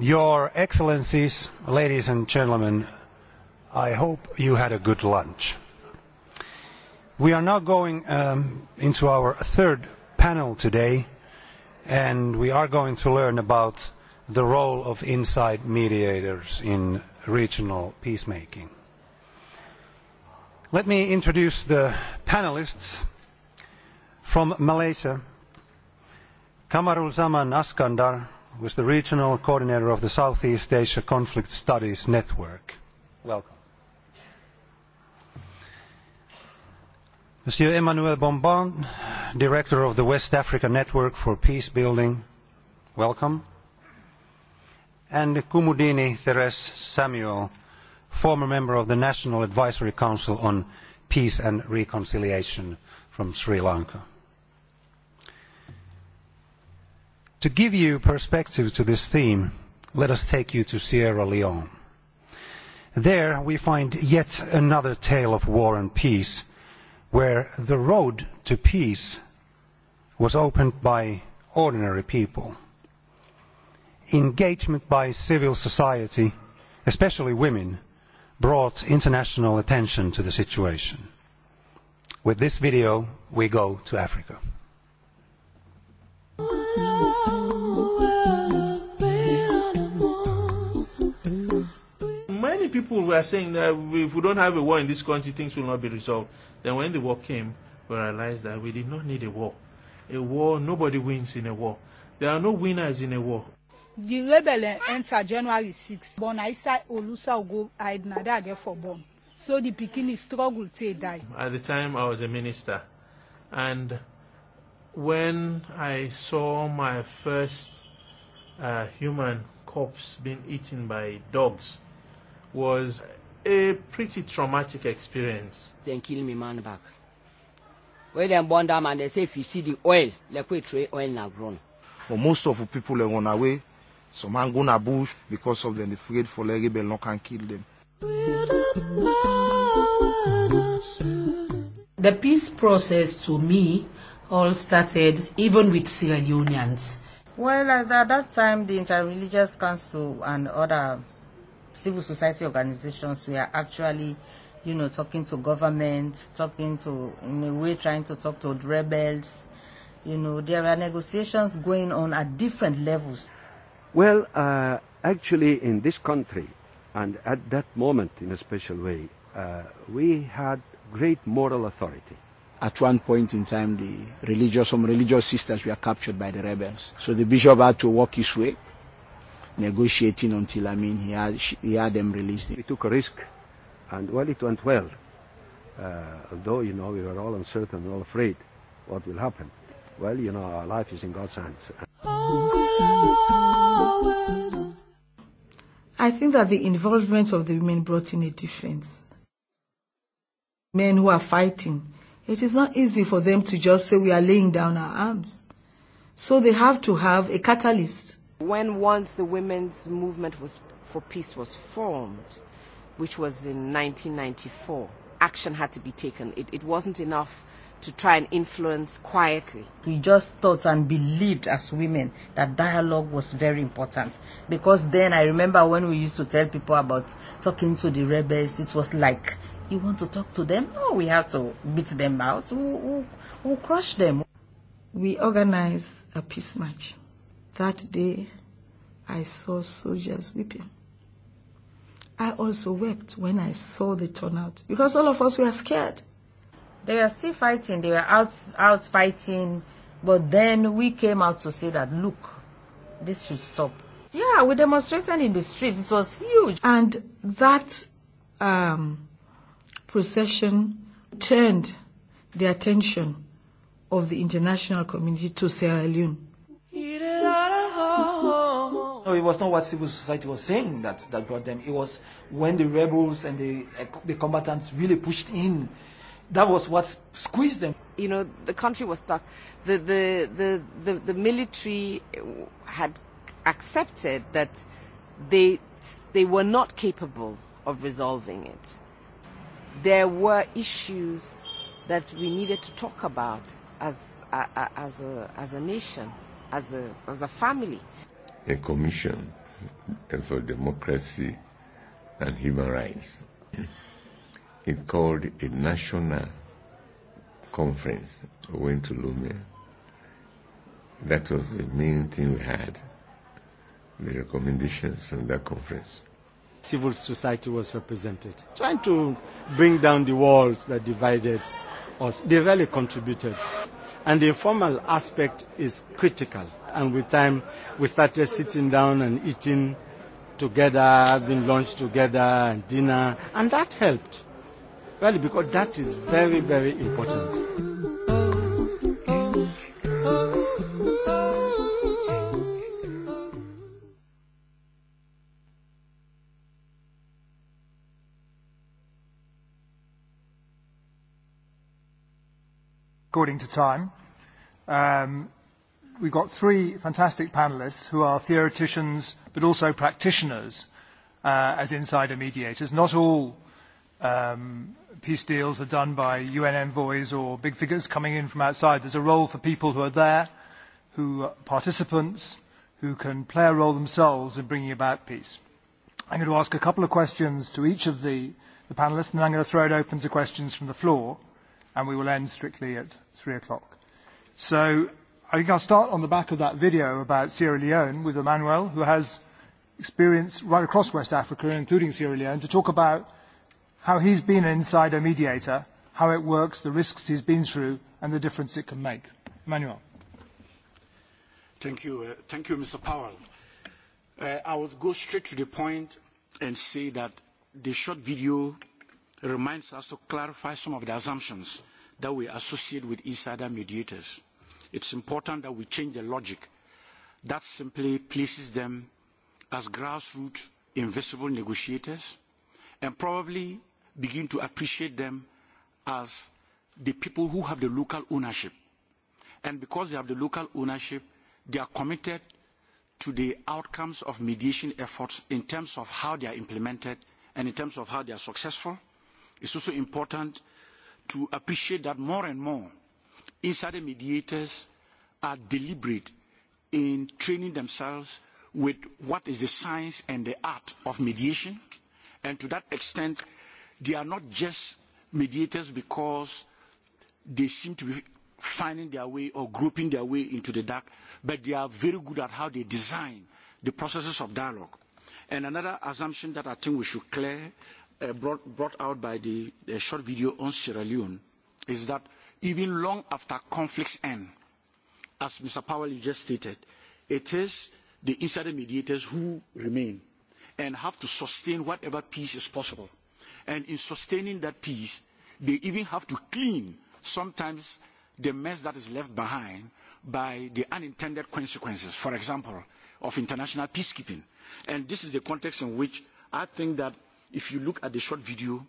Your Excellencies, ladies and gentlemen, I hope you had a good lunch. We are now going into our third panel today, and we are going to learn about the role of inside mediators in regional peacemaking. Let me introduce the panelists from Malaysia. Kamarul Zaman Askandar, who is the regional coordinator of the Southeast Asia Conflict Studies Network. Welcome. Monsieur Emmanuel Bombon, Director of the West Africa Network for Peace Building, welcome. And Kumudini Therese Samuel, former member of the National Advisory Council on Peace and Reconciliation from Sri Lanka. To give you perspective to this theme, let us take you to Sierra Leone. There we find yet another tale of war and peace, where the road to peace was opened by ordinary people. Engagement by civil society, especially women, brought international attention to the situation. With this video, we go to Africa. Many people were saying that if we don't have a war in this country, things will not be resolved. Then when the war came, we realized that we did not need a war. A war, nobody wins in a war. There are no winners in a war. The rebel entered January 6. Born Isa Olusa Ogo get for born. So the Pekini struggled till die. At the time, I was a minister. And when I saw my first uh, human corpse being eaten by dogs was a pretty traumatic experience. Then kill me man back. When they burn that man, they say if you see the oil, like we trade oil now grown. Well most of the people they run away. Some man go na bush because of them. They afraid for the rebel no can kill them. The peace process to me all started even with Sierra Leoneans. Well, at that time, the Interreligious Council and other civil society organizations were actually, you know, talking to government, talking to, in a way, trying to talk to rebels. You know, there were negotiations going on at different levels. Well, uh, actually, in this country, and at that moment in a special way, uh, we had great moral authority at one point in time the religious some religious sisters were captured by the rebels so the bishop had to walk his way negotiating until i mean he had he had them released we took a risk and well it went well uh, although you know we were all uncertain all afraid what will happen well you know our life is in god's hands I think that the involvement of the women brought in a difference. Men who are fighting It is not easy for them to just say we are laying down our arms. So they have to have a catalyst. When once the women's movement was for peace was formed, which was in 1994, action had to be taken. It, it wasn't enough to try and influence quietly. We just thought and believed as women that dialogue was very important because then I remember when we used to tell people about talking to the rebels, it was like You want to talk to them? No, we have to beat them out. We'll, we'll, we'll crush them. We organized a peace march. That day, I saw soldiers weeping. I also wept when I saw the turnout because all of us were scared. They were still fighting, they were out, out fighting, but then we came out to say that, look, this should stop. Yeah, we demonstrated in the streets. It was huge. And that um, procession turned the attention of the international community to Sierra Leone. No, it was not what civil society was saying that, that brought them. It was when the rebels and the, the combatants really pushed in. That was what squeezed them. You know, the country was stuck. The, the, the, the, the military had accepted that they, they were not capable of resolving it there were issues that we needed to talk about as, uh, as, a, as a nation, as a, as a family. A commission for democracy and human rights. It called a national conference, went to Lumia. That was the main thing we had, the recommendations from that conference civil society was represented, trying to bring down the walls that divided us. They really contributed. And the informal aspect is critical. And with time, we started sitting down and eating together, having lunch together, and dinner. And that helped. Really, because that is very, very important. according to time. Um, we've got three fantastic panelists who are theoreticians but also practitioners uh, as insider mediators. Not all um, peace deals are done by UN envoys or big figures coming in from outside. There's a role for people who are there, who are participants, who can play a role themselves in bringing about peace. I'm going to ask a couple of questions to each of the, the panelists, and then I'm going to throw it open to questions from the floor and we will end strictly at three o'clock. So I think I'll start on the back of that video about Sierra Leone with Emmanuel, who has experience right across West Africa, including Sierra Leone, to talk about how he's been an insider mediator, how it works, the risks he's been through, and the difference it can make. Emmanuel. Thank you, uh, thank you, Mr. Powell. Uh, I would go straight to the point and say that the short video reminds us to clarify some of the assumptions that we associate with insider mediators. It's important that we change the logic that simply places them as grassroots invisible negotiators and probably begin to appreciate them as the people who have the local ownership. And because they have the local ownership, they are committed to the outcomes of mediation efforts in terms of how they are implemented and in terms of how they are successful It's also important to appreciate that more and more insider mediators are deliberate in training themselves with what is the science and the art of mediation. And to that extent, they are not just mediators because they seem to be finding their way or groping their way into the dark, but they are very good at how they design the processes of dialogue. And another assumption that I think we should clear brought, brought out by the, the short video on Sierra Leone is that even long after conflicts end, as Mr. Powell just stated, it is the insider mediators who remain and have to sustain whatever peace is possible. And in sustaining that peace, they even have to clean sometimes the mess that is left behind by the unintended consequences, for example, of international peacekeeping. And this is the context in which I think that If you look at the short video,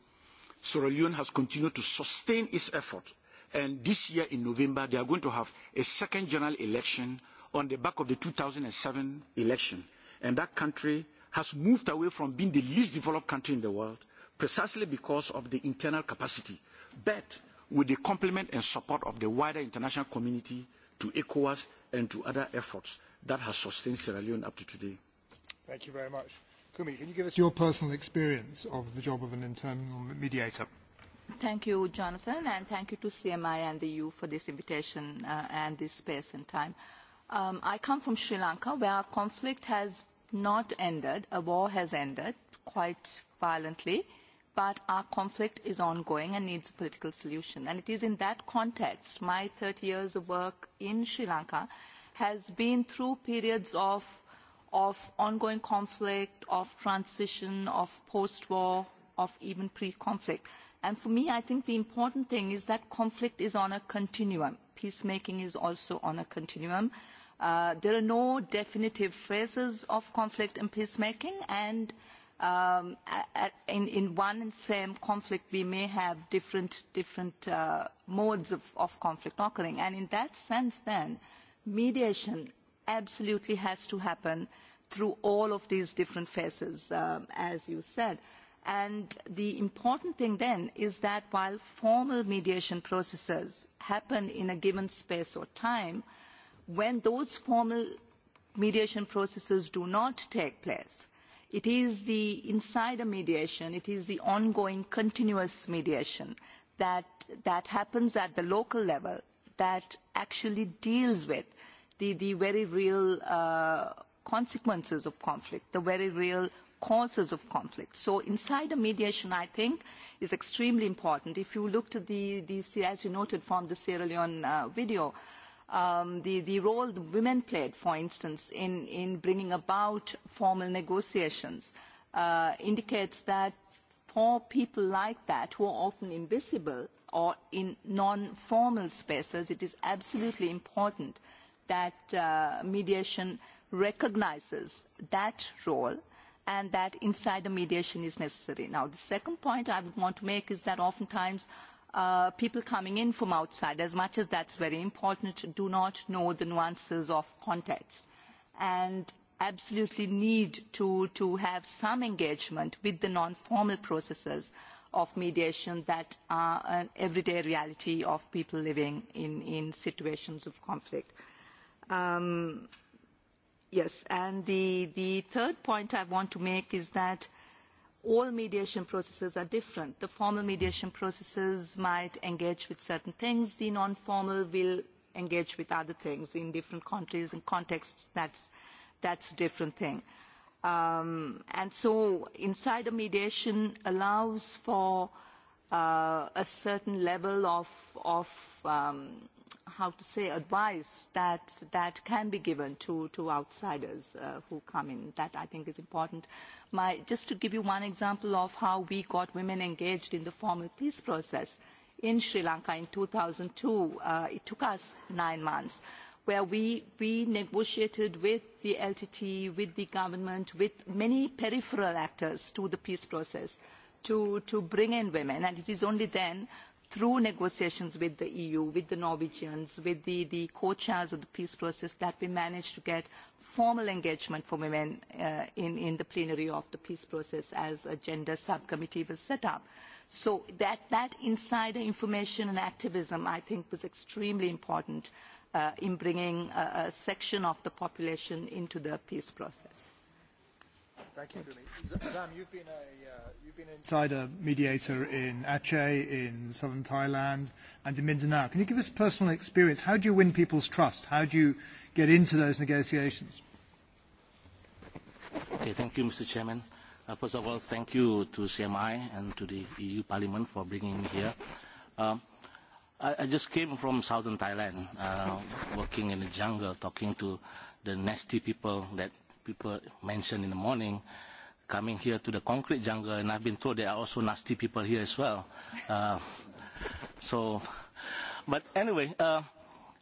Sierra Leone has continued to sustain its effort. And this year in November, they are going to have a second general election on the back of the 2007 election. And that country has moved away from being the least developed country in the world precisely because of the internal capacity. But with the complement and support of the wider international community to ECOWAS and to other efforts that has sustained Sierra Leone up to today. Thank you very much. Kumi, can you give us your personal experience of the job of an internal mediator? Thank you, Jonathan, and thank you to CMI and the EU for this invitation uh, and this space and time. Um, I come from Sri Lanka, where our conflict has not ended. A war has ended quite violently, but our conflict is ongoing and needs a political solution. And it is in that context my 30 years of work in Sri Lanka has been through periods of of ongoing conflict, of transition, of post-war, of even pre-conflict. And for me, I think the important thing is that conflict is on a continuum. Peacemaking is also on a continuum. Uh, there are no definitive phases of conflict and peacemaking, and um, in, in one and same conflict, we may have different, different uh, modes of, of conflict occurring. And in that sense, then, mediation absolutely has to happen through all of these different phases, as you said. And the important thing then is that while formal mediation processes happen in a given space or time, when those formal mediation processes do not take place, it is the insider mediation, it is the ongoing continuous mediation that, that happens at the local level that actually deals with the, the very real uh, consequences of conflict, the very real causes of conflict. So insider mediation, I think, is extremely important. If you look to the, the as you noted from the Sierra Leone uh, video, um, the, the role the women played, for instance, in, in bringing about formal negotiations uh, indicates that for people like that who are often invisible or in non-formal spaces, it is absolutely important that mediation recognises that role and that insider mediation is necessary. Now, the second point I would want to make is that oftentimes uh, people coming in from outside, as much as that's very important, do not know the nuances of context and absolutely need to, to have some engagement with the non-formal processes of mediation that are an everyday reality of people living in, in situations of conflict. Uh, yes, and the, the third point I want to make is that all mediation processes are different. The formal mediation processes might engage with certain things. The non-formal will engage with other things in different countries and contexts. That's, that's a different thing. Um, and so insider mediation allows for uh, a certain level of, of um, how to say advice that that can be given to to outsiders uh, who come in that i think is important my just to give you one example of how we got women engaged in the formal peace process in sri lanka in 2002 uh, it took us 9 months where we, we negotiated with the LTT, with the government, with many peripheral actors to the peace process to, to bring in women. And it is only then through negotiations with the EU, with the Norwegians, with the, the co-chairs of the peace process, that we managed to get formal engagement for women uh, in, in the plenary of the peace process as a gender subcommittee was set up. So that, that insider information and activism, I think, was extremely important uh, in bringing a, a section of the population into the peace process. Thank you, Sam, you've been, an insider mediator in Aceh, in southern Thailand, and in Mindanao. Can you give us personal experience? How do you win people's trust? How do you get into those negotiations? Okay, thank you, Mr. Chairman. first of all, thank you to CMI and to the EU Parliament for bringing me here. Um, I, I just came from southern Thailand, uh, working in the jungle, talking to the nasty people that people mentioned in the morning, coming here to the concrete jungle, and I've been told there are also nasty people here as well. Uh, so, but anyway, uh,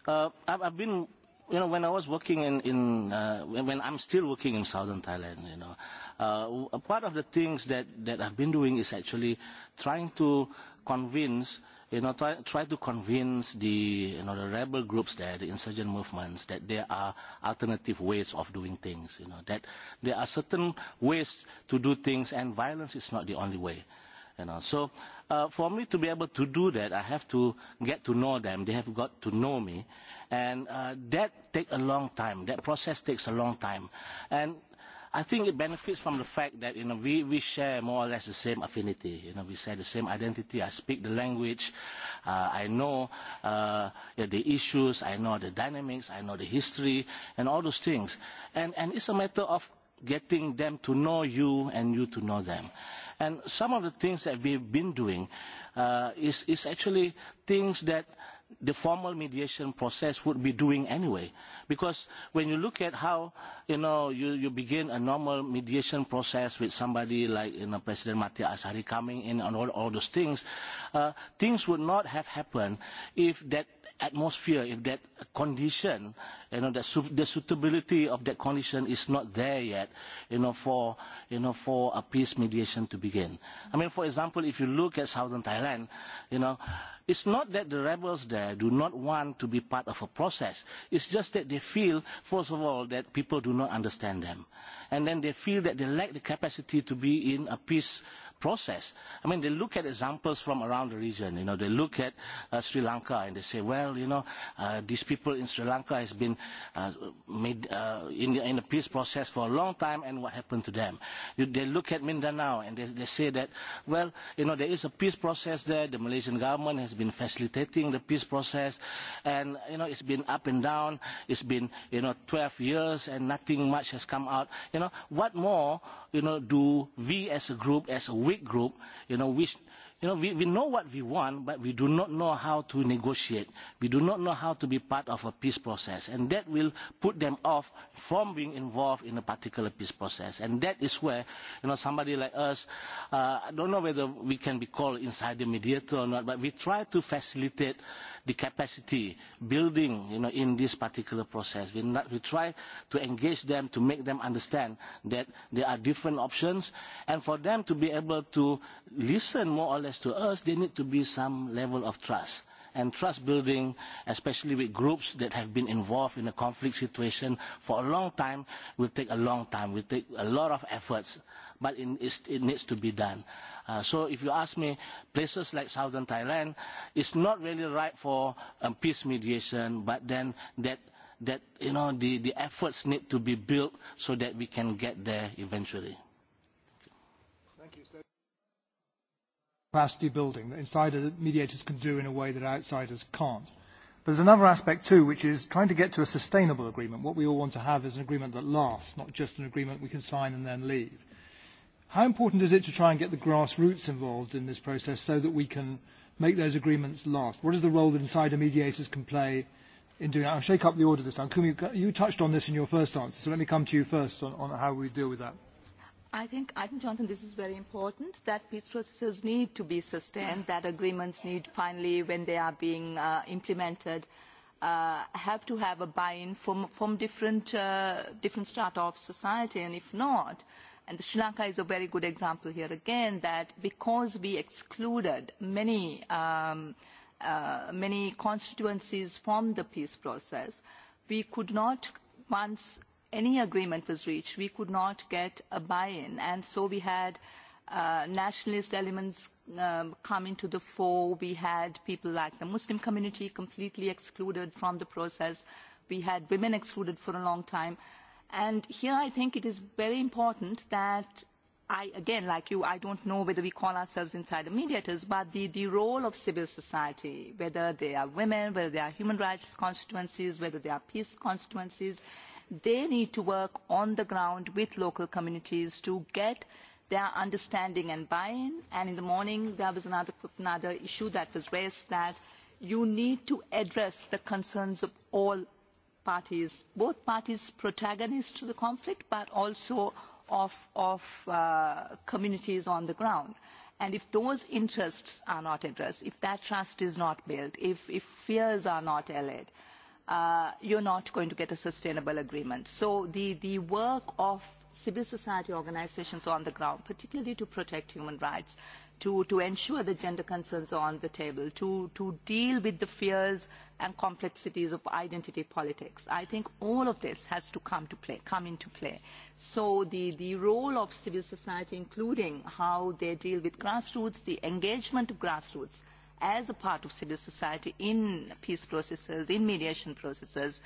uh, I've, I've been, you know, when I was working in, in uh, when, when I'm still working in southern Thailand, you know, uh, part of the things that, that I've been doing is actually trying to convince uh, you know, try, try to convince the, you know, the rebel groups there, the insurgent movements, that there are alternative ways of doing things, you know, that there are certain ways to do things and violence is not the only way. You know, so uh, for me to be able to do that, I have to get to know them. They have got to know me, and uh, that takes a long time. That process takes a long time, and I think it benefits from the fact that you know we, we share more or less the same affinity. You know, we share the same identity. I speak the language. Uh, I know uh, the issues. I know the dynamics. I know the history and all those things. And and it's a matter of getting them to know you and you to know them. And some of the things that we've been doing uh, is is actually things that the formal mediation process would be doing anyway. Because when you look at how you know you, you begin a normal mediation process with somebody like you know President Mati Asari coming in and all, all those things, uh, things would not have happened if that atmosphere, if that condition, you know, the, su the suitability of that condition is not there yet, you know, for, you know, for a peace mediation to begin. I mean, for example, if you look at southern Thailand, you know, It's not that the rebels there do not want to be part of a process. It's just that they feel, first of all, that people do not understand them. And then they feel that they lack the capacity to be in a peace process. I mean, they look at examples from around the region. You know, they look at uh, Sri Lanka and they say, well, you know, uh, these people in Sri Lanka has been uh, made uh, in, the, in the peace process for a long time, and what happened to them? You, they look at Mindanao and they, they say that, well, you know, there is a peace process there. The Malaysian government has been facilitating the peace process, and you know, it's been up and down. It's been, you know, 12 years, and nothing much has come out. You know, what more, you know, do we as a group, as a weak group, you know, which you know, we, we know what we want, but we do not know how to negotiate. We do not know how to be part of a peace process. And that will put them off from being involved in a particular peace process. And that is where, you know, somebody like us, uh, I don't know whether we can be called inside the mediator or not, but we try to facilitate the capacity building you know, in this particular process. We, not, we try to engage them to make them understand that there are different options and for them to be able to listen more or less to us, there need to be some level of trust and trust building, especially with groups that have been involved in a conflict situation for a long time, will take a long time, will take a lot of efforts, but it needs to be done so if you ask me, places like southern Thailand, it's not really right for um, peace mediation, but then that that you know the, the efforts need to be built so that we can get there eventually. Thank you. So capacity building that insider mediators can do in a way that outsiders can't. But there's another aspect too, which is trying to get to a sustainable agreement. What we all want to have is an agreement that lasts, not just an agreement we can sign and then leave. How important is it to try and get the grassroots involved in this process so that we can make those agreements last? What is the role that insider mediators can play in doing that? I'll shake up the order this time. Kumi, you touched on this in your first answer, so let me come to you first on, on how we deal with that. I think, I think, Jonathan, this is very important that peace processes need to be sustained, that agreements need finally, when they are being uh, implemented, uh, have to have a buy-in from, from different, uh, different strata of society, and if not, uh, And Sri Lanka is a very good example here again that because we excluded many, um, uh, many constituencies from the peace process, we could not, once any agreement was reached, we could not get a buy-in. And so we had uh, nationalist elements um, coming to the fore. We had people like the Muslim community completely excluded from the process. We had women excluded for a long time. And here I think it is very important that I, again, like you, I don't know whether we call ourselves insider mediators, but the, the role of civil society, whether they are women, whether they are human rights constituencies, whether they are peace constituencies, they need to work on the ground with local communities to get their understanding and buy-in. And in the morning, there was another, another issue that was raised that you need to address the concerns of all parties, both parties protagonists to the conflict, but also of, of uh, communities on the ground. And if those interests are not addressed, if that trust is not built, if, if fears are not allayed, uh, you're not going to get a sustainable agreement. So the, the work of civil society organizations on the ground, particularly to protect human rights, to, to ensure that gender concerns are on the table, to, to deal with the fears and complexities of identity politics. I think all of this has to come, to play, come into play. So the, the role of civil society, including how they deal with grassroots, the engagement of grassroots, as a part of civil society in peace processes, in mediation processes,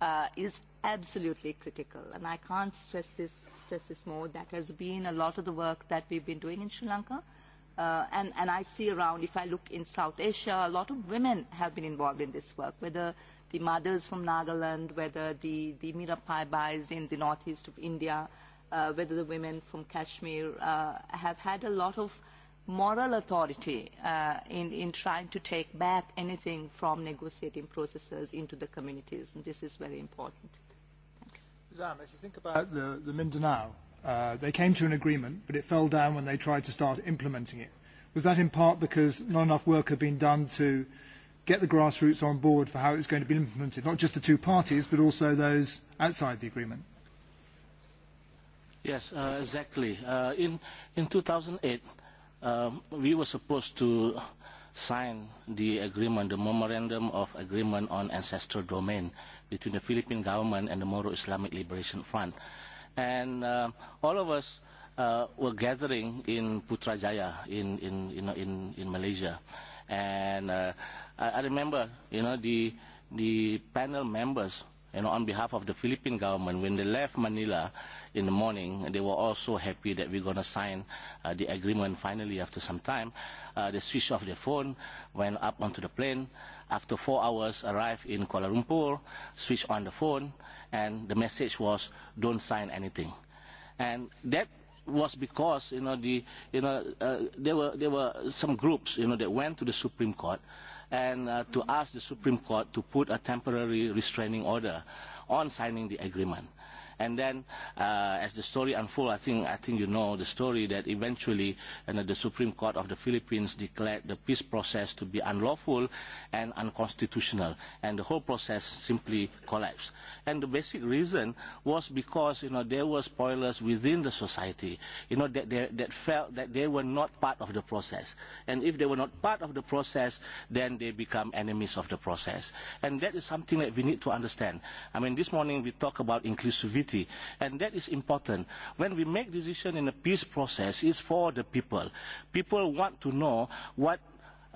uh, is absolutely critical. And I can't stress this, stress this more. That has been a lot of the work that we've been doing in Sri Lanka and, and I see around, if I look in South Asia, a lot of women have been involved in this work, whether the mothers from Nagaland, whether the, the Mirapai Bais in the northeast of India, uh, whether the women from Kashmir uh, have had a lot of moral authority uh, in, in trying to take back anything from negotiating processes into the communities. And this is very important. Thank you. Zam, if you think about the, the Mindanao, Uh, they came to an agreement, but it fell down when they tried to start implementing it. Was that in part because not enough work had been done to get the grassroots on board for how it was going to be implemented, not just the two parties, but also those outside the agreement? Yes, uh, exactly. Uh, in, in 2008, um, we were supposed to sign the agreement, the memorandum of agreement on ancestral domain between the Philippine government and the Moro Islamic Liberation Front and uh, all of us uh, were gathering in Putrajaya in in in in, in Malaysia, and uh, I, I remember you know the the panel members you know on behalf of the Philippine government when they left Manila in the morning they were all so happy that we're going to sign uh, the agreement finally after some time uh, they switched off their phone went up onto the plane after four hours arrived in Kuala Lumpur switched on the phone and the message was don't sign anything. And that was because you know the you know uh, there were there were some groups you know that went to the Supreme Court and uh, to ask the Supreme Court to put a temporary restraining order on signing the agreement And then, uh, as the story unfolds, I think I think you know the story that eventually you know, the Supreme Court of the Philippines declared the peace process to be unlawful and unconstitutional, and the whole process simply collapsed. And the basic reason was because you know there were spoilers within the society, you know that they, that felt that they were not part of the process, and if they were not part of the process, then they become enemies of the process, and that is something that we need to understand. I mean, this morning we talk about inclusivity accountability, and that is important. When we make decisions in a peace process, it's for the people. People want to know what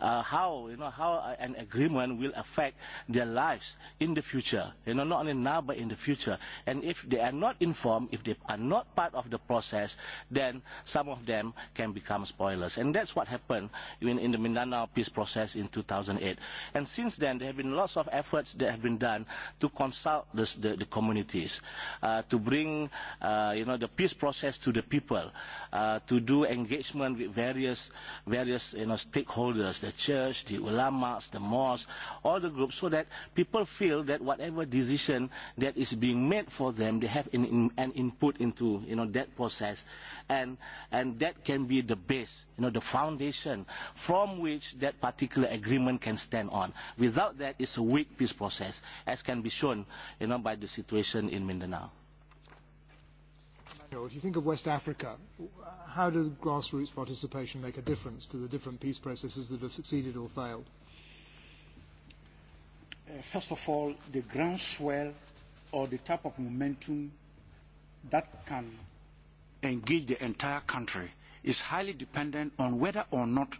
uh, how you know how an agreement will affect their lives in the future. You know, not only now but in the future. And if they are not informed, if they are not part of the process, then some of them can become spoilers. And that's what happened in, in the Mindanao peace process in 2008. And since then, there have been lots of efforts that have been done to consult the, the, the communities, uh, to bring uh, you know the peace process to the people, uh, to do engagement with various various you know stakeholders the church, the ulamas, the mosques, all the groups, so that people feel that whatever decision that is being made for them, they have an, in, an input into you know that process, and and that can be the base, you know, the foundation from which that particular agreement can stand on. Without that, it's a weak peace process, as can be shown, you know, by the situation in Mindanao know, if you think of West Africa, how does grassroots participation make a difference to the different peace processes that have succeeded or failed? First of all, the groundswell or the type of momentum that can engage the entire country is highly dependent on whether or not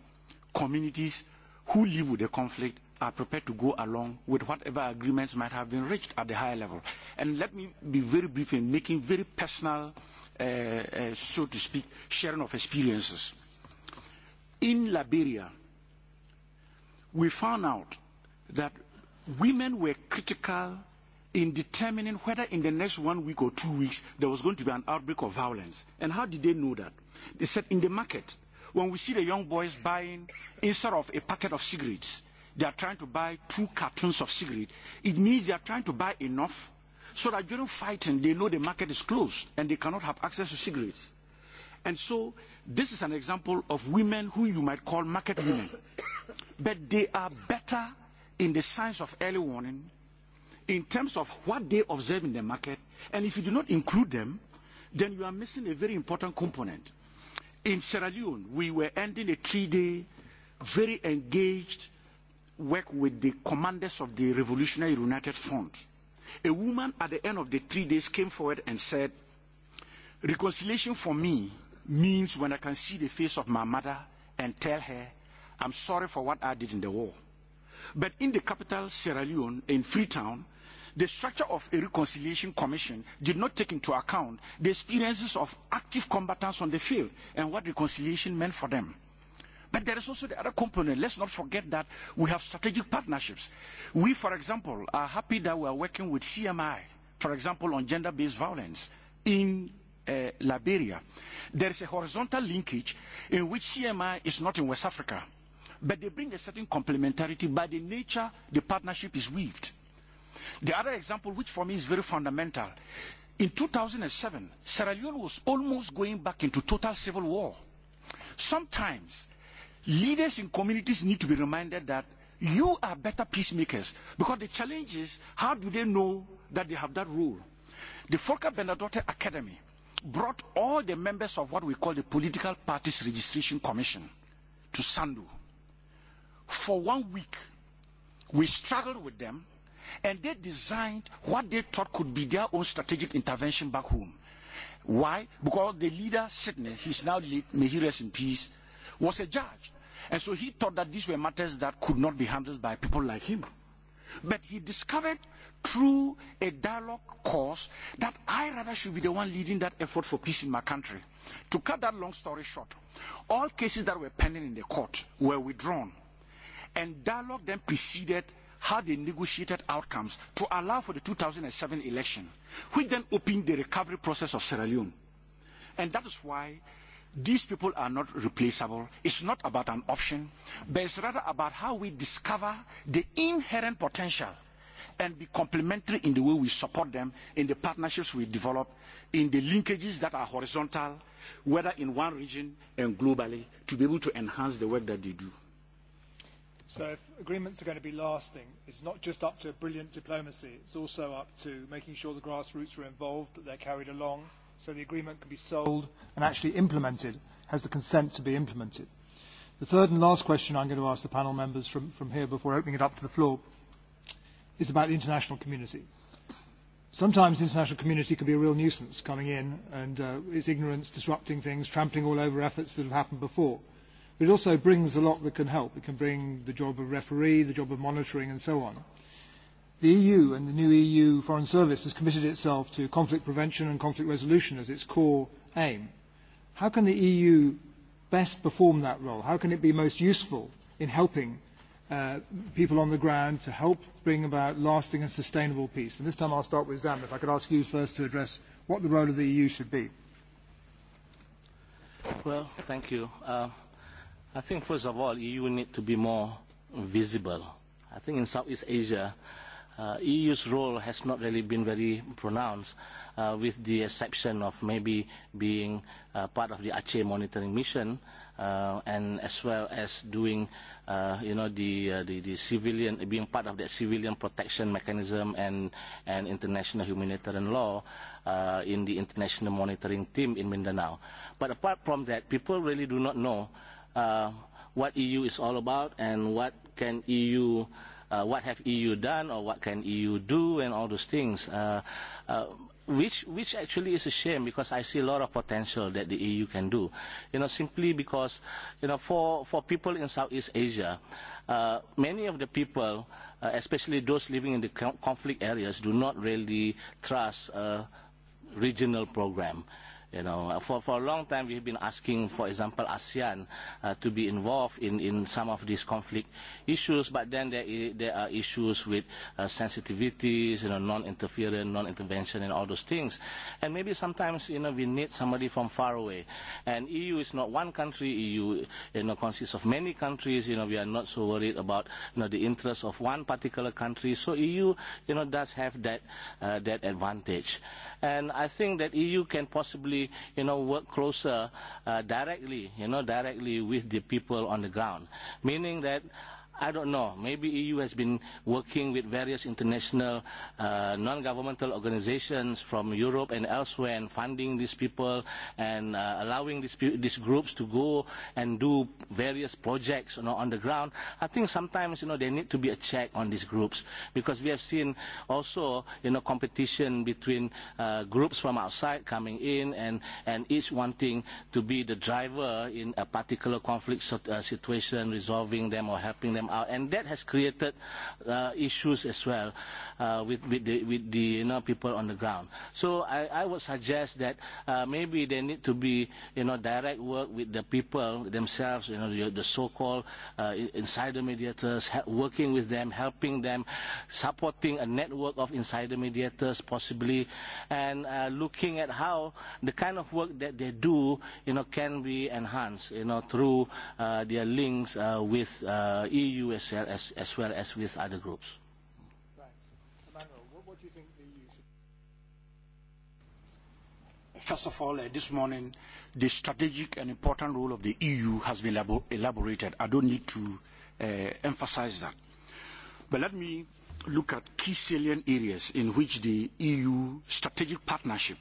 communities who live with the conflict are prepared to go along with whatever agreements might have been reached at the higher level. And let me be very brief in making very personal uh so to speak, sharing of experiences. In Liberia, we found out that women were critical in determining whether in the next one week or two weeks there was going to be an outbreak of violence. And how did they know that? They said in the market, when we see the young boys buying, instead of a packet of cigarettes, they are trying to buy two cartons of cigarettes. It means they are trying to buy enough So that during fighting, they know the market is closed and they cannot have access to cigarettes. And so this is an example of women who you might call market women. but they are better in the science of early warning in terms of what they observe in the market. And if you do not include them, then you are missing a very important component. In Sierra Leone, we were ending a three-day, very engaged work with the commanders of the Revolutionary United Front A woman at the end of the three days came forward and said, Reconciliation for me means when I can see the face of my mother and tell her, I'm sorry for what I did in the war. But in the capital, Sierra Leone, in Freetown, the structure of a reconciliation commission did not take into account the experiences of active combatants on the field and what reconciliation meant for them. But there is also the other component. Let's not forget that we have strategic partnerships. We, for example, are happy that we are working with CMI, for example, on gender-based violence in uh, Liberia. There is a horizontal linkage in which CMI is not in West Africa, but they bring a certain complementarity by the nature the partnership is weaved. The other example, which for me is very fundamental, in 2007, Sierra Leone was almost going back into total civil war. Sometimes leaders in communities need to be reminded that you are better peacemakers because the challenge is how do they know that they have that role? The Volker Bernadotte Academy brought all the members of what we call the Political Parties Registration Commission to Sandu. For one week, we struggled with them and they designed what they thought could be their own strategic intervention back home. Why? Because the leader, Sydney, he's now late, may he rest in peace, was a judge. And so he thought that these were matters that could not be handled by people like him. But he discovered through a dialogue course that I rather should be the one leading that effort for peace in my country. To cut that long story short, all cases that were pending in the court were withdrawn. And dialogue then preceded how they negotiated outcomes to allow for the 2007 election, which then opened the recovery process of Sierra Leone. And that is why These people are not replaceable. It's not about an option, but it's rather about how we discover the inherent potential and be complementary in the way we support them, in the partnerships we develop, in the linkages that are horizontal, whether in one region and globally, to be able to enhance the work that they do. So if agreements are going to be lasting, it's not just up to brilliant diplomacy, it's also up to making sure the grassroots are involved, that they're carried along, so the agreement can be sold and actually implemented, has the consent to be implemented. The third and last question I'm going to ask the panel members from, from here before opening it up to the floor is about the international community. Sometimes the international community can be a real nuisance coming in and uh, its ignorance disrupting things, trampling all over efforts that have happened before. But it also brings a lot that can help. It can bring the job of referee, the job of monitoring and so on. The EU and the new EU Foreign Service has committed itself to conflict prevention and conflict resolution as its core aim. How can the EU best perform that role? How can it be most useful in helping uh, people on the ground to help bring about lasting and sustainable peace? And this time I'll start with Zam. If I could ask you first to address what the role of the EU should be. Well, thank you. Uh, I think, first of all, EU need to be more visible. I think in Southeast Asia, uh, EU's role has not really been very pronounced, uh, with the exception of maybe being uh, part of the Aceh monitoring mission, uh, and as well as doing, uh, you know, the, uh, the the civilian being part of that civilian protection mechanism and and international humanitarian law uh, in the international monitoring team in Mindanao. But apart from that, people really do not know. Uh, what EU is all about and what can EU uh, what have EU done or what can EU do and all those things. Uh, uh, which which actually is a shame because I see a lot of potential that the EU can do. You know, simply because you know for for people in Southeast Asia, uh, many of the people, uh, especially those living in the conflict areas, do not really trust. Uh, regional program You know, for, for a long time we've been asking, for example, ASEAN uh, to be involved in, in some of these conflict issues, but then there, I there are issues with uh, sensitivities, you know, non-interference, non-intervention, and all those things. And maybe sometimes, you know, we need somebody from far away. And EU is not one country. EU, you know, consists of many countries. You know, we are not so worried about, you know, the interests of one particular country. So EU, you know, does have that uh, that advantage. And I think that EU can possibly, you know, work closer uh, directly, you know, directly with the people on the ground, meaning that I don't know. Maybe EU has been working with various international uh, non-governmental organizations from Europe and elsewhere and funding these people and uh, allowing these, these groups to go and do various projects you know, on the ground. I think sometimes you know, there need to be a check on these groups because we have seen also you know, competition between uh, groups from outside coming in and, and each wanting to be the driver in a particular conflict uh, situation, resolving them or helping them out, and that has created uh, issues as well uh, with with the, with the you know people on the ground. So I, I would suggest that uh, maybe there need to be you know direct work with the people themselves, you know the, the so-called uh, insider mediators, working with them, helping them, supporting a network of insider mediators possibly, and uh, looking at how the kind of work that they do you know can be enhanced you know through uh, their links uh, with uh, EU EU as well as, as, well as with other groups. First of all, uh, this morning, the strategic and important role of the EU has been elaborated. I don't need to uh, emphasize that. But let me look at key salient areas in which the EU strategic partnership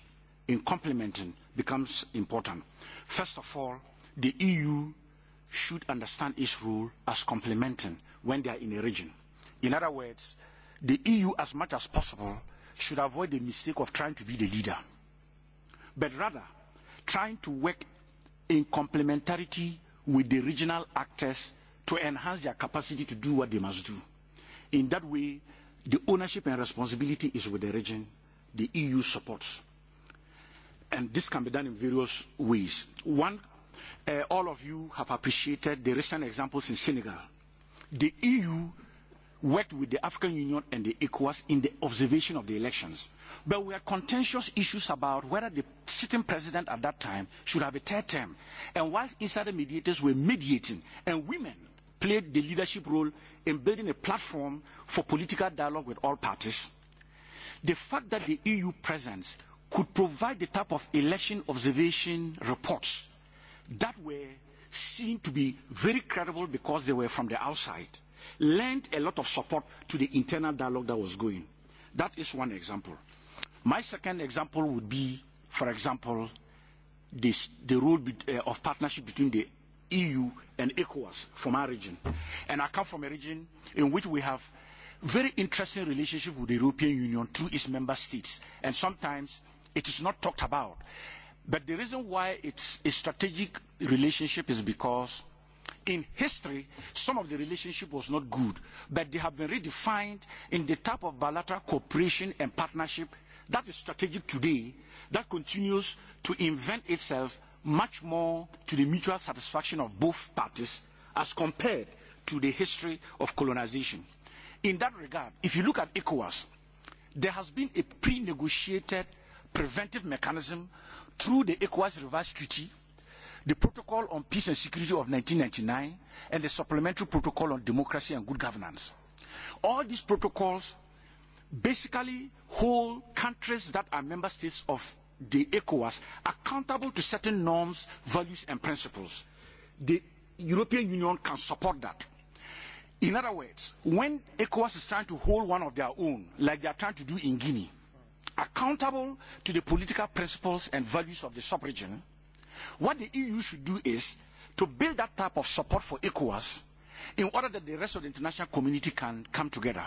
in complementing becomes important. First of all, the EU should understand its role as complementing when they are in a region. In other words, the EU, as much as possible, should avoid the mistake of trying to be the leader, but rather trying to work in complementarity with the regional actors to enhance their capacity to do what they must do. In that way, the ownership and responsibility is with the region, the EU supports. And this can be done in various ways. One uh, all of you have appreciated the recent examples in Senegal. The EU worked with the African Union and the ECOWAS in the observation of the elections. But we had contentious issues about whether the sitting president at that time should have a third term. And whilst insider mediators were mediating, and women played the leadership role in building a platform for political dialogue with all parties, the fact that the EU presence could provide the type of election observation reports that were seen to be very credible because they were from the outside, lent a lot of support to the internal dialogue that was going. That is one example. My second example would be, for example, this, the role of partnership between the EU and ECOWAS from our region. And I come from a region in which we have very interesting relationship with the European Union through its member states. And sometimes it is not talked about. But the reason why it's a strategic relationship is because in history, some of the relationship was not good, but they have been redefined in the type of bilateral cooperation and partnership that is strategic today, that continues to invent itself much more to the mutual satisfaction of both parties as compared to the history of colonization. In that regard, if you look at ECOWAS, there has been a pre-negotiated preventive mechanism through the ECOWAS Reverse Treaty, the Protocol on Peace and Security of 1999, and the Supplementary Protocol on Democracy and Good Governance. All these protocols basically hold countries that are member states of the ECOWAS accountable to certain norms, values, and principles. The European Union can support that. In other words, when ECOWAS is trying to hold one of their own, like they are trying to do in Guinea, accountable to the political principles and values of the sub-region, what the EU should do is to build that type of support for ECOWAS in order that the rest of the international community can come together.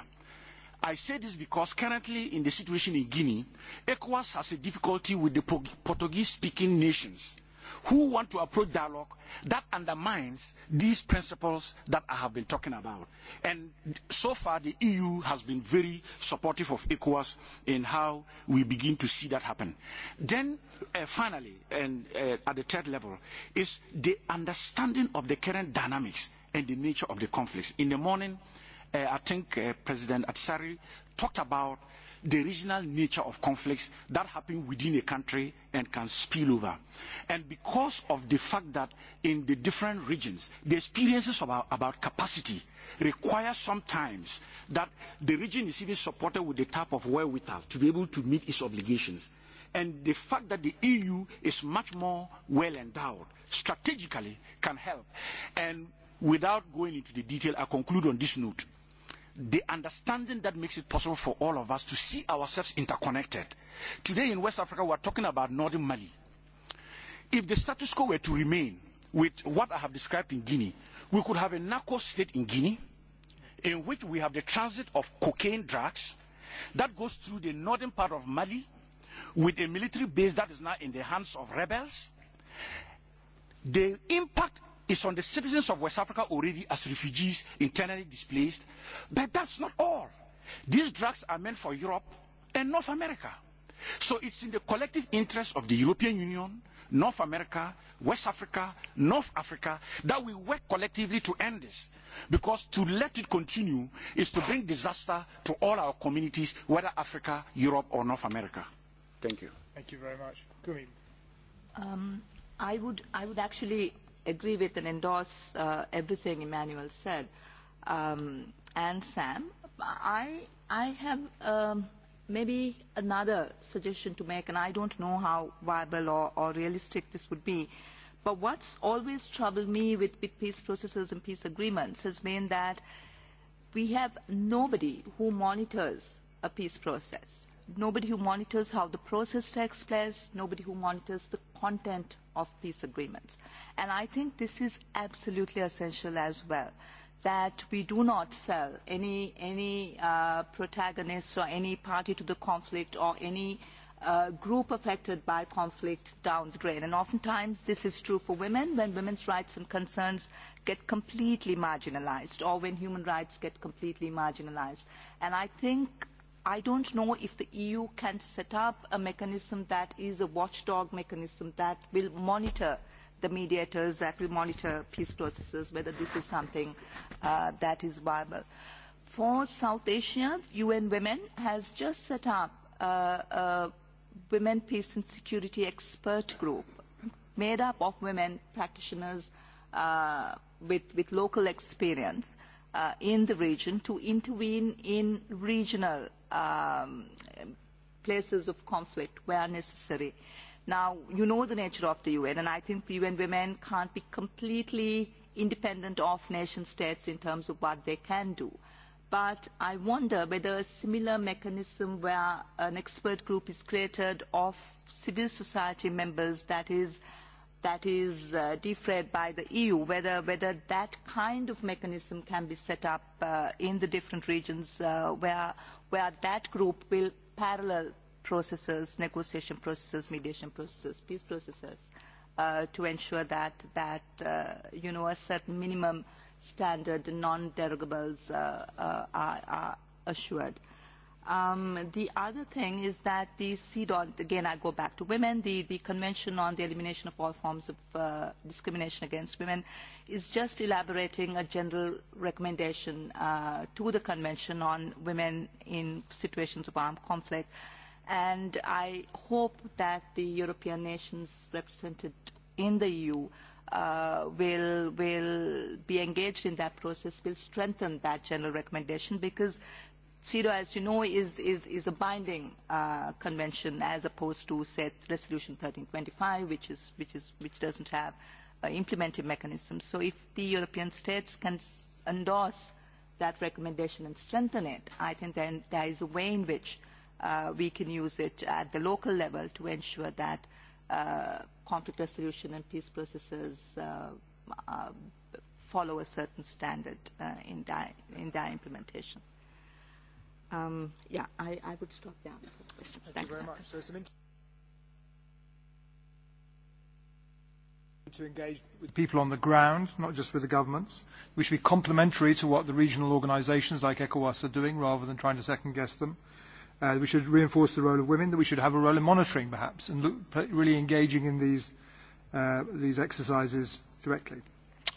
I say this because currently in the situation in Guinea, ECOWAS has a difficulty with the Portuguese-speaking nations who want to approach dialogue that undermines these principles that I have been talking about. And so far, the EU has been very supportive of ECOWAS in how we begin to see that happen. Then, finally, and at the third level, is the understanding of the current dynamics and the nature of the conflicts. In the morning, I think President Atsari talked about the regional nature of conflicts that happen within a country and can spill over. And because of the fact that in the different regions, the experiences about, about capacity require sometimes that the region is even supported with the type of wherewithal to be able to meet its obligations. And the fact that the EU is much more well endowed strategically can help. And without going into the detail, I conclude on this note the understanding that makes it possible for all of us to see ourselves interconnected. Today in West Africa, we are talking about northern Mali. If the status quo were to remain with what I have described in Guinea, we could have a narco state in Guinea in which we have the transit of cocaine drugs that goes through the northern part of Mali with a military base that is now in the hands of rebels. The impact is on the citizens of West Africa already as refugees, internally displaced. But that's not all. These drugs are meant for Europe and North America. So it's in the collective interest of the European Union, North America, West Africa, North Africa, that we work collectively to end this. Because to let it continue is to bring disaster to all our communities, whether Africa, Europe or North America. Thank you. Thank you very much. Kumi. Um, I, would, I would actually agree with and endorse uh, everything Emmanuel said. Um, and Sam, I, I have um, maybe another suggestion to make, and I don't know how viable or, or realistic this would be. But what's always troubled me with, with peace processes and peace agreements has been that we have nobody who monitors a peace process nobody who monitors how the process takes place, nobody who monitors the content of peace agreements. And I think this is absolutely essential as well, that we do not sell any, any uh, protagonist or any party to the conflict or any uh, group affected by conflict down the drain. And oftentimes this is true for women when women's rights and concerns get completely marginalized or when human rights get completely marginalized. And I think I don't know if the EU can set up a mechanism that is a watchdog mechanism that will monitor the mediators, that will monitor peace processes, whether this is something that is viable. For South Asia, UN Women has just set up a Women Peace and Security Expert Group made up of women practitioners with, with local experience. Uh, in the region to intervene in regional places of conflict where necessary. Now, you know the nature of the UN, and I think the UN women can't be completely independent of nation states in terms of what they can do. But I wonder whether a similar mechanism where an expert group is created of civil society members that is uh, that is defrayed by the EU, whether, whether that kind of mechanism can be set up in the different regions where, where that group will parallel processes, negotiation processes, mediation processes, peace processes, to ensure that, that you know, a certain minimum standard non-derogables are, are assured Um, the other thing is that the CEDAW, again, I go back to women, the, the Convention on the Elimination of All Forms of uh, Discrimination Against Women is just elaborating a general recommendation uh, to the Convention on Women in Situations of Armed Conflict. And I hope that the European nations represented in the EU uh, will, will be engaged in that process, will strengthen that general recommendation because CEDAW, as you know, is, is, is a binding uh, convention as opposed to, say, Resolution 1325, which, is, which, is, which doesn't have uh, implementing mechanism. So if the European states can endorse that recommendation and strengthen it, I think then there is a way in which uh, we can use it at the local level to ensure that uh, conflict resolution and peace processes uh, uh, follow a certain standard uh, in, their, in their implementation. Um, yeah, I, I would stop there for Thank, you very much. So it's an to engage with people on the ground, not just with the governments. We should be complementary to what the regional organisations like ECOWAS are doing rather than trying to second guess them. Uh, we should reinforce the role of women, that we should have a role in monitoring perhaps and look, really engaging in these, uh, these exercises directly.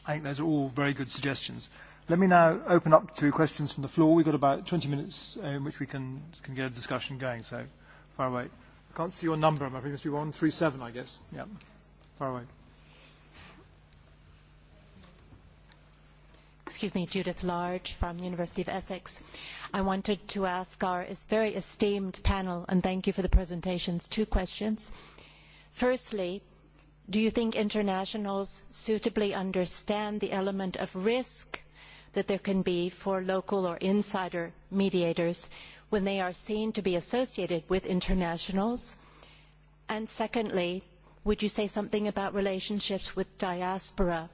I think those are all very good suggestions. Let me now open up to questions from the floor. We've got about 20 minutes in which we can, can get a discussion going, so far away. I can't see your number, I'm think It must be 137, I guess. Yeah, far away. Excuse me, Judith Large from University of Essex. I wanted to ask our very esteemed panel, and thank you for the presentations, two questions. Firstly, do you think internationals suitably understand the element of risk that there can be for local or insider mediators when they are seen to be associated with internationals? And secondly, would you say something about relationships with diaspora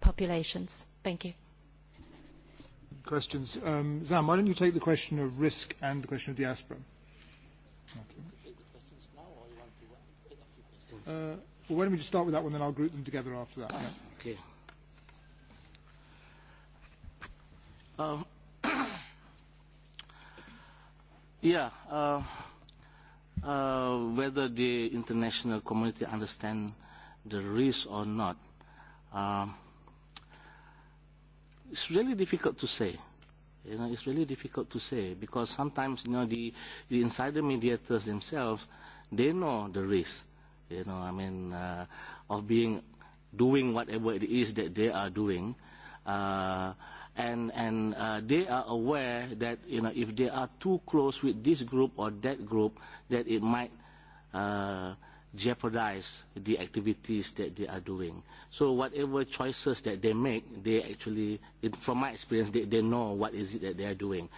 populations? Thank you. Questions. Um, Zam, why don't you take the question of risk and the question of diaspora? Uh, well, why don't we just start with that one, then I'll group them together after that. Yeah. Uh, yeah. Uh, uh, whether the international community understand the risk or not, um, it's really difficult to say. You know, it's really difficult to say because sometimes you know the, the insider mediators themselves they know the risk. You know, I mean, uh, of being doing whatever it is that they are doing. Uh, and and uh, they are aware that you know if they are too close with this group or that group, that it might uh, jeopardize the activities that they are doing. So whatever choices that they make, they actually, it, from my experience, they, they know what is it that they are doing.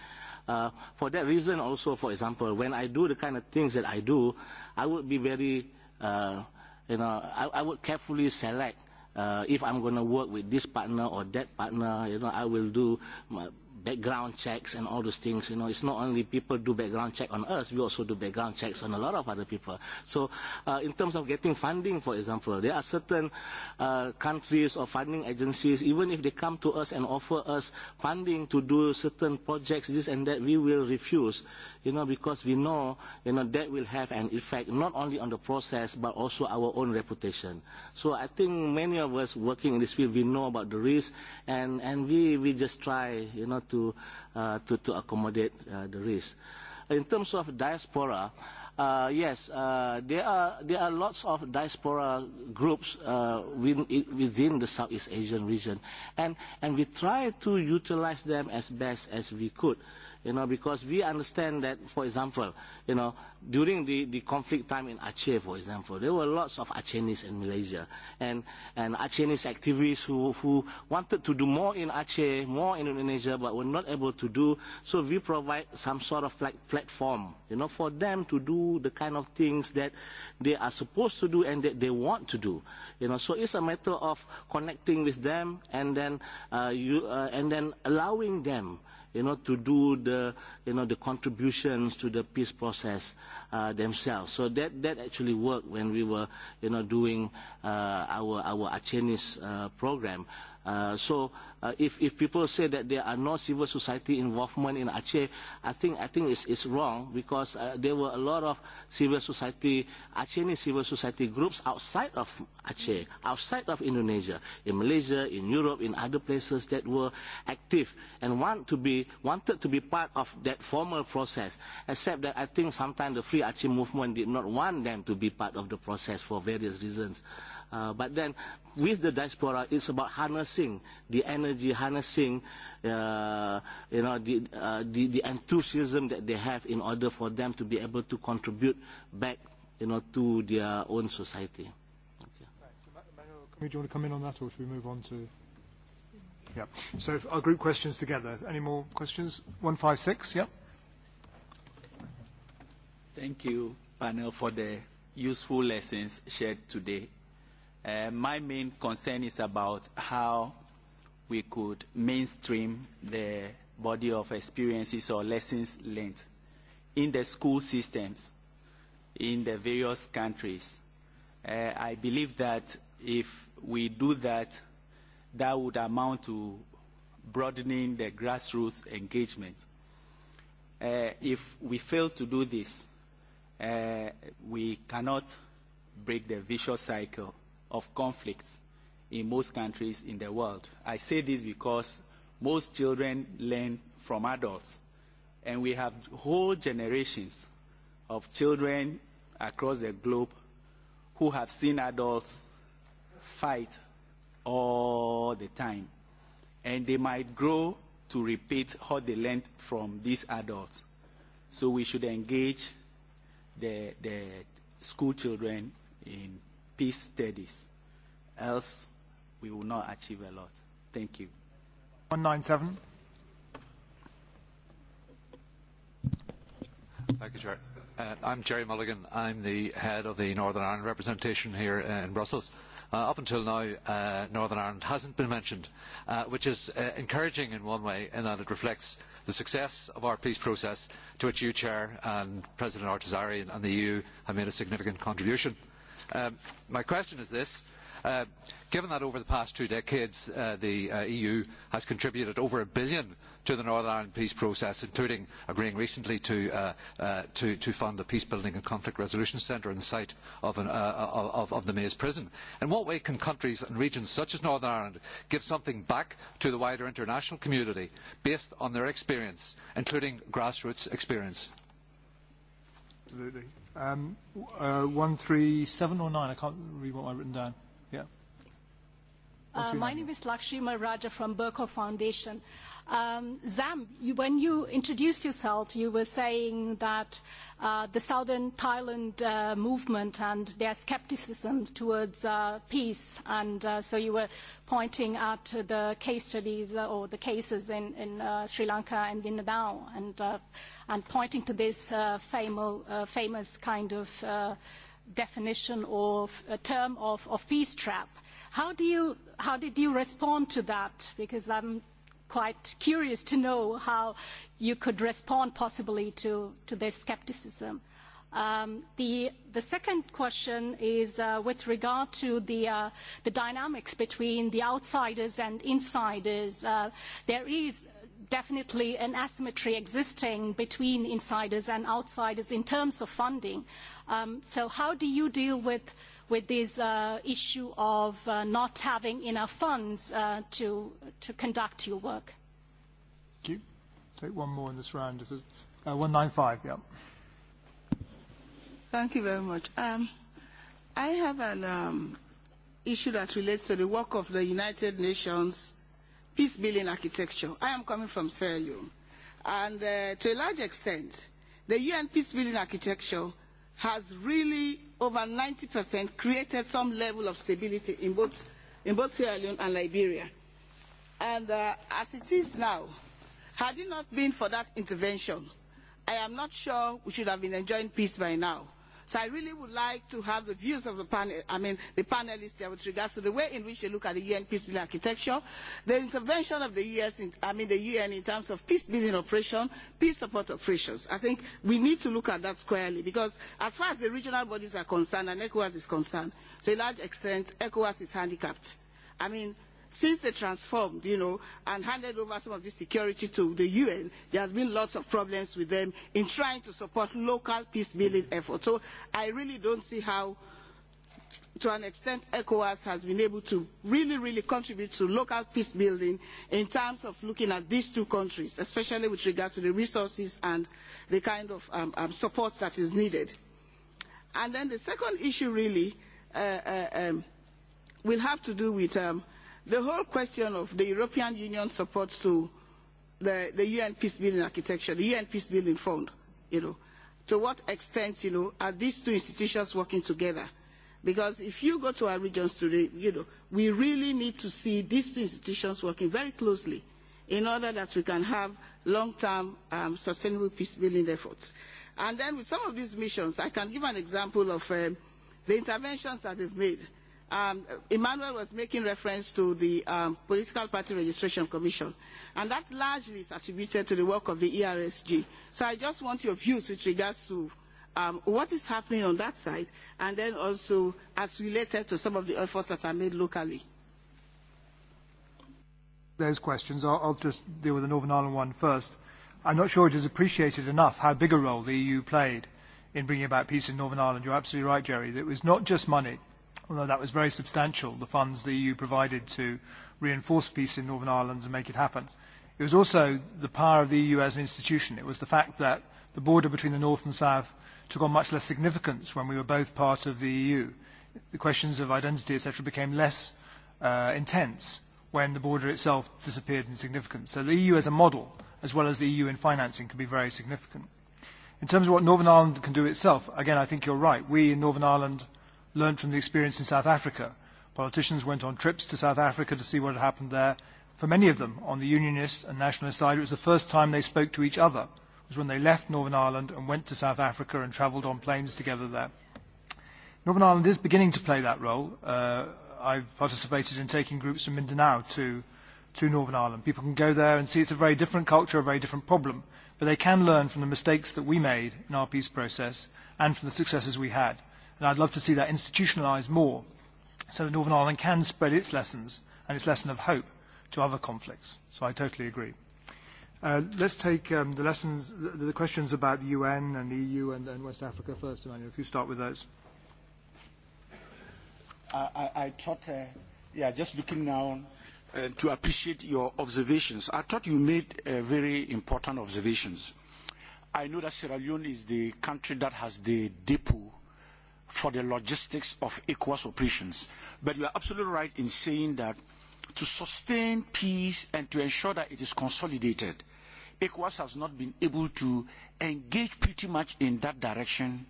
Uh, for that reason, also, for example, when I do the kind of things that I do, I would be very, uh, you know, I, I would carefully select uh, if I'm going to work with this partner or that partner, you know, I will do my, background checks and all those things. You know, it's not only people do background check on us, we also do background checks on a lot of other people. So, uh, in terms of getting funding, for example, there are certain uh, countries or funding agencies, even if they come to us and offer us funding to do certain projects, this and that, we will refuse, you know, because we know, you know, that will have an effect not only on the process but also our own reputation. So I think many of us working in this field, we know about the risk, and and we we just try, you know, to to, uh, to, to accommodate uh, the risk. In terms of diaspora, uh, yes, uh, there are there are lots of diaspora groups uh, within, within the Southeast Asian region, and and we try to utilize them as best as we could. Uh, you know, because we understand that, for example, you know, during the, the conflict time in Aceh, for example, there were lots of Achenis in Malaysia and, and Achenis activists who, who wanted to do more in Aceh, more in Indonesia, but were not able to do. So we provide some sort of like platform, you know, for them to do the kind of things that they are supposed to do and that they want to do. You know, so it's a matter of connecting with them and then, uh, you, uh, and then allowing them you know, to do the, you know, the contributions to the peace process uh, themselves. So that, that actually worked when we were, you know, doing uh, our, our Achenis uh, program Uh, so uh, if, if people say that there are no civil society involvement in Aceh, I think, I think it's, it's wrong because uh, there were a lot of civil society, Acehni civil society groups outside of Aceh, outside of Indonesia, in Malaysia, in Europe, in other places that were active and want to be, wanted to be part of that formal process, except that I think sometimes the Free Aceh movement did not want them to be part of the process for various reasons. Uh, Uh, but then with the diaspora, it's about harnessing the energy, harnessing uh, you know, the, uh, the, the enthusiasm that they have in order for them to be able to contribute back you know, to their own society. Okay. Do you want to come in on that or should we move on to... Yeah. So our group questions together. Any more questions? one five six, yeah. Thank you, panel, for the useful lessons shared today my main concern is about how we could mainstream the body of experiences or lessons learned in the school systems in the various countries. Uh, I believe that if we do that, that would amount to broadening the grassroots engagement. Uh, if we fail to do this, uh, we cannot break the vicious cycle of conflicts in most countries in the world. I say this because most children learn from adults, and we have whole generations of children across the globe who have seen adults fight all the time, and they might grow to repeat what they learned from these adults. So we should engage the, the school children in peace studies. Else, we will not achieve a lot. Thank you. 197. Thank you, Chair. Uh, I'm Jerry Mulligan. I'm the head of the Northern Ireland representation here in Brussels. Uh, up until now, uh, Northern Ireland hasn't been mentioned, uh, which is uh, encouraging in one way in that it reflects the success of our peace process to which you, Chair, and President Artazari and the EU have made a significant contribution. Uh, my question is this. given that over the past two decades the EU has contributed over a billion to the Northern Ireland peace process, including agreeing recently to, fund a peace building and conflict resolution centre on the site of, the Mays prison. In what way can countries and regions such as Northern Ireland give something back to the wider international community based on their experience, including grassroots experience? Absolutely. Um, uh, 137 or 9? I can't read what I've written down. Yeah. Uh, my name is Lakshmi Raja from Burko Foundation. Um, Zam, you, when you introduced yourself, you were saying that uh, the southern Thailand uh, movement and their skepticism towards uh, peace, and uh, so you were pointing at the case studies or the cases in, in uh, Sri Lanka and Mindanao, and uh, and pointing to this famous kind of definition or term of, peace trap. How, do you, how did you respond to that? Because I'm quite curious to know how you could respond possibly to, to this skepticism. the, the second question is with regard to the, the dynamics between the outsiders and insiders. there is definitely an asymmetry existing between insiders and outsiders in terms of funding. so how do you deal with, with this issue of not having enough funds to, to conduct your work? Thank you. Take one more in this round. Uh, 195, yeah. Thank you very much. Um, I have an um, issue that relates to the work of the United Nations peace building architecture. I am coming from Sierra Leone. And uh, to a large extent, the UN peace building architecture has really, over 90%, created some level of stability in both, in both Sierra Leone and Liberia. And uh, as it is now, had it not been for that intervention, I am not sure we should have been enjoying peace by now. So I really would like to have the views of the panel, I mean, the panelists here with regards to the way in which they look at the UN peace building architecture, the intervention of the US, in, I mean, the UN in terms of peace building operation, peace support operations. I think we need to look at that squarely because as far as the regional bodies are concerned and ECOWAS is concerned, to a large extent, ECOWAS is handicapped. I mean, Since they transformed, you know, and handed over some of this security to the UN, there has been lots of problems with them in trying to support local peace building efforts. So I really don't see how to an extent ECOWAS has been able to really, really contribute to local peace building in terms of looking at these two countries, especially with regard to the resources and the kind of support that is needed. And then the second issue really will have to do with The whole question of the European Union support to the, the UN Peace Building Architecture, the UN Peace Building Fund, you know, to what extent, you know, are these two institutions working together? Because if you go to our regions today, you know, we really need to see these two institutions working very closely in order that we can have long-term um, sustainable peace-building efforts. And then with some of these missions, I can give an example of um, the interventions that they've made um, Emmanuel was making reference to the um, Political Party Registration Commission, and that largely is attributed to the work of the ERSG. So I just want your views with regards to um, what is happening on that side, and then also as related to some of the efforts that are made locally. Those questions, I'll, I'll just deal with the Northern Ireland one first. I'm not sure it is appreciated enough how big a role the EU played in bringing about peace in Northern Ireland. You're absolutely right, Jerry. It was not just money although that was very substantial, the funds the EU provided to reinforce peace in Northern Ireland and make it happen. It was also the power of the EU as an institution. It was the fact that the border between the north and south took on much less significance when we were both part of the EU. The questions of identity, etc., became less uh, intense when the border itself disappeared in significance. So the EU as a model, as well as the EU in financing, can be very significant. In terms of what Northern Ireland can do itself, again, I think you're right. We in Northern Ireland learned from the experience in South Africa. Politicians went on trips to South Africa to see what had happened there. For many of them, on the unionist and nationalist side, it was the first time they spoke to each other. It was when they left Northern Ireland and went to South Africa and travelled on planes together there. Northern Ireland is beginning to play that role. Uh, I've participated in taking groups from Mindanao to, to Northern Ireland. People can go there and see it's a very different culture, a very different problem, but they can learn from the mistakes that we made in our peace process and from the successes we had and I'd love to see that institutionalised more so that Northern Ireland can spread its lessons and its lesson of hope to other conflicts. So I totally agree. Uh, let's take um, the lessons, the, the questions about the UN and the EU and, and West Africa first, Emmanuel, if you start with those. I, I, I thought, uh, yeah, just looking now uh, to appreciate your observations. I thought you made uh, very important observations. I know that Sierra Leone is the country that has the depot for the logistics of ECOWAS operations. But you are absolutely right in saying that to sustain peace and to ensure that it is consolidated, ECOWAS has not been able to engage pretty much in that direction,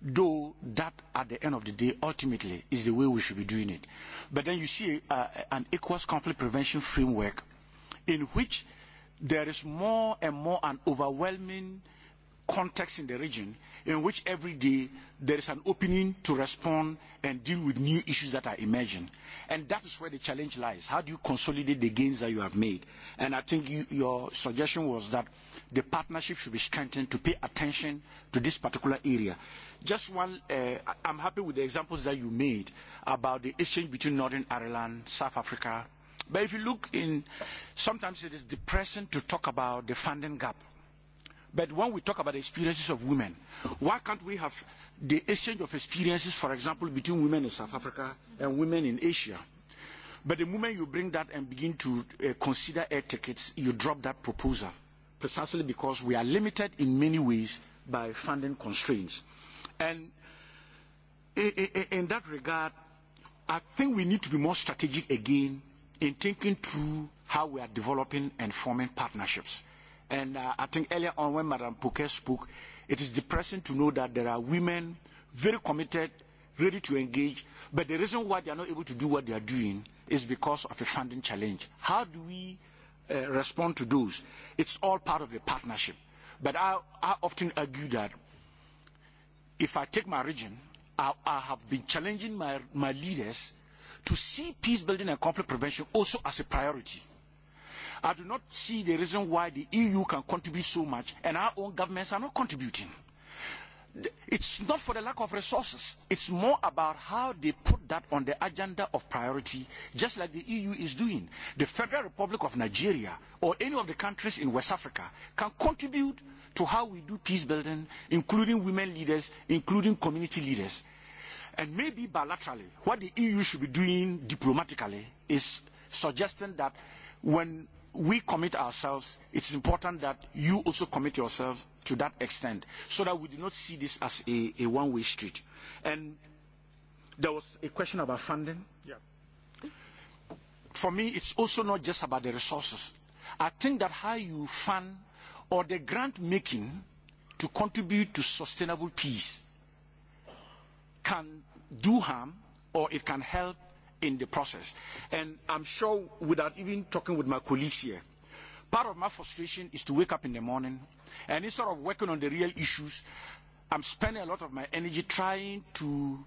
though that at the end of the day ultimately is the way we should be doing it. But then you see an ECOWAS conflict prevention framework in which there is more and more an overwhelming context in the region in which every day there is an opening to respond and deal with new issues that are emerging. And that is where the challenge lies. How do you consolidate the gains that you have made? And I think you, your suggestion was that the partnership should be strengthened to pay attention to this particular area. Just one, uh, I'm happy with the examples that you made about the exchange between Northern Ireland, South Africa. But if you look in, sometimes it is depressing to talk about the funding gap But when we talk about the experiences of women, why can't we have the exchange of experiences, for example, between women in South Africa and women in Asia? But the moment you bring that and begin to uh, consider air tickets, you drop that proposal, precisely because we are limited in many ways by funding constraints. And in that regard, I think we need to be more strategic again in thinking through how we are developing and forming partnerships. And uh, I think earlier on when Madam Pouquet spoke, it is depressing to know that there are women very committed, ready to engage, but the reason why they are not able to do what they are doing is because of a funding challenge. How do we uh, respond to those? It's all part of the partnership. But I, I often argue that if I take my region, I, I have been challenging my, my leaders to see peace building and conflict prevention also as a priority I do not see the reason why the EU can contribute so much and our own governments are not contributing. It's not for the lack of resources. It's more about how they put that on the agenda of priority, just like the EU is doing. The Federal Republic of Nigeria or any of the countries in West Africa can contribute to how we do peace building, including women leaders, including community leaders. And maybe bilaterally, what the EU should be doing diplomatically is suggesting that when we commit ourselves, it is important that you also commit yourselves to that extent so that we do not see this as a, a one-way street. And there was a question about funding. Yeah. For me, it's also not just about the resources. I think that how you fund or the grant making to contribute to sustainable peace can do harm or it can help in the process. And I'm sure, without even talking with my colleagues here, part of my frustration is to wake up in the morning and instead of working on the real issues, I'm spending a lot of my energy trying to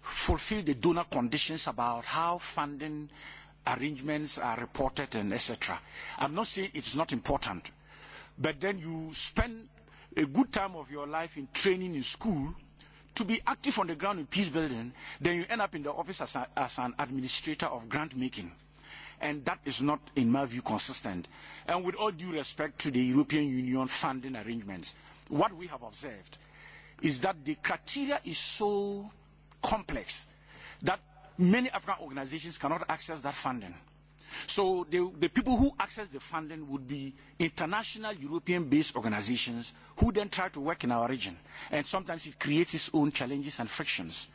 fulfill the donor conditions about how funding arrangements are reported and etc. I'm not saying it's not important, but then you spend a good time of your life in training in school to be active on the ground in peace building, then you end up in the office as, a, as an administrator of grant making. And that is not, in my view, consistent. And with all due respect to the European Union funding arrangements, what we have observed is that the criteria is so complex that many African organizations cannot access that funding So the, the people who access the funding would be international European-based organizations who then try to work in our region. And sometimes it creates its own challenges and frictions.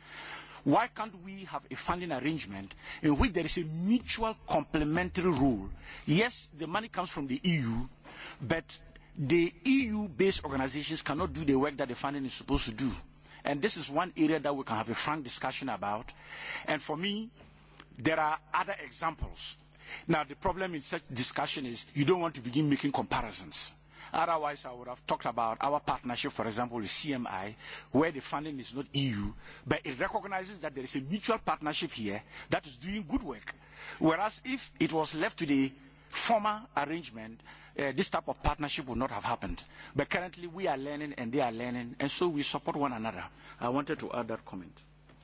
Why can't we have a funding arrangement in which there is a mutual complementary role? Yes, the money comes from the EU, but the EU-based organizations cannot do the work that the funding is supposed to do. And this is one area that we can have a frank discussion about. And for me, there are other examples Now, the problem in such discussion is you don't want to begin making comparisons. Otherwise, I would have talked about our partnership, for example, with CMI, where the funding is not EU, but it recognizes that there is a mutual partnership here that is doing good work. Whereas if it was left to the former arrangement, uh, this type of partnership would not have happened. But currently, we are learning and they are learning, and so we support one another. I wanted to add that comment.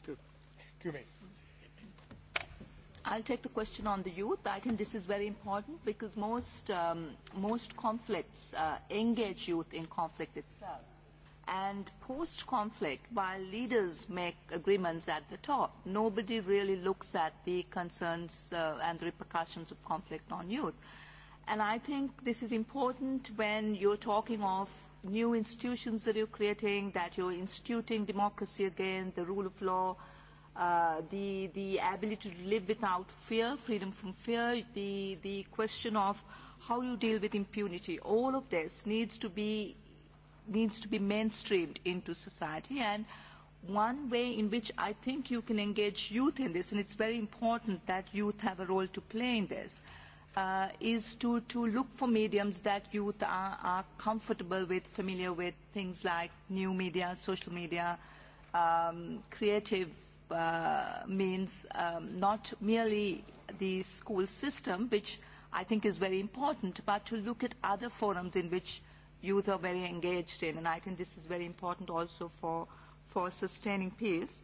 Good. Cumin. I'll take the question on the youth. I think this is very important because most, um, most conflicts uh, engage youth in conflict itself. And post-conflict, while leaders make agreements at the top, nobody really looks at the concerns uh, and the repercussions of conflict on youth. And I think this is important when you're talking of new institutions that you're creating, that you're instituting democracy again, the rule of law, uh, the, the ability to live without fear, freedom from fear, the, the question of how you deal with impunity, all of this needs to be, needs to be mainstreamed into society. And one way in which I think you can engage youth in this, and it's very important that youth have a role to play in this, uh, is to, to look for mediums that youth are, are comfortable with, familiar with, things like new media, social media, um, creative means not merely the school system, which I think is very important, but to look at other forums in which youth are very engaged in. And I think this is very important also for, for sustaining peace.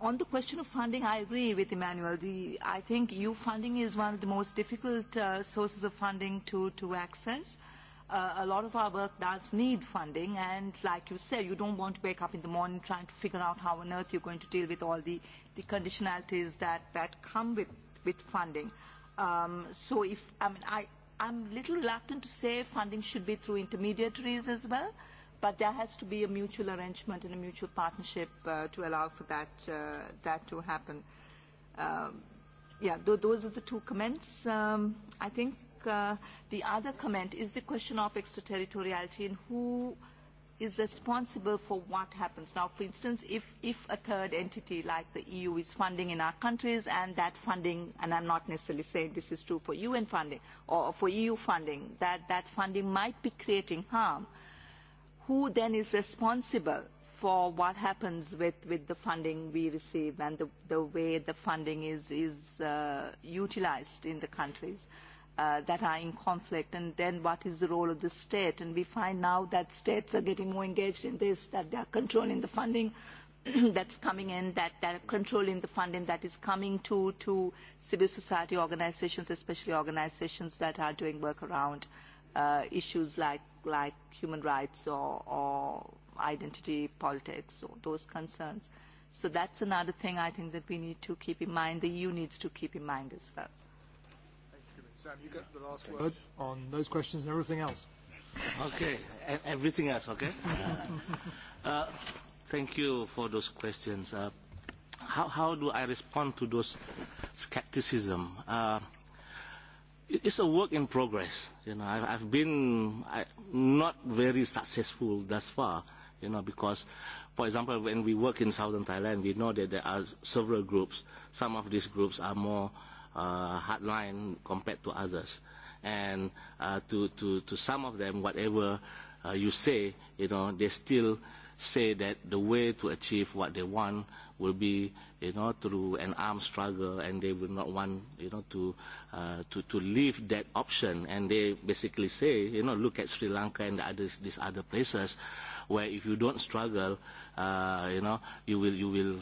On the question of funding, I agree with Emmanuel. The, I think EU funding is one of the most difficult uh, sources of funding to, to access. Uh, uh, a lot of our work does need funding and like you said, you don't want to wake up in the morning trying to figure out how on earth you're going to deal with all the, the conditionalities that, that come with, with funding. Um, so if, I mean, I, I'm a little reluctant to say funding should be through intermediaries as well, but there has to be a mutual arrangement and a mutual partnership uh, to allow for that, uh, that to happen. Um, yeah, th those are the two comments, um, I think uh, the other comment is the question of extraterritoriality and who is responsible for what happens. Now, for instance, if, if a third entity like the EU is funding in our countries and that funding, and I'm not necessarily saying this is true for UN funding or for EU funding, that, that funding might be creating harm, who then is responsible for what happens with, with the funding we receive and the, the way the funding is, is uh, utilized in the countries? Uh, that are in conflict, and then what is the role of the state. And we find now that states are getting more engaged in this, that they are controlling the funding that's coming in, that they are controlling the funding that is coming to, to civil society organizations, especially organizations that are doing work around uh, issues like, like human rights or, or identity politics or those concerns. So that's another thing I think that we need to keep in mind, the EU needs to keep in mind as well. Sam, you get the last word on those questions and everything else. Okay, everything else, okay? uh, thank you for those questions. Uh, how, how do I respond to those skepticism? Uh, it's a work in progress. You know, I've, I've been I, not very successful thus far. You know, because, for example, when we work in southern Thailand, we know that there are several groups. Some of these groups are more uh, hardline compared to others. And uh, to, to, to some of them, whatever uh, you say, you know, they still say that the way to achieve what they want will be, you know, through an armed struggle, and they will not want, you know, to uh, to to leave that option. And they basically say, you know, look at Sri Lanka and the others, these other places where if you don't struggle, uh, you know, you will you will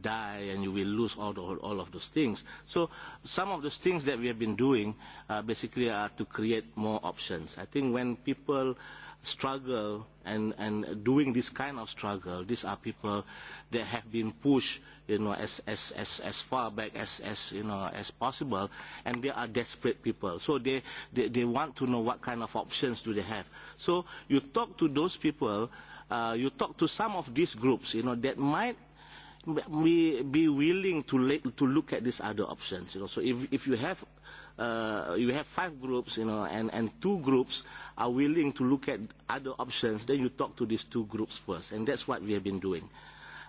die and you will lose all the, all of those things. So some of those things that we have been doing uh, basically are to create more options. I think when people struggle and and doing this kind of struggle, these are people that have been pushed you know, as, as, as, as far back as, as, you know, as possible. And they are desperate people. So they, they, they want to know what kind of options do they have. So you talk to those people, uh, you talk to some of these groups, you know, that might be, be willing to, la to look at these other options. You know, so if, if you have uh, you have five groups, you know, and, and two groups are willing to look at other options, then you talk to these two groups first. And that's what we have been doing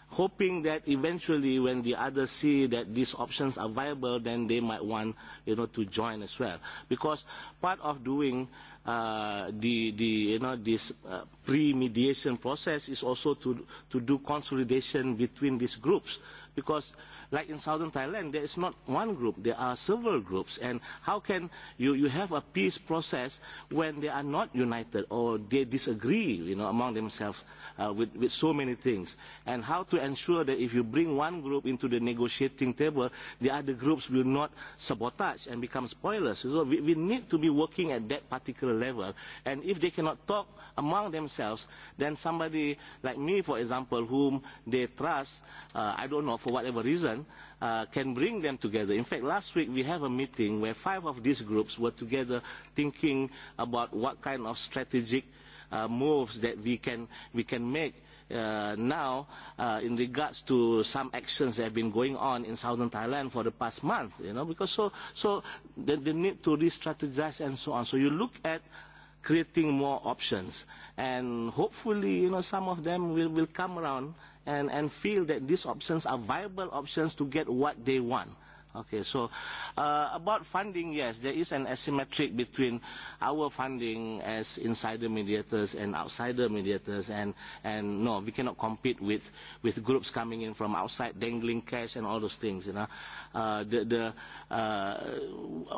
hoping that eventually when the others see that these options are viable, then they might want you know to join as well. Because part of doing uh, the the you know this uh, pre-mediation process is also to to do consolidation between these groups because like in southern Thailand, there is not one group, there are several groups. And how can you, you have a peace process when they are not united or they disagree you know, among themselves uh, with, with so many things? And how to ensure that if you bring one group into the negotiating table, the other groups will not sabotage and become spoilers. So we, we need to be working at that particular level. And if they cannot talk among themselves, then somebody like me, for example, whom they trust, uh, I don't know, for whatever reason, ASEAN uh, can bring them together. In fact, last week we have a meeting where five of these groups were together thinking about what kind of strategic uh, moves that we can, we can make uh, now uh, in regards to some actions that have been going on in southern Thailand for the past month, you know, because so, so the, the need to re-strategize and so on. So you look at creating more options and hopefully, you know, some of them will, will come around and, and feel that these options are viable options to get what they want. Okay, so uh, about funding, yes, there is an asymmetric between our funding as insider mediators and outsider mediators, and and no, we cannot compete with with groups coming in from outside, dangling cash and all those things. You know, uh, the the uh,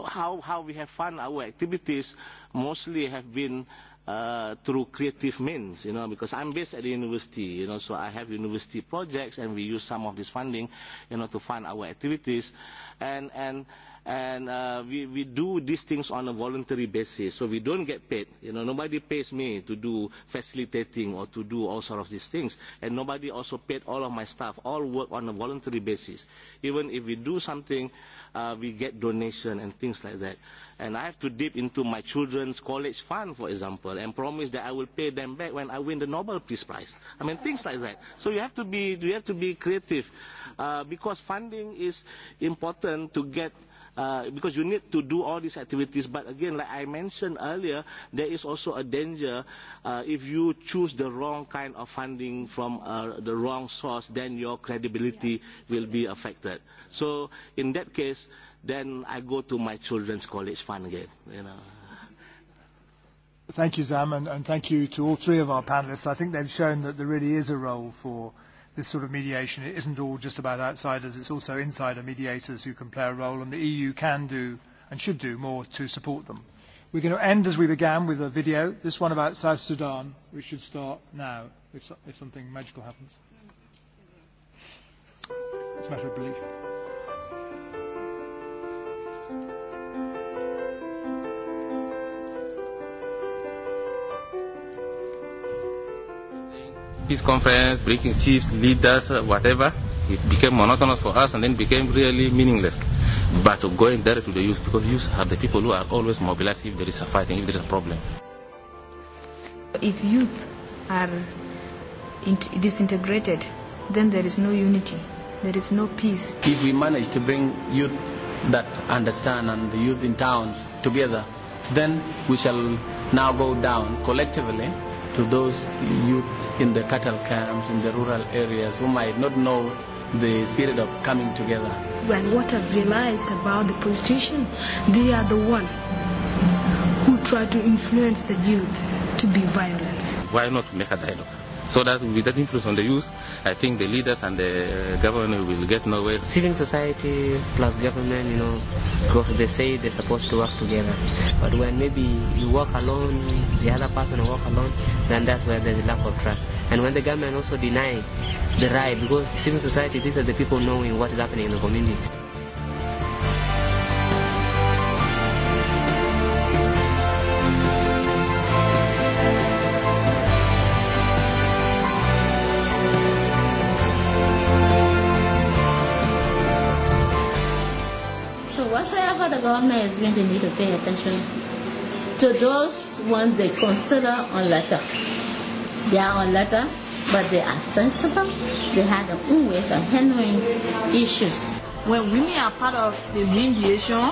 how how we have fund our activities mostly have been uh, through creative means, you know, because I'm based at the university, you know, so I have university projects and we use some of this funding, you know, to fund our activities. And, and and uh, we, we do these things on a voluntary basis. So we don't get paid. You know, nobody pays me to do facilitating or to do all sort of these things. And nobody also paid all of my staff. All work on a voluntary basis. Even if we do something, uh, we get donation and things like that. And I have to dip into my children's college fund, for example, and promise that I will pay them back when I win the Nobel Peace Prize. I mean, things like that. So you have to be, you have to be creative, uh, because funding is important to get uh, because you need to do all these activities. But again, like I mentioned earlier, there is also a danger uh, if you choose the wrong kind of funding from uh, the wrong source, then your credibility will be affected. So in that case, then I go to my children's college fund again. You know. Thank you, Zam, and, and thank you to all three of our panelists. I think they've shown that there really is a role for this sort of mediation it isn't all just about outsiders, it's also insider mediators who can play a role, and the EU can do and should do more to support them. We're going to end as we began with a video, this one about South Sudan, which should start now, if, if something magical happens. It's a matter of belief. peace conference, breaking chiefs, leaders, uh, whatever, it became monotonous for us and then became really meaningless. But going there to the youth, because youth are the people who are always mobilized if there is a fighting, if there is a problem. If youth are disintegrated, then there is no unity, there is no peace. If we manage to bring youth that understand and the youth in towns together, then we shall now go down collectively to those youth in the cattle camps, in the rural areas who might not know the spirit of coming together. When what I've realized about the politicians, they are the one who try to influence the youth to be violent. Why not make a dialogue? So that with that influence on the youth, I think the leaders and the government will get nowhere. Civil society plus government, you know, because they say they're supposed to work together. But when maybe you work alone, the other person work alone, then that's where there's a lack of trust. And when the government also deny the right, because civil society, these are the people knowing what is happening in the community. government is going to need to pay attention to those when they consider on letter. They are on letter, but they are sensible. They have their own ways of handling issues. When women are part of the mediation,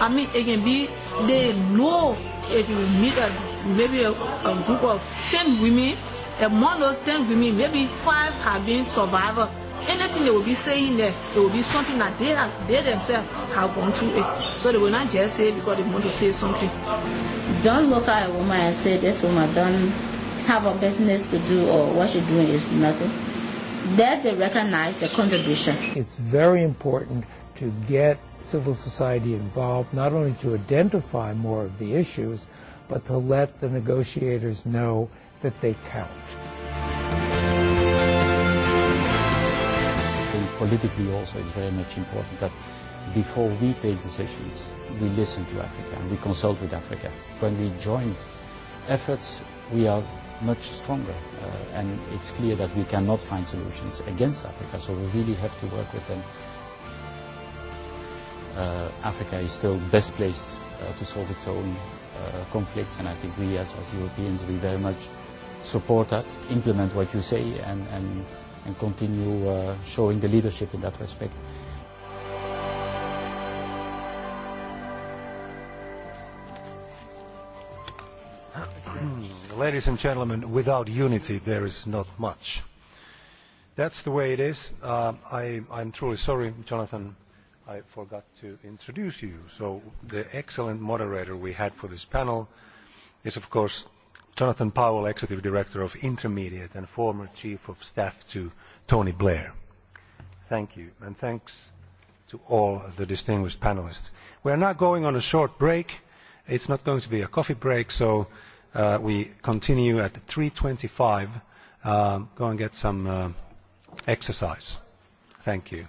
I mean, it can be they know if you meet a, maybe a, a group of 10 women, among those 10 women, maybe five have been survivors anything they will be saying there, there will be something that they have, they themselves have gone through it. So they will not just say because they want to say something. Don't look at a woman and say this woman don't have a business to do or what she's doing is nothing. That they recognize the contribution. It's very important to get civil society involved, not only to identify more of the issues, but to let the negotiators know that they count. politically also it's very much important that before we take decisions, we listen to Africa and we consult with Africa. When we join efforts, we are much stronger. Uh, and it's clear that we cannot find solutions against Africa, so we really have to work with them. Uh, Africa is still best placed uh, to solve its own uh, conflicts, and I think we as, as Europeans, we very much support that, implement what you say, and, and and continue uh, showing the leadership in that respect. Ladies and gentlemen, without unity there is not much. That's the way it is. Uh, I, I'm truly sorry, Jonathan, I forgot to introduce you. So the excellent moderator we had for this panel is, of course, Jonathan Powell, Executive Director of Intermediate and former Chief of Staff to Tony Blair. Thank you, and thanks to all the distinguished panelists. We are now going on a short break. It's not going to be a coffee break, so uh, we continue at 3.25. Uh, go and get some uh, exercise. Thank you.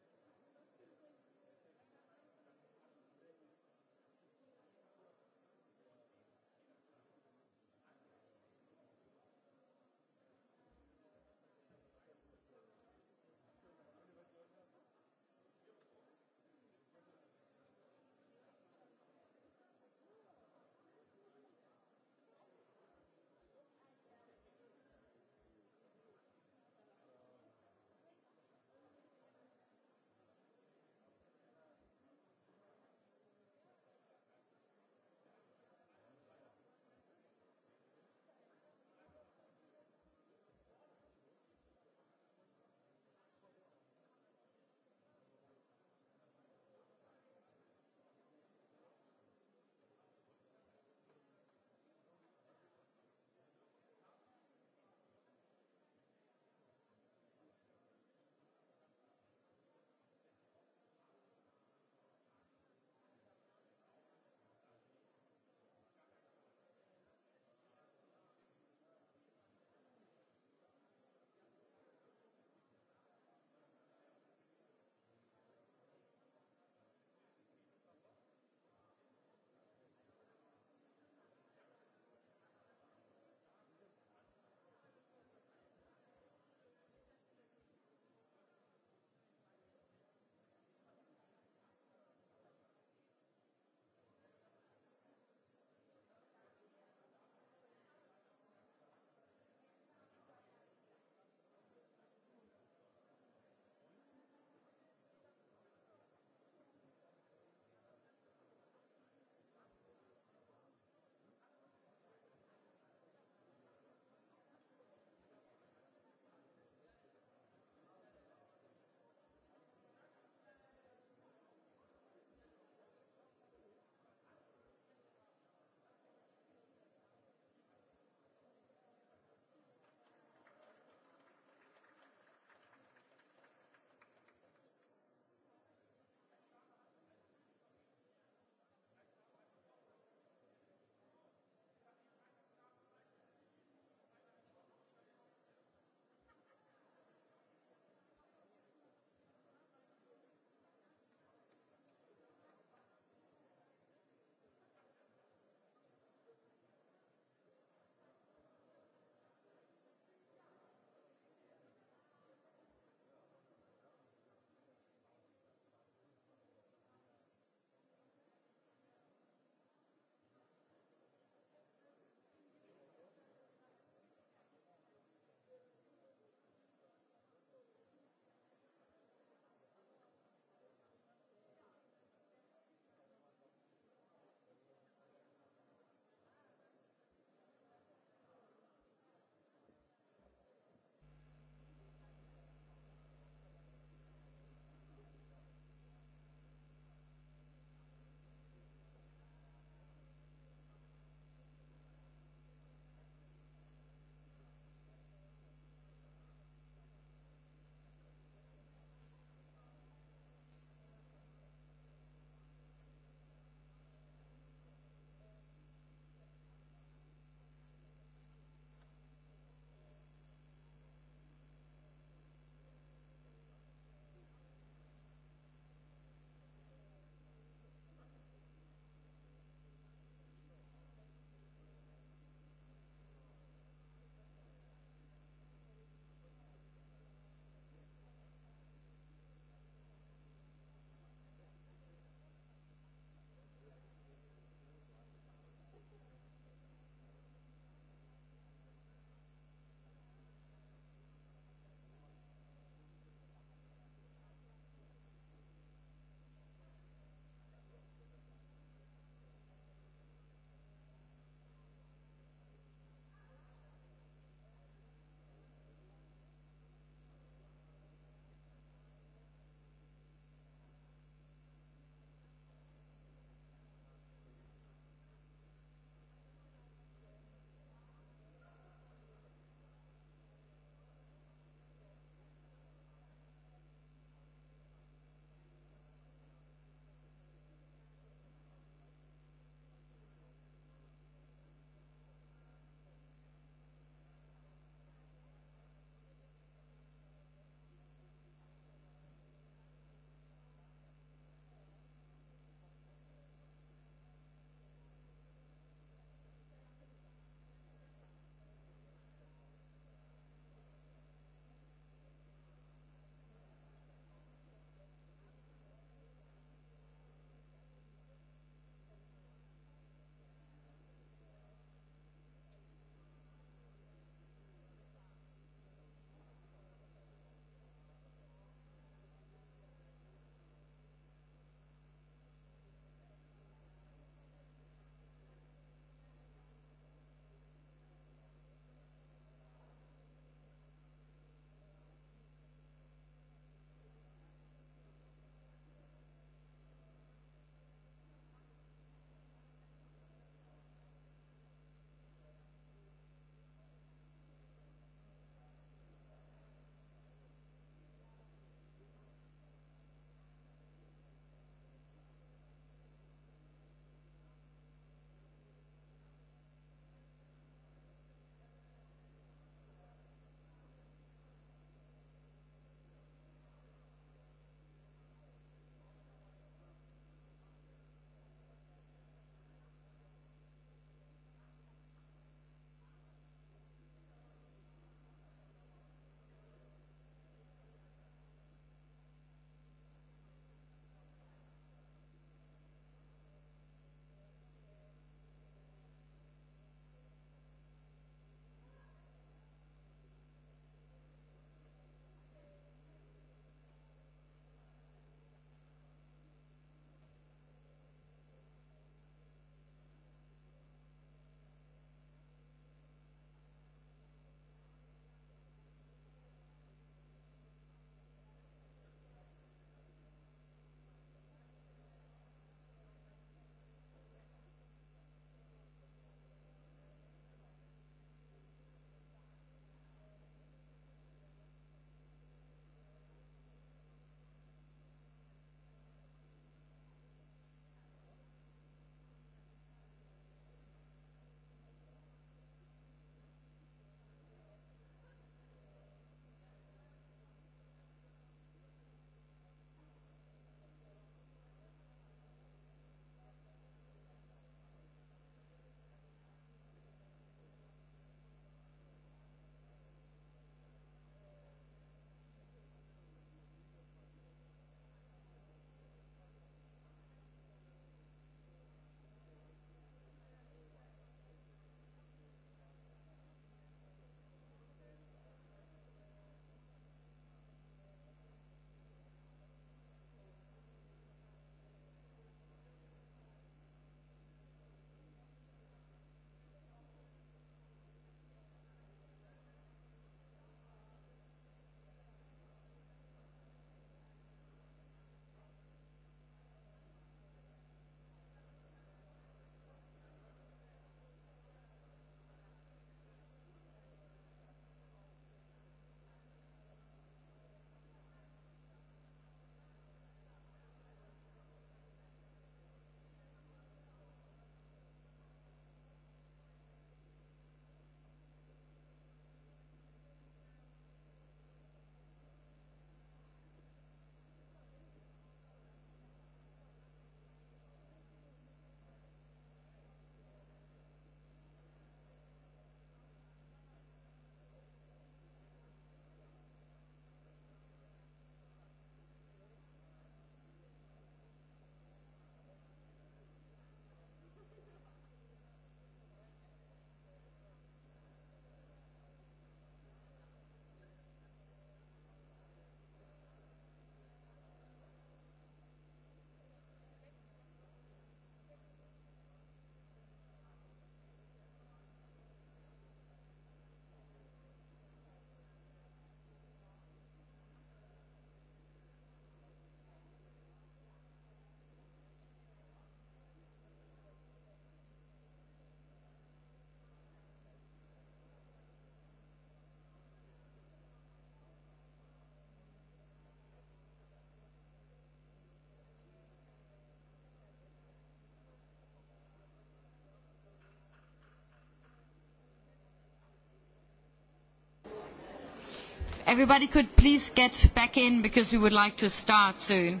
everybody could please get back in because we would like to start soon.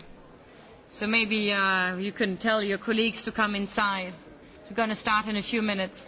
So maybe uh, you can tell your colleagues to come inside. We're going to start in a few minutes.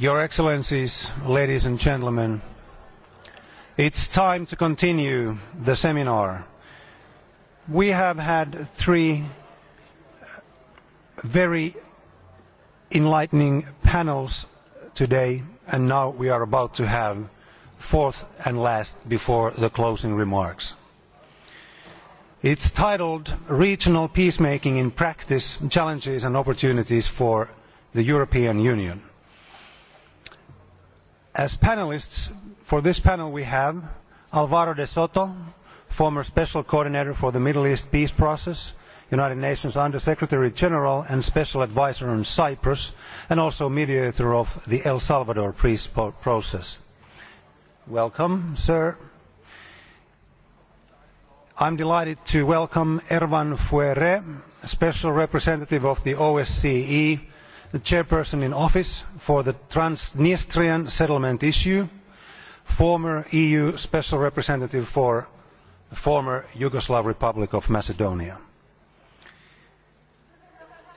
Your Excellencies, ladies and gentlemen, it's time to continue the seminar. We have had three very enlightening panels today, and now we are about to have fourth and last before the closing remarks. It's titled Regional Peacemaking in Practice, Challenges and Opportunities for the European Union As panelists for this panel, we have Alvaro de Soto, former Special Coordinator for the Middle East Peace Process, United Nations Under Secretary General and Special Advisor on Cyprus, and also mediator of the El Salvador peace process. Welcome, sir. I'm delighted to welcome Ervan Fuere, Special Representative of the OSCE the chairperson in office for the Transnistrian settlement issue, former EU Special Representative for the former Yugoslav Republic of Macedonia.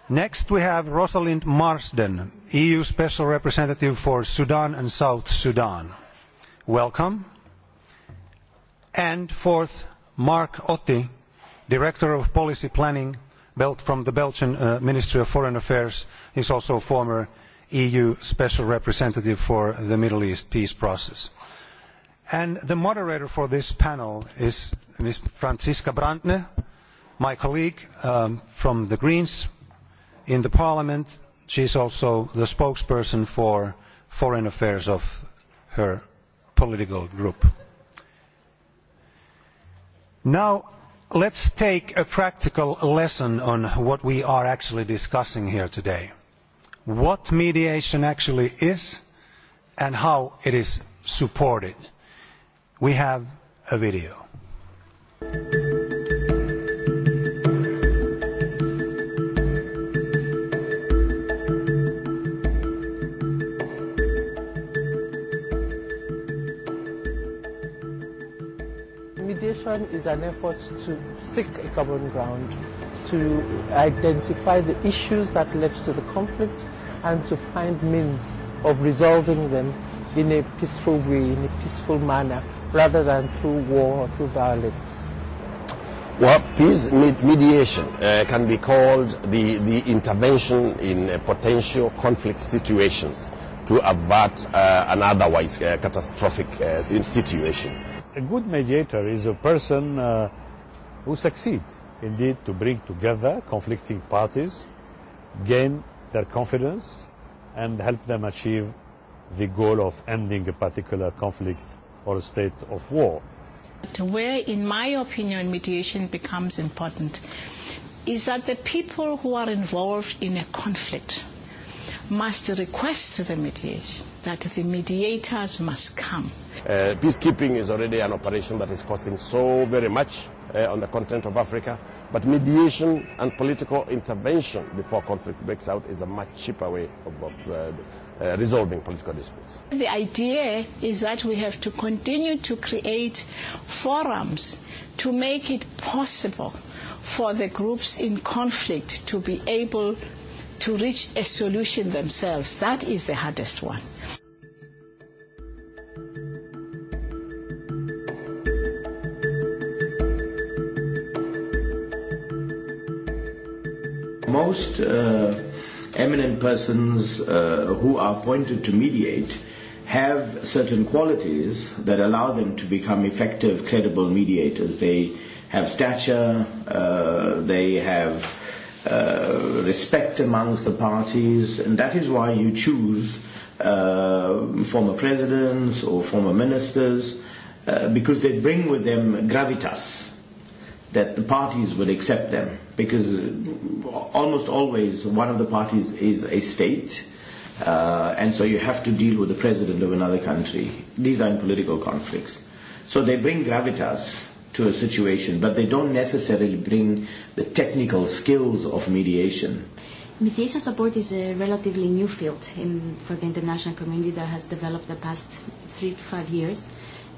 Next, we have Rosalind Marsden, EU Special Representative for Sudan and South Sudan. Welcome. And fourth, Mark Otti, Director of Policy Planning from the Belgian Ministry of Foreign Affairs He is also a former EU Special Representative for the Middle East peace process. And the moderator for this panel is Ms. Franziska Brandner, my colleague from the Greens in the Parliament. She is also the spokesperson for foreign affairs of her political group. Now, let's take a practical lesson on what we are actually discussing here today what mediation actually is and how it is supported. We have a video. conservation is an effort to seek a common ground, to identify the issues that led to the conflict and to find means of resolving them in a peaceful way, in a peaceful manner, rather than through war or through violence. Well, peace mediation uh, can be called the, the intervention in uh, potential conflict situations to avert uh, an otherwise uh, catastrophic uh, situation a good mediator is a person uh, who succeeds indeed to bring together conflicting parties, gain their confidence, and help them achieve the goal of ending a particular conflict or a state of war. Where, in my opinion, mediation becomes important is that the people who are involved in a conflict must request the mediation, that the mediators must come Uh, peacekeeping is already an operation that is costing so very much uh, on the continent of Africa. But mediation and political intervention before conflict breaks out is a much cheaper way of, of uh, uh, resolving political disputes. The idea is that we have to continue to create forums to make it possible for the groups in conflict to be able to reach a solution themselves. That is the hardest one. most uh, eminent persons uh, who are appointed to mediate have certain qualities that allow them to become effective, credible mediators. They have stature, uh, they have uh, respect amongst the parties, and that is why you choose uh, former presidents or former ministers uh, because they bring with them gravitas that the parties would accept them because almost always one of the parties is a state, uh, and so you have to deal with the president of another country. These are in political conflicts. So they bring gravitas to a situation, but they don't necessarily bring the technical skills of mediation. Mediation support is a relatively new field in, for the international community that has developed the past three to five years,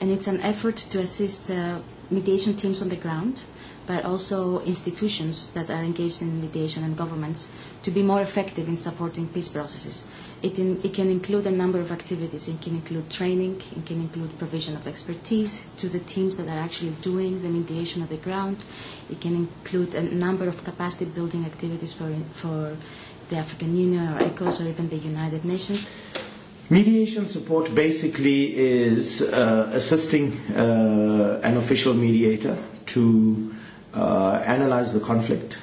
and it's an effort to assist uh, mediation teams on the ground but also institutions that are engaged in mediation and governments to be more effective in supporting peace processes. It, in, it can include a number of activities. It can include training. It can include provision of expertise to the teams that are actually doing the mediation on the ground. It can include a number of capacity building activities for, for the African Union or ECOS or even the United Nations. Mediation support basically is uh, assisting uh, an official mediator to uh, analyze the conflict,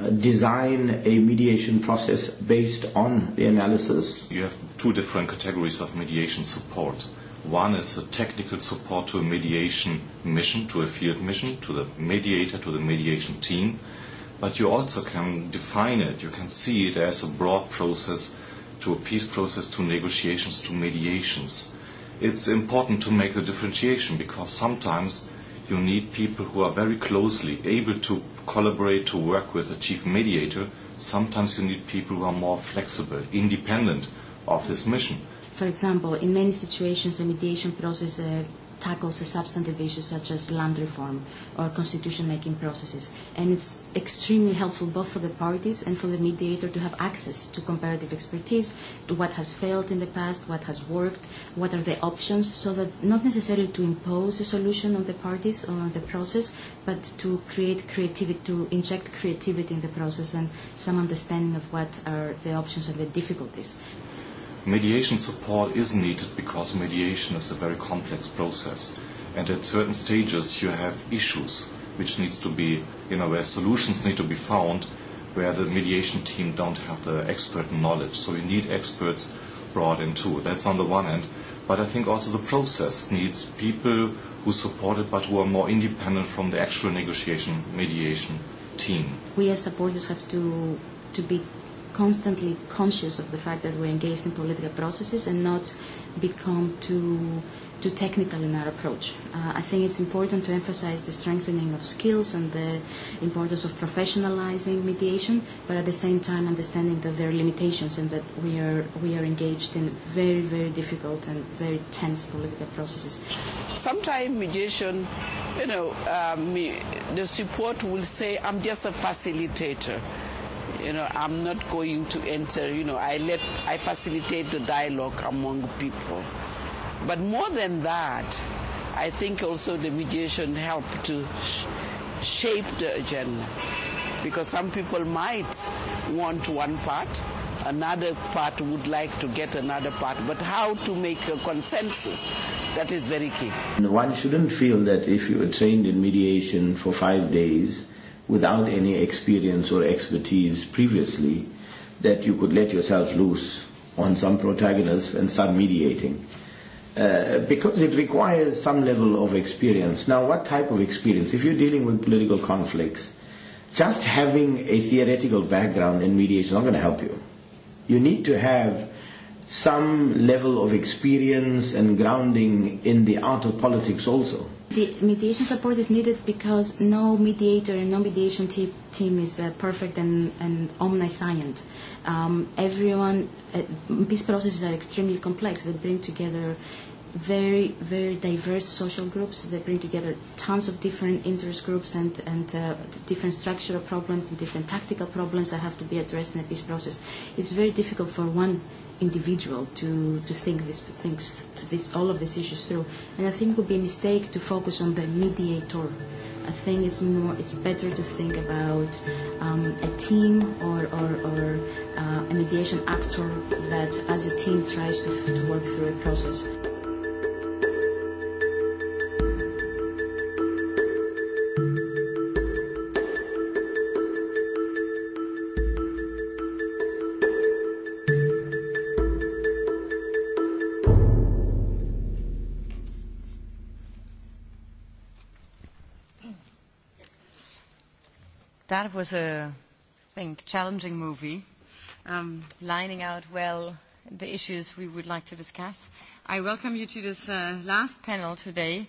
uh, design a mediation process based on the analysis. You have two different categories of mediation support. One is the technical support to a mediation mission, to a field mission, to the mediator, to the mediation team. But you also can define it, you can see it as a broad process to a peace process, to negotiations, to mediations. It's important to make the differentiation because sometimes You need people who are very closely able to collaborate, to work with a chief mediator. Sometimes you need people who are more flexible, independent of this mission. For example, in many situations, a mediation process uh, tackles the substantive issues such as land reform or constitution-making processes. And it's extremely helpful both for the parties and for the mediator to have access to comparative expertise, to what has failed in the past, what has worked, what are the options, so that not necessarily to impose a solution on the parties or on the process, but to create creativity, to inject creativity in the process and some understanding of what are the options and the difficulties Mediation support is needed because mediation is a very complex process. And at certain stages, you have issues which needs to be, you know, where solutions need to be found, where the mediation team don't have the expert knowledge. So you need experts brought in too. That's on the one end. But I think also the process needs people who support it but who are more independent from the actual negotiation mediation team. We as supporters have to to be constantly conscious of the fact that we're engaged in political processes and not become too too technical in our approach. Uh, I think it's important to emphasize the strengthening of skills and the importance of professionalizing mediation, but at the same time understanding that there are limitations and that we are, we are engaged in very, very difficult and very tense political processes. Sometimes mediation, you know, um, the support will say, I'm just a facilitator you know, I'm not going to enter, you know, I let, I facilitate the dialogue among people. But more than that, I think also the mediation helped to sh- shape the agenda. Because some people might want one part, another part would like to get another part, but how to make a consensus, that is very key. One shouldn't feel that if you are trained in mediation for five days, without any experience or expertise previously that you could let yourself loose on some protagonists and start mediating. Uh, because it requires some level of experience. Now, what type of experience? If you're dealing with political conflicts, just having a theoretical background in mediation is not going to help you. You need to have some level of experience and grounding in the art of politics also The mediation support is needed because no mediator and no mediation te- team is uh, perfect and, and omniscient. Um, everyone, uh, peace processes are extremely complex. They bring together very, very diverse social groups. They bring together tons of different interest groups and, and uh, different structural problems and different tactical problems that have to be addressed in a peace process. It's very difficult for one individual to, to think these things, to this, all of these issues through. And I think it would be a mistake to focus on the mediator. I think it's more, it's better to think about um, a team or, or, or uh, a mediation actor that, as a team, tries to, to work through a process. That was a, I think, challenging movie, um, lining out well the issues we would like to discuss. I welcome you to this uh, last panel today,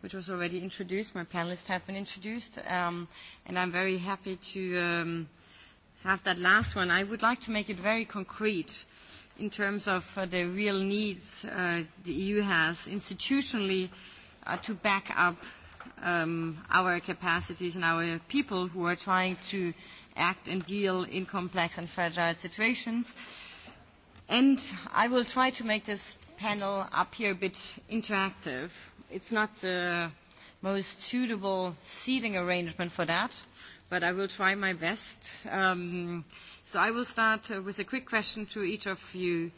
which was already introduced. My panelists have been introduced, um, and I'm very happy to um, have that last one. I would like to make it very concrete in terms of uh, the real needs uh, the EU has institutionally uh, to back up um, our capacities and our people who are trying to act and deal in complex and fragile situations. And I will try to make this panel up here a bit interactive. It's not the most suitable seating arrangement for that, but I will try my best. Um, so I will start with a quick question to each of you.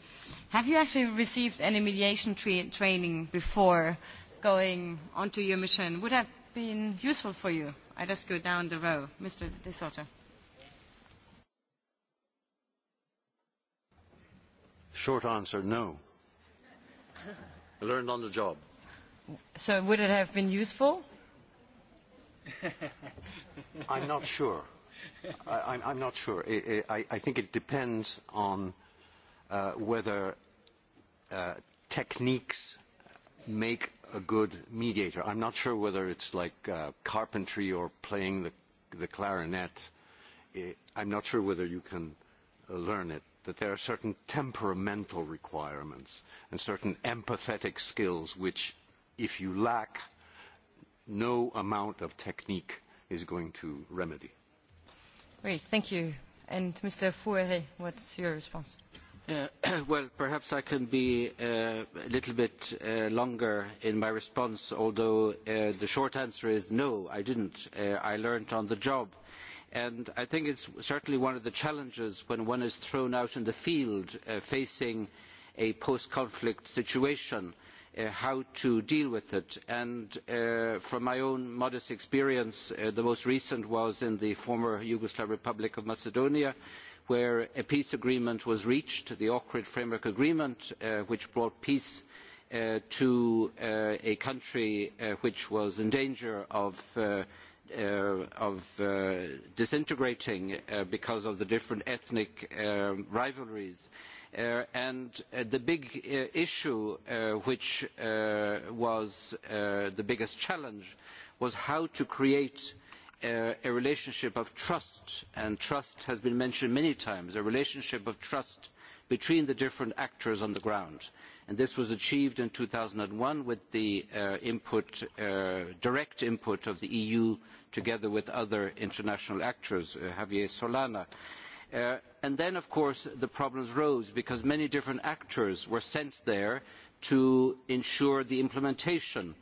Have you actually received any mediation tra- training before going onto your mission? Would have been useful for you? I just go down the row. Mr. De Soto. Short answer, no. I learned on the job. So would it have been useful? I'm not sure. I, I'm, I'm not sure. I, I, I think it depends on uh, whether uh, techniques make a good mediator. I'm not sure whether it's like uh, carpentry or playing the, the clarinet. I'm not sure whether you can learn it, that there are certain temperamental requirements and certain empathetic skills which, if you lack, no amount of technique is going to remedy. Great, thank you. And Mr. Fouere, what's your response? Well, perhaps I can be a little bit longer in my response, although the short answer is no, I didn't. I learnt on the job. And I think it's certainly one of the challenges when one is thrown out in the field facing a post-conflict situation, how to deal with it. And from my own modest experience, the most recent was in the former Yugoslav Republic of Macedonia, where a peace agreement was reached, the Ohrid Framework Agreement, which brought peace to a country which was in danger of, disintegrating because of the different ethnic rivalries. and the big issue, which was the biggest challenge, was how to create uh, a relationship of trust, and trust has been mentioned many times, a relationship of trust between the different actors on the ground. And this was achieved in two thousand one with the direct input of the EU together with other international actors, Javier Solana. and then, of course, the problems rose because many different actors were sent there to ensure the implementation uh,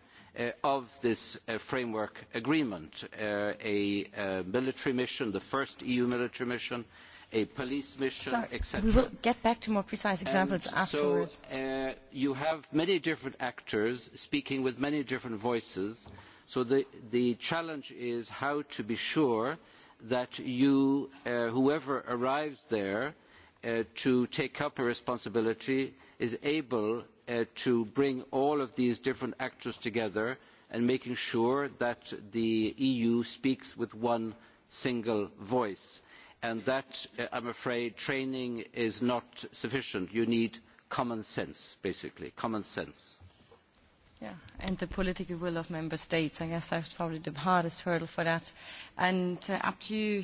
of this framework agreement a military mission, the first EU military mission, a police mission, etc. We will get back to more precise examples afterwards. So you have many different actors speaking with many different voices. So the, challenge is how to be sure that you, whoever arrives there to take up a responsibility, is able to bring all of these different actors together and making sure that the EU speaks with one single voice. And that, I am afraid, training is not sufficient. You need common sense, basically, common sense. Yeah, and the political will of member states. I guess that's probably the hardest hurdle for that. And uh, up to you,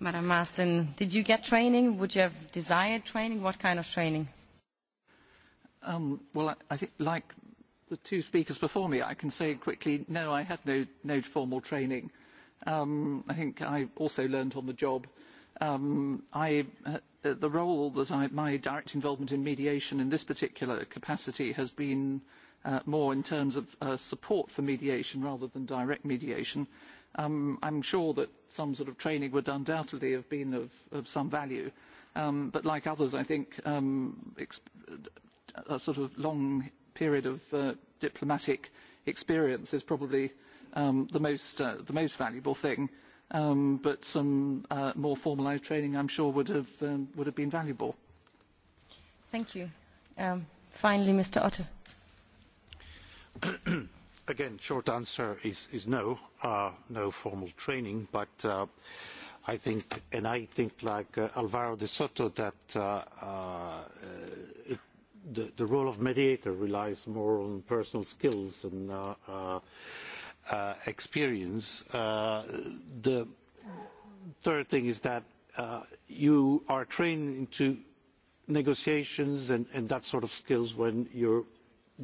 Madam Marston, did you get training? Would you have desired training? What kind of training? Um, well, I, I think like the two speakers before me, I can say quickly, no, I had no, no formal training. Um, I think I also learned on the job. Um, I, uh, the role that I, my direct involvement in mediation in this particular capacity has been uh, more in terms of uh, support for mediation rather than direct mediation. Um, I'm sure that some sort of training would undoubtedly have been of, of some value. Um, but like others, I think um, a sort of long period of uh, diplomatic experience is probably um, the, most, uh, the most valuable thing. Um, but some uh, more formalised training, I'm sure, would have, um, would have been valuable. Thank you. Um, finally, Mr. Otter. Again, short answer is, is no, uh, no formal training, but uh, I think, and I think like uh, Alvaro de Soto, that uh, uh, it the, the role of mediator relies more on personal skills and uh, uh, uh, experience. Uh, the third thing is that uh, you are trained into negotiations and, and that sort of skills when you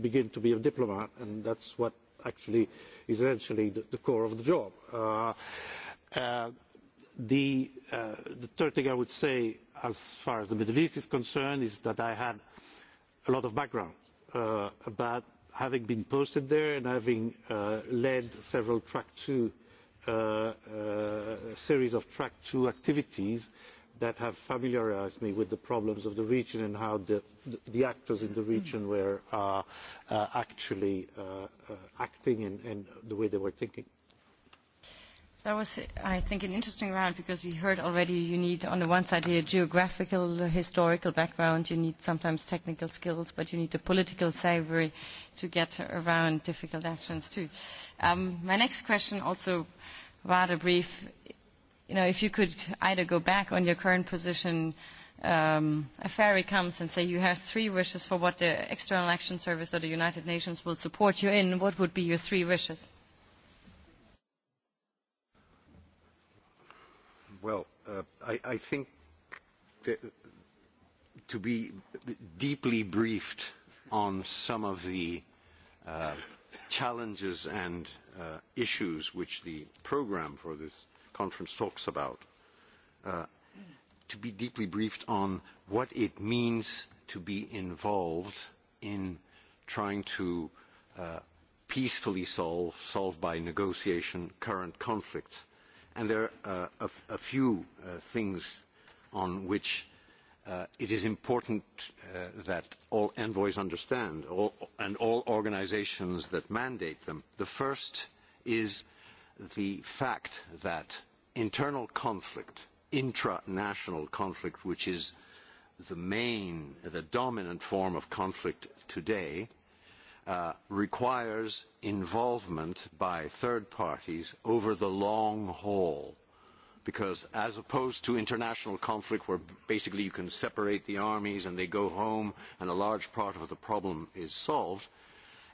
begin to be a diplomat, and that's what actually is essentially the, the core of the job. the, third thing I would say, as far as the Middle East is concerned, is that I had a lot of background about having been posted there and having led several track two series of track two activities that have familiarised me with the problems of the region and how the, the actors in the region were uh, uh, actually uh, uh, acting and, and the way they were thinking. So that was, I think, an interesting round because we heard already you need, on the one side a geographical, historical background, you need sometimes technical skills, but you need the political savory to get around difficult actions too. Um, my next question, also rather brief, you know, if you could either go back on your current position, um, a fairy comes and say you have three wishes for what the External Action Service or the United Nations will support you in, what would be your three wishes? Well, I, I think that to be deeply briefed on some of the challenges and issues which the programme for this conference talks about, to be deeply briefed on what it means to be involved in trying to peacefully solve, solve by negotiation, current conflicts And there are a, few things on which it is important that all envoys understand and all organisations that mandate them. The first is the fact that internal conflict, intranational conflict, which is the main, the dominant form of conflict today, requires involvement by third parties over the long haul. Because as opposed to international conflict where basically you can separate the armies and they go home and a large part of the problem is solved,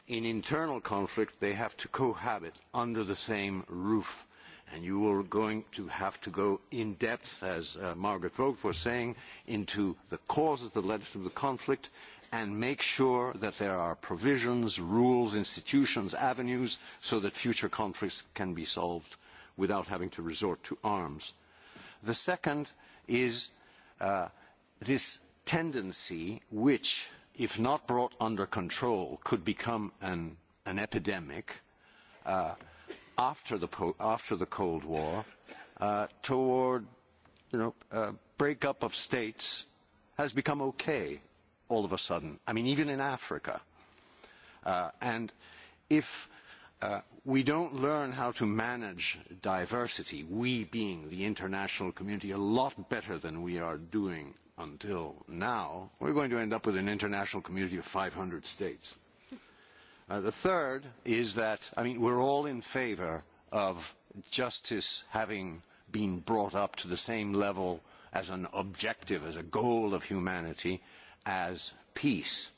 in internal conflict they have to cohabit under the same roof. And you are going to have to go in depth, as Margaret Vogt was saying, into the causes that led to the conflict and make sure that there are provisions, rules, institutions, avenues so that future conflicts can be solved without having to resort to arms. The second is this tendency which, if not brought under control, could become an, epidemic after, the Cold War toward break up of states has become okay all of a sudden. I mean, even in Africa. Uh, and if uh, we don't learn how to manage diversity, we being the international community, a lot better than we are doing until now, we're going to end up with an international community of 500 states. Uh, the third is that, I mean, we're all in favor of justice having been brought up to the same level as an objective, as a goal of humanity, as peace.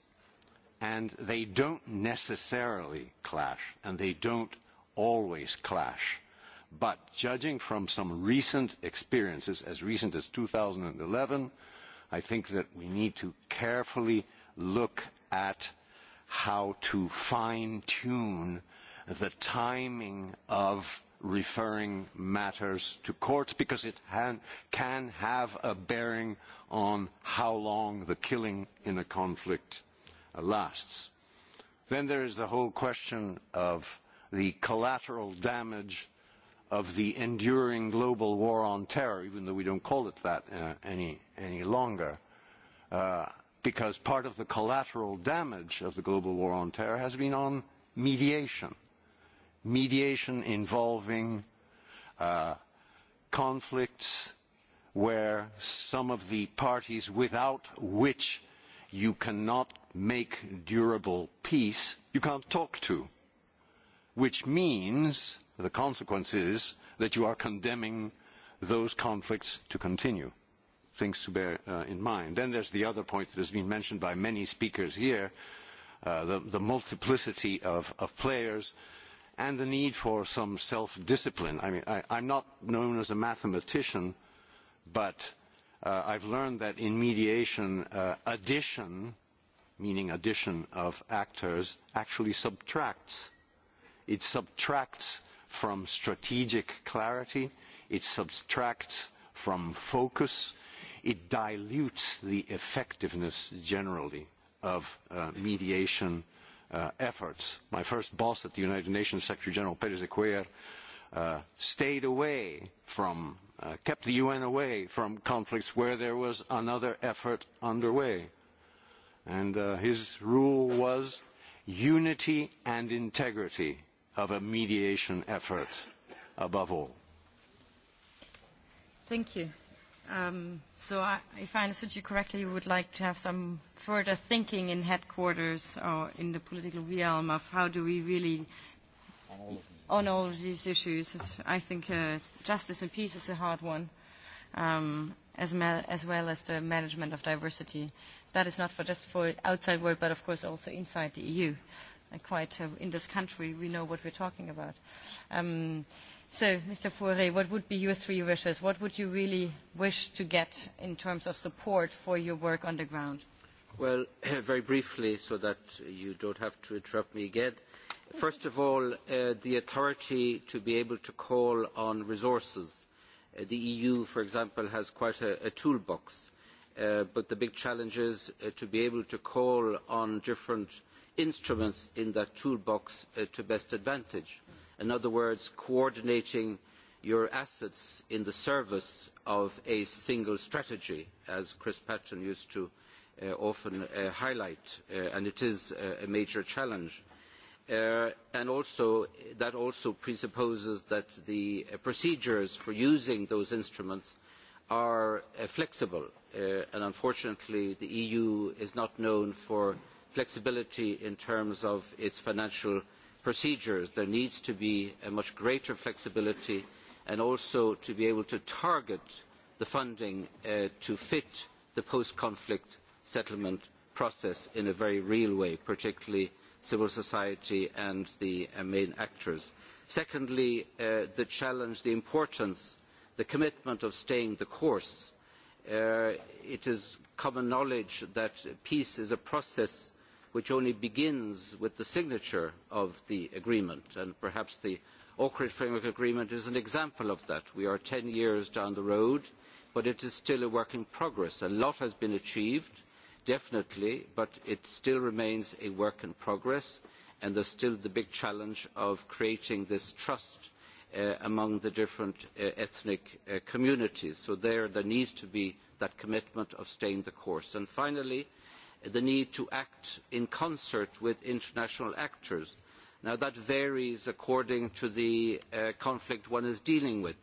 And they don't necessarily clash, and they don't always clash. But judging from some recent experiences, as recent as 2011, I think that we need to carefully look at how to fine-tune the timing of referring matters to courts because it can have a bearing on how long the killing in a conflict lasts. Then there is the whole question of the collateral damage of the enduring global war on terror, even though we don't call it that uh, any, any longer, uh, because part of the collateral damage of the global war on terror has been on mediation. Mediation involving uh, conflicts where some of the parties without which you cannot make durable peace, you can't talk to. Which means, the consequence is, that you are condemning those conflicts to continue. Things to bear in mind. Then there's the other point that has been mentioned by many speakers here, the, multiplicity of, players and the need for some self-discipline. I mean, I, I'm not known as a mathematician, uh, But uh, I've learned that in mediation, uh, addition, meaning addition of actors, actually subtracts. It subtracts from strategic clarity. It subtracts from focus. It dilutes the effectiveness generally of uh, mediation uh, efforts. My first boss at the United Nations, Secretary General Pérez de Cuellar, uh, stayed away from kept the UN away from conflicts where there was another effort underway. And his rule was unity and integrity of a mediation effort above all. Thank you. so I, if I understood you correctly, you would like to have some further thinking in headquarters or in the political realm of how do we really on all of these issues. I think uh, justice and peace is a hard one, um, as, as well as the management of diversity. That is not for just for outside world, but of course also inside the EU. And quite uh, in this country, we know what we're talking about. Um, so, Mr. Fourier, what would be your three wishes? What would you really wish to get in terms of support for your work on the ground? Well, very briefly, so that you don't have to interrupt me again. First of all, the authority to be able to call on resources. the EU, for example, has quite a, toolbox, but the big challenge is to be able to call on different instruments in that toolbox to best advantage. In other words, coordinating your assets in the service of a single strategy, as Chris Patton used to often highlight, and it is a major challenge and also that also presupposes that the procedures for using those instruments are flexible and unfortunately the EU is not known for flexibility in terms of its financial procedures. There needs to be a much greater flexibility and also to be able to target the funding to fit the post-conflict settlement process in a very real way, particularly civil society and the main actors. Secondly, the challenge, the importance, the commitment of staying the course. it is common knowledge that peace is a process which only begins with the signature of the agreement, and perhaps the Ohrid Framework Agreement is an example of that. We are ten years down the road, but it is still a work in progress. A lot has been achieved definitely, but it still remains a work in progress, and there is still the big challenge of creating this trust among the different ethnic communities. So there, needs to be that commitment of staying the course. finally, the need to act in concert with international actors. Now that varies according to the conflict one is dealing with.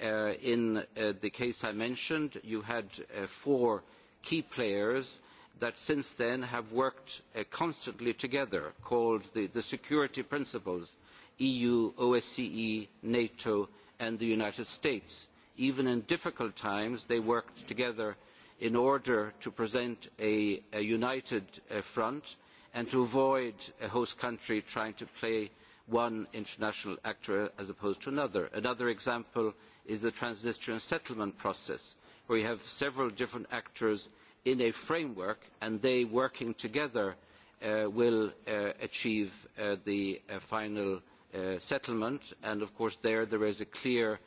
in the case I mentioned, you had four key players that since then have worked constantly together called the, security principles EU, OSCE, NATO and the United States. Even in difficult times they worked together in order to present a, united front and to avoid a host country trying to play one international actor as opposed to another. Another example is the Transnistrian settlement process where you have several different actors in a framework and they working together will achieve the final settlement and of course there there is a clear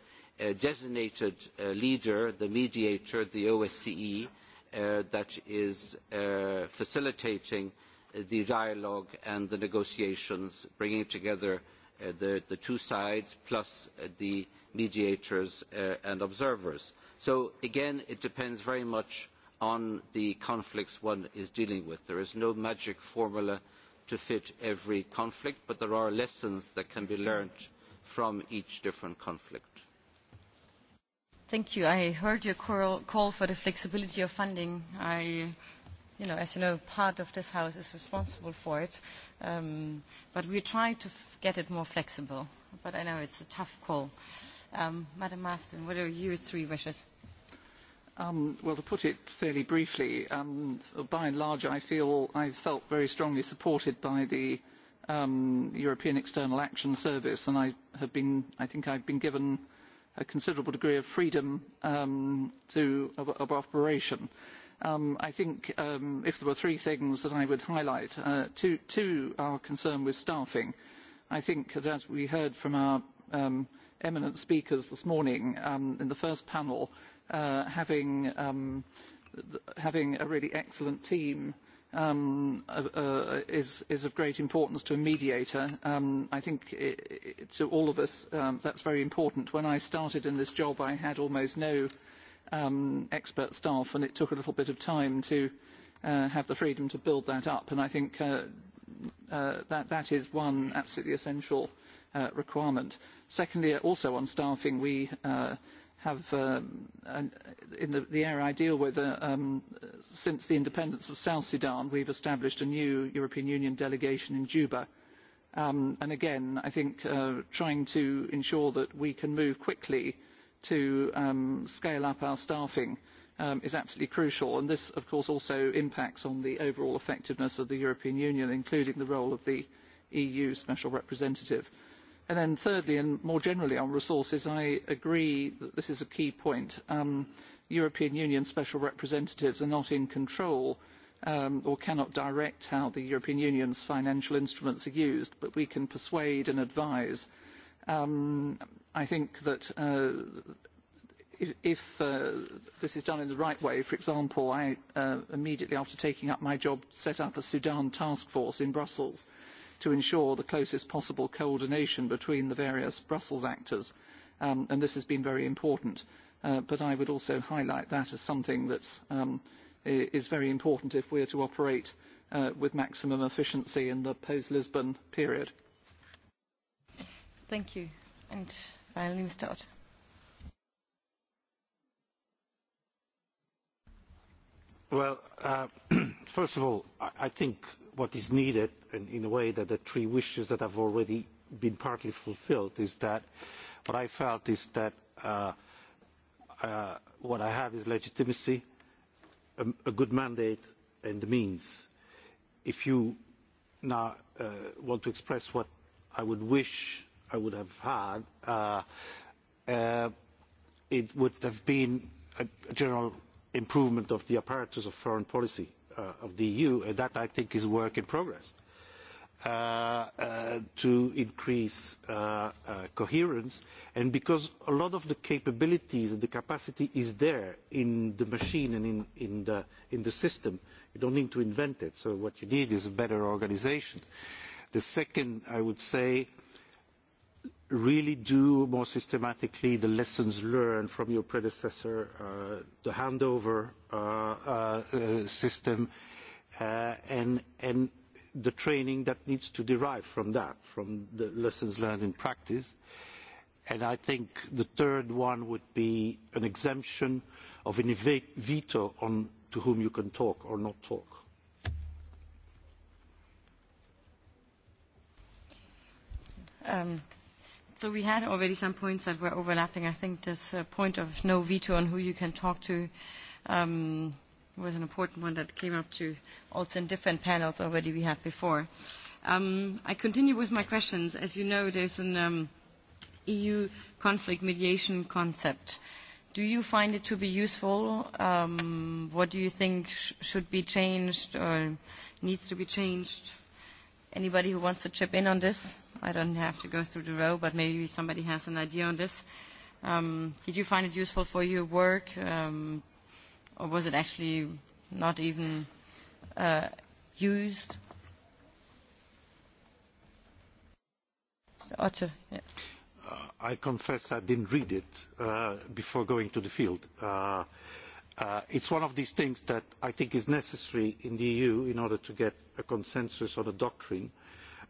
designated leader the mediator the OSCE that is facilitating the dialogue and the negotiations bringing together the two sides plus the mediators and observers so again it depends very much on the conflicts one is dealing with. There is no magic formula to fit every conflict, but there are lessons that can be learned from each different conflict. Thank you. I heard your call for the flexibility of funding. I you know, as you know, part of this house is responsible for it. Um, but we're trying to f get it more flexible. But I know it's a tough call. Um, Madam Marston, what are your three wishes? Well, to put it fairly briefly, um by and large, I feel I felt very strongly supported by the European External Action Service, and I have been, I think I've been given a considerable degree of freedom to of operation. I think if there were three things that I would highlight, uh two two are concerned with staffing. I think that as we heard from our um eminent speakers this morning um in the first panel, having, um, having a really excellent team um, uh, is, is of great importance to a mediator. Um, I think it, it, to all of us um, that's very important. When I started in this job, I had almost no um, expert staff, and it took a little bit of time to uh, have the freedom to build that up. And I think uh, uh, that, that is one absolutely essential uh, requirement. Secondly, also on staffing, we uh, have in the area I deal with, uh um since the independence of South Sudan, we have established a new European Union delegation in Juba. and again, I think uh trying to ensure that we can move quickly to scale up our staffing um is absolutely crucial. And this, of course, also impacts on the overall effectiveness of the European Union, including the role of the EU Special Representative And then thirdly, and more generally on resources, I agree that this is a key point. European Union special representatives are not in control or cannot direct how the European Union's financial instruments are used, but we can persuade and advise. I think that if this is done in the right way, for example, I immediately after taking up my job set up a Sudan task force in Brussels to ensure the closest possible coordination between the various Brussels actors. and this has been very important. but I would also highlight that as something that is very important if we are to operate with maximum efficiency in the post-Lisbon period. Thank you. And finally, Mr. Well, first of all, I think what is needed and in a way that the three wishes that have already been partly fulfilled is that what I felt is that what I have is legitimacy, a, a good mandate and the means. If you now want to express what I would wish I would have had, it would have been a general improvement of the apparatus of foreign policy of the EU, and that I think is work in progress, to increase coherence. And because a lot of the capabilities and the capacity is there in the machine and in, the, system, you don't need to invent it. So what you need is a better organisation. The second, I would say, uh, really do more systematically the lessons learned from your predecessor, the handover system, and the training that needs to derive from that, from the lessons learned in practice. I think the third one would be an exemption of any veto on to whom you can talk or not talk. So we had already some points that were overlapping. I think this uh, point of no veto on who you can talk to um, was an important one that came up to also in different panels already we had before. Um, I continue with my questions. As you know, there's an um, EU conflict mediation concept. Do you find it to be useful? Um, what do you think sh should be changed or needs to be changed? Anybody who wants to chip in on this? I don't have to go through the row, but maybe somebody has an idea on this. Um, did you find it useful for your work, um, or was it actually not even uh, used? Mr. Otter, yeah. uh, I confess I didn't read it uh, before going to the field. Uh, uh, it's one of these things that I think is necessary in the EU in order to get a consensus on a doctrine uh,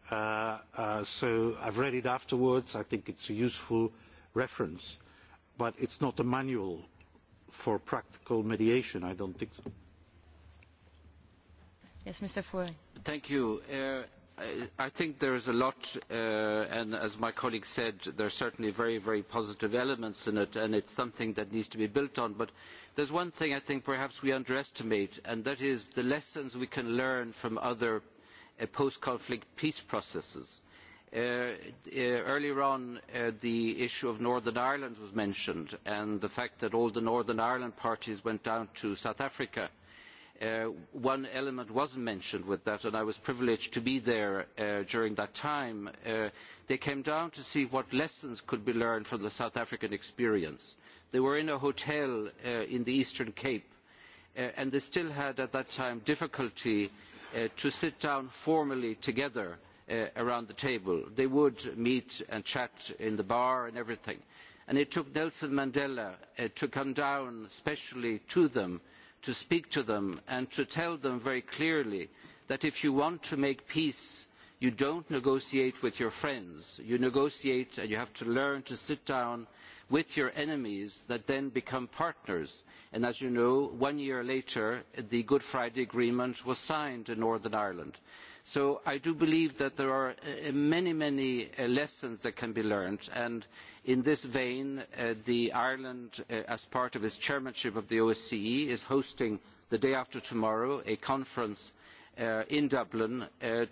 so I've read it afterwards. I think it's a useful reference, but it's not a manual for practical mediation. I don't think so. Yes, Mr. Fouet. Thank you. I think there is a lot, and as my colleague said, there are certainly very, very positive elements in it, and it's something that needs to be built on. But there is one thing I think perhaps we underestimate, and that is the lessons we can learn from other post-conflict peace processes. earlier on, the issue of Northern Ireland was mentioned, and the fact that all the Northern Ireland parties went down to South Africa. one element was not mentioned with that, and I was privileged to be there during that time. they came down to see what lessons could be learned from the South African experience. They were in a hotel in the Eastern Cape, and they still had at that time difficulty to sit down formally together around the table. They would meet and chat in the bar and everything. And it took Nelson Mandela to come down specially to them, to speak to them, and to tell them very clearly that if you want to make peace you do not negotiate with your friends you negotiate and you have to learn to sit down with your enemies that then become partners and as you know one year later the good friday agreement was signed in northern ireland so i do believe that there are many many lessons that can be learned and in this vein ireland as part of its chairmanship of the osce is hosting the day after tomorrow a conference in Dublin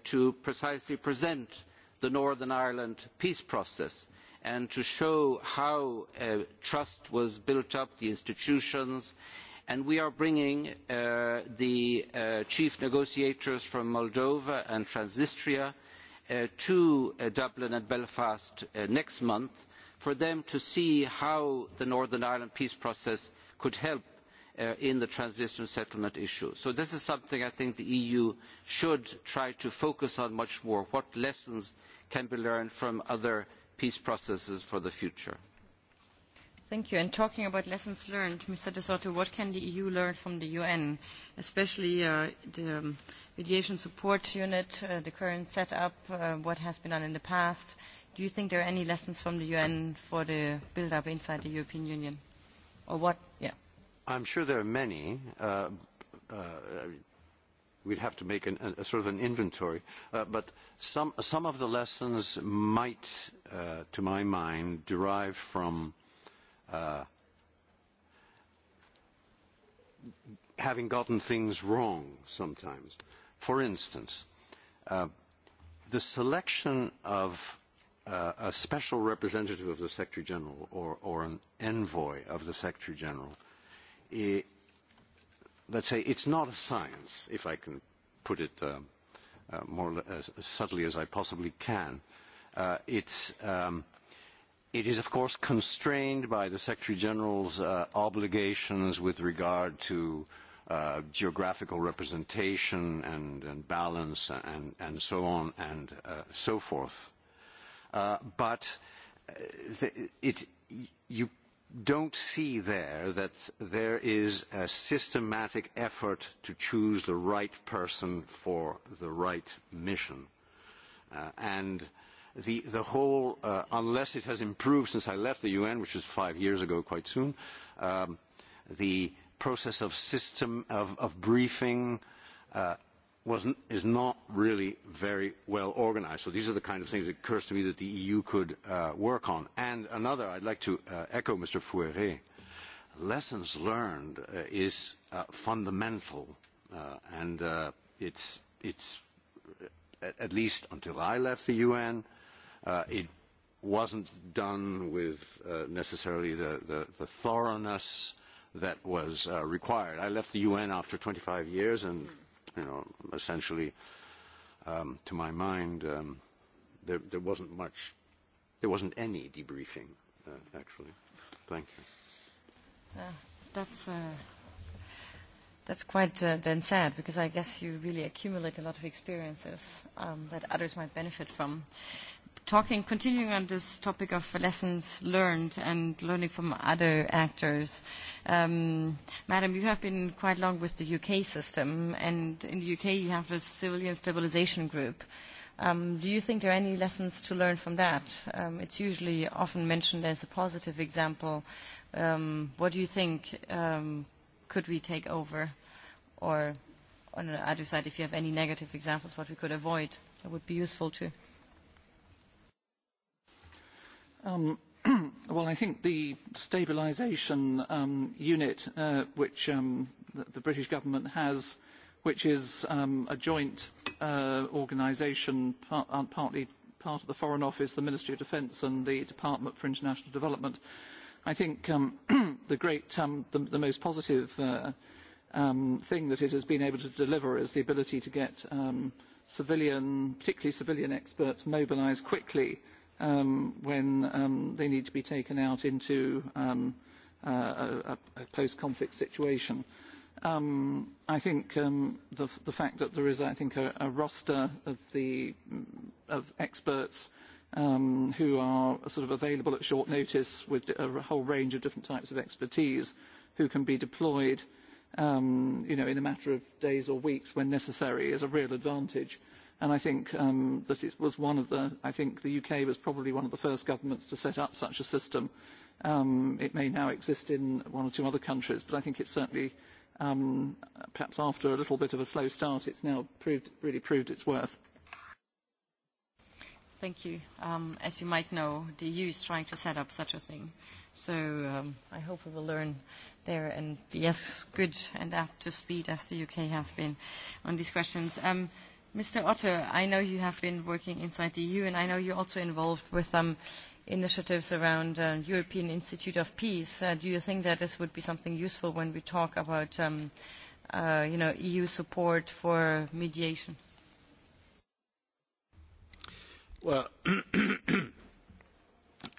to precisely present the Northern Ireland peace process and to show how trust was built up, the institutions, and we are bringing the chief negotiators from Moldova and Transnistria to Dublin and Belfast next month for them to see how the Northern Ireland peace process could help in the transitional settlement issue. So this is something I think the EU should try to focus on much more, what lessons can be learned from other peace processes for the future. Thank you. And talking about lessons learned, Mr. De Soto, what can the EU learn from the UN, especially uh, the mediation support unit, uh, the current setup, uh, what has been done in the past? Do you think there are any lessons from the UN for the build-up inside the European Union? Or what? Yeah I'm sure there are many. Uh, uh, we'd have to make an, a sort of an inventory. Uh, but some, some of the lessons might, uh, to my mind, derive from uh, having gotten things wrong sometimes. For instance, uh, the selection of uh, a special representative of the Secretary General or, or an envoy of the Secretary General – let's say it's not a science, if I can put it um, uh, more as subtly as I possibly can. Uh, it's, um, it is, of course, constrained by the Secretary General's uh, obligations with regard to uh, geographical representation and, and balance and, and so on and uh, so forth. Uh, but the, it, you don't see there that there is a systematic effort to choose the right person for the right mission. and the, the whole, uh, unless it has improved since I left the UN, which is five years ago quite soon, um, the process of system, of, of briefing, uh, wasn't is not really very well organised. So these are the kind of things that occurs to me that the EU could uh work on. And another, I'd like to uh echo Mr. Fouere. Lessons learned uh is uh fundamental, uh and uh, it's, it's at least until I left the UN, uh it wasn't done with uh necessarily the, the, the thoroughness that was uh required. I left the UN after 25 years, and you know, essentially, um, to my mind, um, there, there wasn't much, there wasn't any debriefing, uh, actually. Thank you. Uh, that's, uh, that's quite uh, then sad, because I guess you really accumulate a lot of experiences um, that others might benefit from. Uh, talking, continuing on this topic of lessons learned and learning from other actors, um, Madam, you have been quite long with the UK system, and in the UK you have the Civilian Stabilization Group. Um, do you think there are any lessons to learn from that? Um, it's usually often mentioned as a positive example. Um, what do you think um, could we take over? Or on the other side, if you have any negative examples, what we could avoid, that would be useful too. Well, I think the stabilisation unit, which the British government has, which is a joint organisation, partly part of the Foreign Office, the Ministry of Defence, and the Department for International Development. I think the great, the most positive thing that it has been able to deliver is the ability to get civilian, particularly civilian experts, mobilised quickly um, when um, they need to be taken out into um, uh, a, a post-conflict situation. Um, I think um, the, the fact that there is, I think, a, a roster of the of experts um, who are sort of available at short notice with a whole range of different types of expertise who can be deployed um, you know, in a matter of days or weeks when necessary is a real advantage And I think um, that it was one of the, I think the UK was probably one of the first governments to set up such a system. Um, it may now exist in one or two other countries, but I think it's certainly, um, perhaps after a little bit of a slow start, it's now proved, really proved its worth. Thank you. Um, as you might know, the EU is trying to set up such a thing. So um, I hope we will learn there and be as good and up to speed as the UK has been on these questions. Um, Mr. Otto, I know you have been working inside the EU, and I know you're also involved with some initiatives around the European Institute of Peace. do you think that this would be something useful when we talk about, you know, EU support for mediation? Well,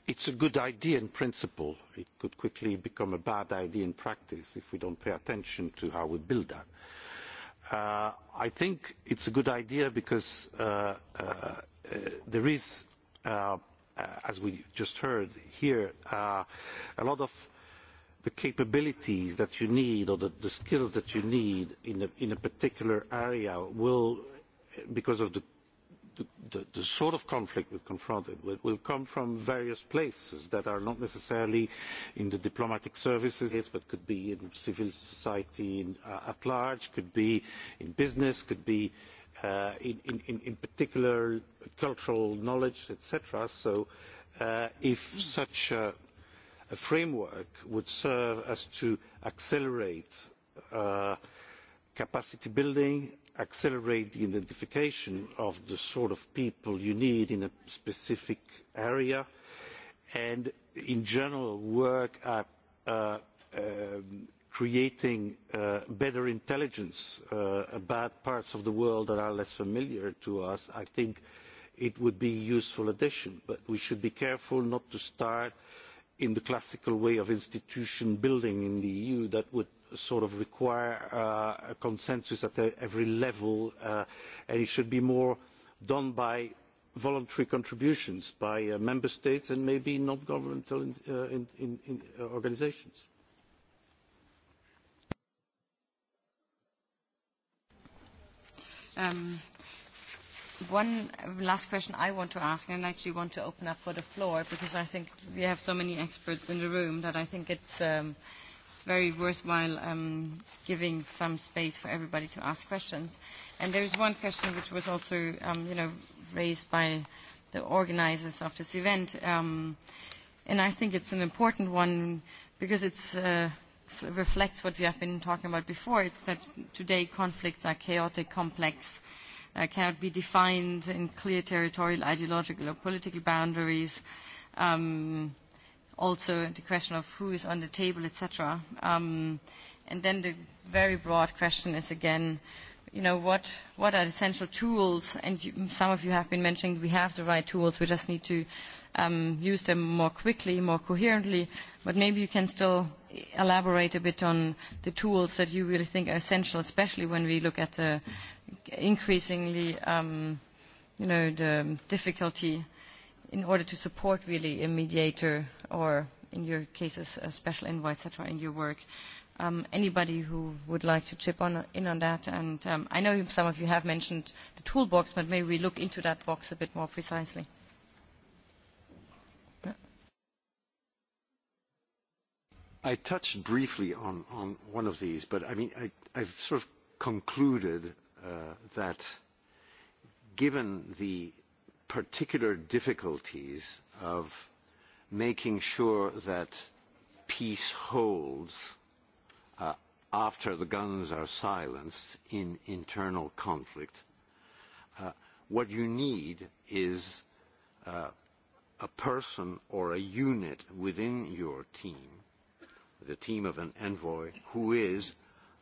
it's a good idea in principle. It could quickly become a bad idea in practice if we don't pay attention to how we build that I think it's a good idea because there is, as we just heard here, a lot of the capabilities that you need or the, the skills that you need in a, in a particular area will, because of the the, the sort of conflict we're confronted with will come from various places that are not necessarily in the diplomatic services, but could be in civil society in, uh, at large, could be in business, could be uh, in, in, in particular cultural knowledge, etc. So uh, if such a, a framework would serve as to accelerate uh, capacity building accelerate the identification of the sort of people you need in a specific area and in general work at creating better intelligence about parts of the world that are less familiar to us, I think it would be a useful addition. But we should be careful not to start in the classical way of institution building in the EU that would sort of require a consensus at every level and it should be more done by voluntary contributions by member states and maybe non-governmental organisations. Um, One last question I want to ask, and I actually want to open up for the floor because I think we have so many experts in the room that I think it's um it's very worthwhile um giving some space for everybody to ask questions. And There's one question which was also um you know raised by the organizers of this event. Um and I think it's an important one because it's uh reflects what we have been talking about before. It's that today conflicts are chaotic, complex, uh, cannot be defined in clear territorial, ideological, or political boundaries. Um, also, the question of who is on the table, etc. Um, and then the very broad question is again you know, what, what are essential tools? And you, some of you have been mentioning we have the right tools. We just need to um, use them more quickly, more coherently. But maybe you can still elaborate a bit on the tools that you really think are essential, especially when we look at the increasingly, um, you know, the difficulty in order to support really a mediator or in your cases a special envoy, etc., in your work um, anybody who would like to chip on, in on that. And um, I know some of you have mentioned the toolbox, but maybe we look into that box a bit more precisely. I touched briefly on, on one of these, but I mean, I, I've sort of concluded uh, that given the particular difficulties of making sure that peace holds uh after the guns are silenced in internal conflict. uh, what you need is uh a person or a unit within your team, the team of an envoy, who is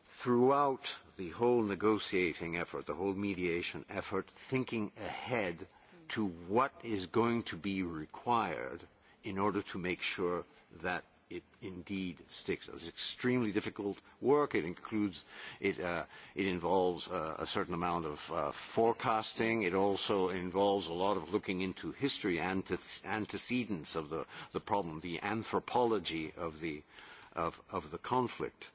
throughout the whole negotiating effort, the whole mediation effort, thinking ahead to what is going to be required in order to make sure that it indeed sticks. It's extremely difficult work. It includes, it, uh, it involves uh, a certain amount of uh, forecasting. It also involves a lot of looking into history, ante- antecedents of the, the problem, the anthropology of the, of, of the conflict.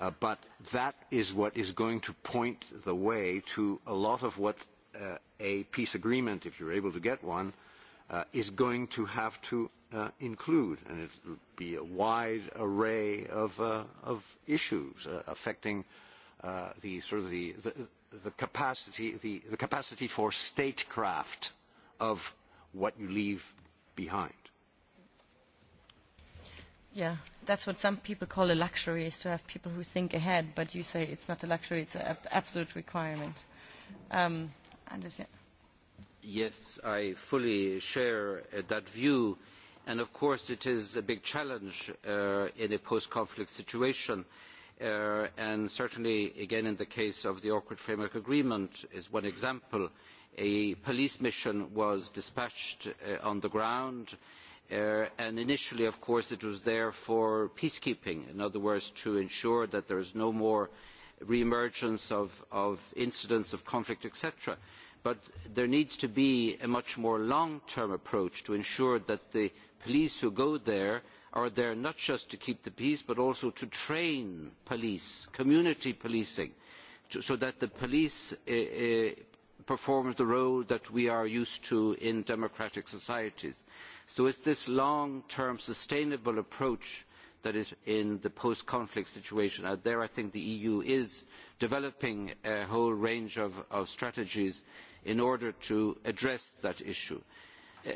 Uh, but that is what is going to point the way to a lot of what uh, a peace agreement, if you're able to get one, uh, is going to have to uh, include, and it would be a wide array of, uh, of issues uh, affecting uh, the sort of the, the, the capacity the, the capacity for statecraft of what you leave behind. Yeah, that's what some people call a luxury, is to have people who think ahead, but you say it's not a luxury, it's an absolute requirement. Um, Anders, Yes, I fully share that view and of course it is a big challenge in a post-conflict situation and certainly again in the case of the awkward framework agreement is one example a police mission was dispatched on the ground and initially of course it was there for peacekeeping in other words to ensure that there is no more re emergence of incidents of conflict etc but there needs to be a much more long term approach to ensure that the police who go there are there not just to keep the peace but also to train police, community policing, so that the police performs the role that we are used to in democratic societies. So it is this long-term sustainable approach that is in the post-conflict situation. And there I think the EU is developing a whole range of strategies in order to address that issue.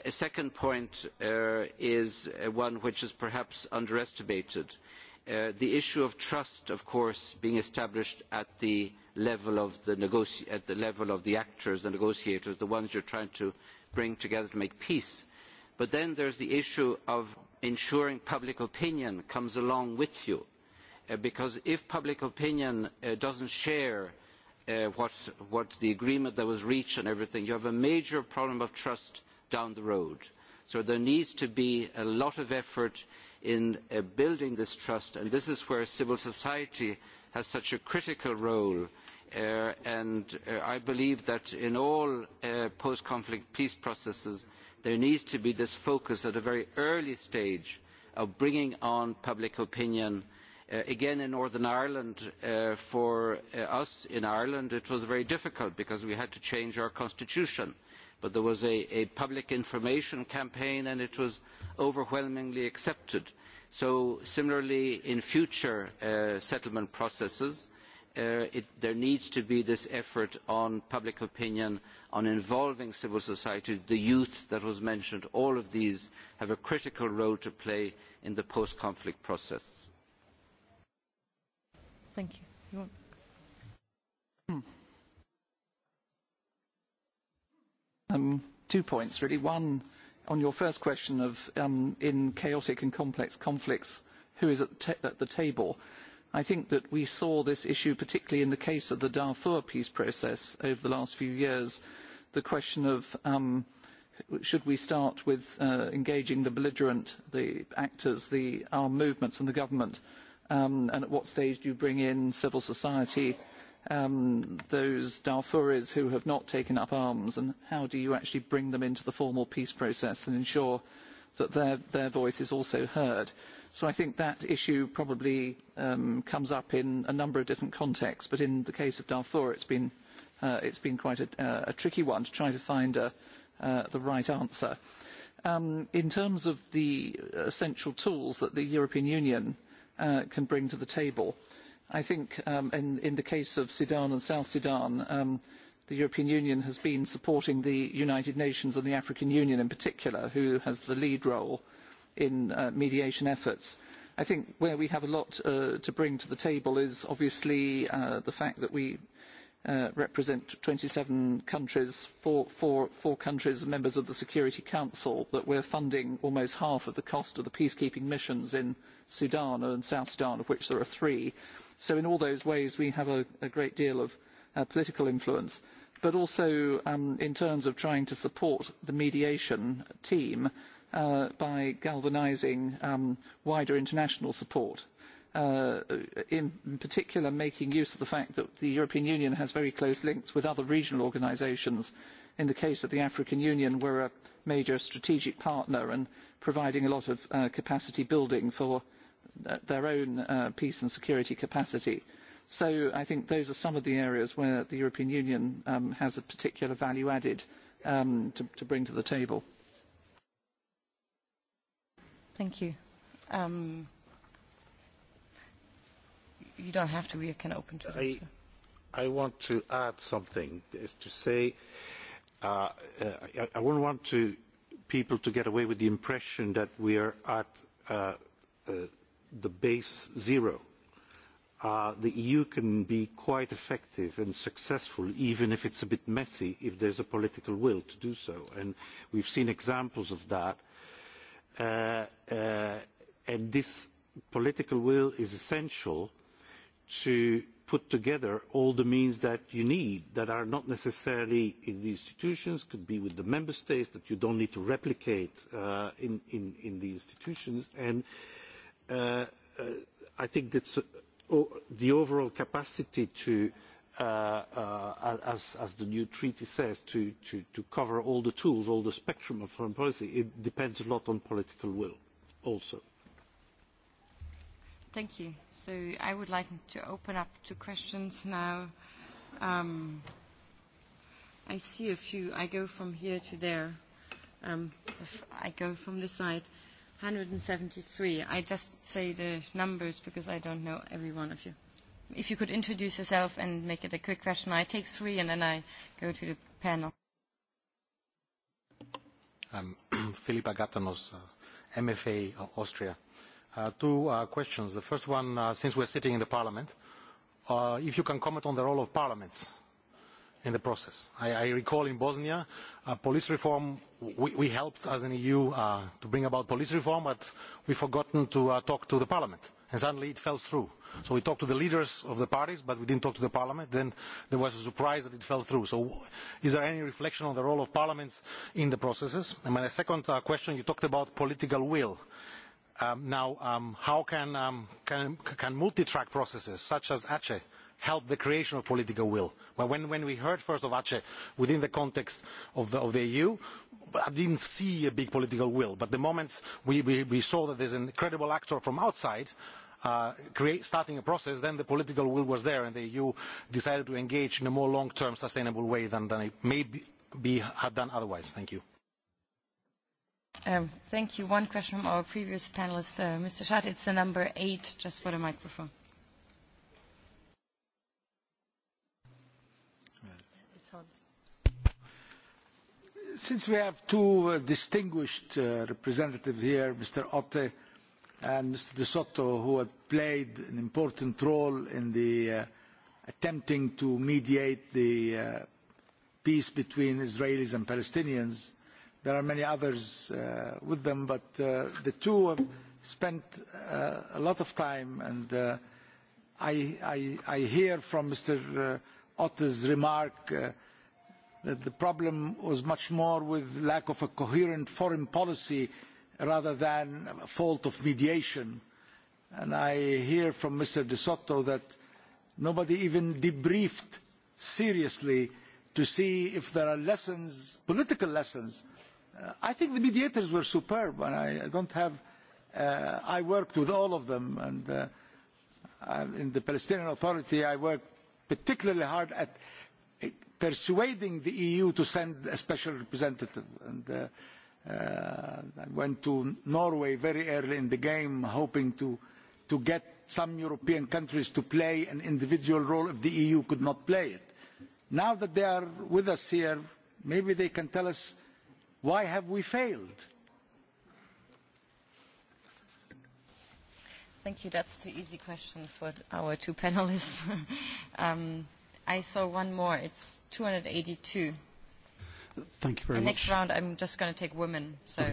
A second point is one which is perhaps underestimated. the issue of trust, of course, being established at the level of the, negoti- at the, level of the actors, the negotiators, the ones you are trying to bring together to make peace. But then there is the issue of ensuring public opinion comes along with you. because if public opinion does not share what, the agreement that was reached and everything, you have a major problem of trust down the road. So there needs to be a lot of effort in building this trust, and this is where civil society has such a critical role. and I believe that in all post-conflict peace processes, there needs to be this focus at a very early stage of bringing on public opinion. again, in Northern Ireland, for us in Ireland, it was very difficult because we had to change our constitution but there was a, public information campaign and it was overwhelmingly accepted. So similarly, in future settlement processes, there needs to be this effort on public opinion, on involving civil society, the youth that was mentioned. All of these have a critical role to play in the post-conflict process. Thank you. Two points, really. One, on your first question of in chaotic and complex conflicts, who is at the table? I think that we saw this issue, particularly in the case of the Darfur peace process over the last few years, the question of should we start with engaging the belligerent, the actors, the armed movements and the government, and at what stage do you bring in civil society, those Darfuris who have not taken up arms, and how do you actually bring them into the formal peace process and ensure that their, their voice is also heard? So I think that issue probably comes up in a number of different contexts, but in the case of Darfur, it's been, uh, it's been quite a, uh a tricky one to try to find a, uh the right answer. Um in terms of the essential tools that the European Union uh can bring to the table, uh, I think in, in the case of Sudan and South Sudan, the European Union has been supporting the United Nations and the African Union in particular, who has the lead role in mediation efforts. I think where we have a lot to bring to the table is obviously the fact that we represent twenty seven countries, four, countries members of the Security Council, that we are funding almost half of the cost of the peacekeeping missions in Sudan and South Sudan, of which there are three. Uh, So in all those ways, we have a, a great deal of uh, political influence. But also um, in terms of trying to support the mediation team uh, by galvanizing um, wider international support in particular making use of the fact that the European Union has very close links with other regional organisations. In the case of the African Union, we are a major strategic partner and providing a lot of capacity building for their own peace and security capacity. So I think those are some of the areas where the European Union has a particular value added to, bring to the table. Thank you. Um, you don't have to. We can open to. I, I want to add something. Is to say, uh, uh, I, I wouldn't want to people to get away with the impression that we are at uh, uh, the base zero, the EU can be quite effective and successful, even if it is a bit messy, if there is a political will to do so. And we have seen examples of that. and this political will is essential to put together all the means that you need that are not necessarily in the institutions, could be with the member states that you do not need to replicate in, the institutions. And I think that's the overall capacity to, as the new treaty says, to cover all the tools, all the spectrum of foreign policy, it depends a lot on political will also. Thank you. So I would like to open up to questions now. Um, I see a few. I go from here to there. Um, I go from this side. 173. I just say the numbers because I don't know every one of you. If you could introduce yourself and make it a quick question. I take three and then I go to the panel. I'm Filip Agatanos, MFA, Austria. Uh, two uh, questions. The first one, uh, since we're sitting in the parliament, uh, if you can comment on the role of parliaments in the process. I, recall in Bosnia, police reform, we, helped as an EU to bring about police reform, but we forgotten to talk to the parliament. And suddenly it fell through. So we talked to the leaders of the parties, but we didn't talk to the parliament. Then there was a surprise that it fell through. So is there any reflection on the role of parliaments in the processes? And my second question, you talked about political will now how can multi track processes such as ace help the creation of political will. When, we heard first of Aceh within the context of the, EU, I didn't see a big political will. But the moment we, we saw that there's an credible actor from outside, starting a process, then the political will was there, and the EU decided to engage in a more long-term, sustainable way than, it may be, had done otherwise. Thank you. thank you. One question from our previous panelist, Mr. Schat. It's the number eight, just for the microphone. Since we have two distinguished representatives here, Mr. Otte and Mr. De Soto, who have played an important role in the attempting to mediate the peace between Israelis and Palestinians, there are many others with them, but the two have spent a lot of time, and I hear from Mr. Otte's remark that the problem was much more with lack of a coherent foreign policy rather than a fault of mediation. And I hear from Mr. De Soto that nobody even debriefed seriously to see if there are lessons, political lessons. I think the mediators were superb, and I, I don't have. Uh, I worked with all of them, and uh, in the Palestinian Authority, I worked particularly hard at persuading the EU to send a special representative. And, I went to Norway very early in the game, hoping to, to get some European countries to play an individual role if the EU could not play it. Now that they are with us here, maybe they can tell us why have we failed? Thank you. That's the easy question for our two panelists. um, I saw one more. It's 282. Thank you very much. Next round, I'm just going to take women. So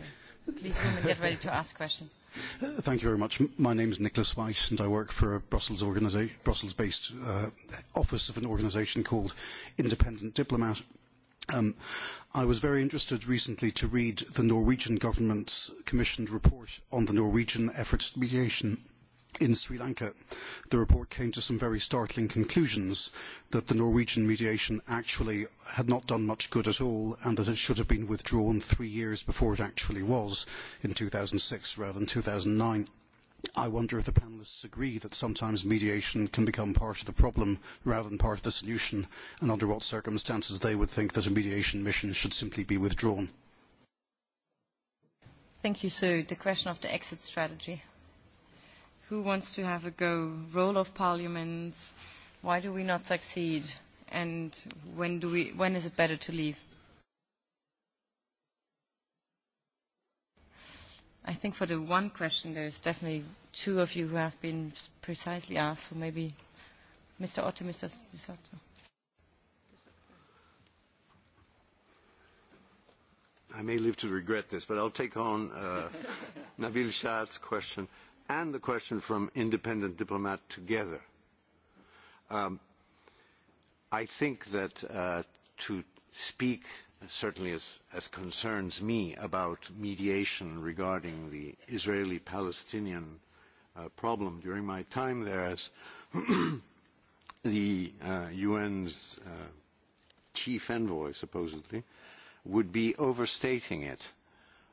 please, women, get ready to ask questions. Thank you very much. My name is Nicholas Weiss, and I work for a Brussels Brussels-based uh, office of an organisation called Independent Diplomat. Um, I was very interested recently to read the Norwegian government's commissioned report on the Norwegian efforts at mediation in Sri Lanka, the report came to some very startling conclusions that the Norwegian mediation actually had not done much good at all and that it should have been withdrawn three years before it actually was in two thousand six rather than two thousand nine. I wonder if the panellists agree that sometimes mediation can become part of the problem rather than part of the solution and under what circumstances they would think that a mediation mission should simply be withdrawn. Thank you, Sue. The question of the exit strategy who wants to have a go, role of parliaments, why do we not succeed, and when, do we, when is it better to leave? I think for the one question, there's definitely two of you who have been precisely asked, so maybe Mr. Otto, Mr. DeSoto. I may live to regret this, but I'll take on uh, Nabil Shah's question. Uh, and the question from independent diplomat together. Um, I think that uh, to speak, certainly as, as concerns me, about mediation regarding the Israeli-Palestinian uh, problem during my time there as the uh, UN's uh, chief envoy, supposedly, would be overstating it.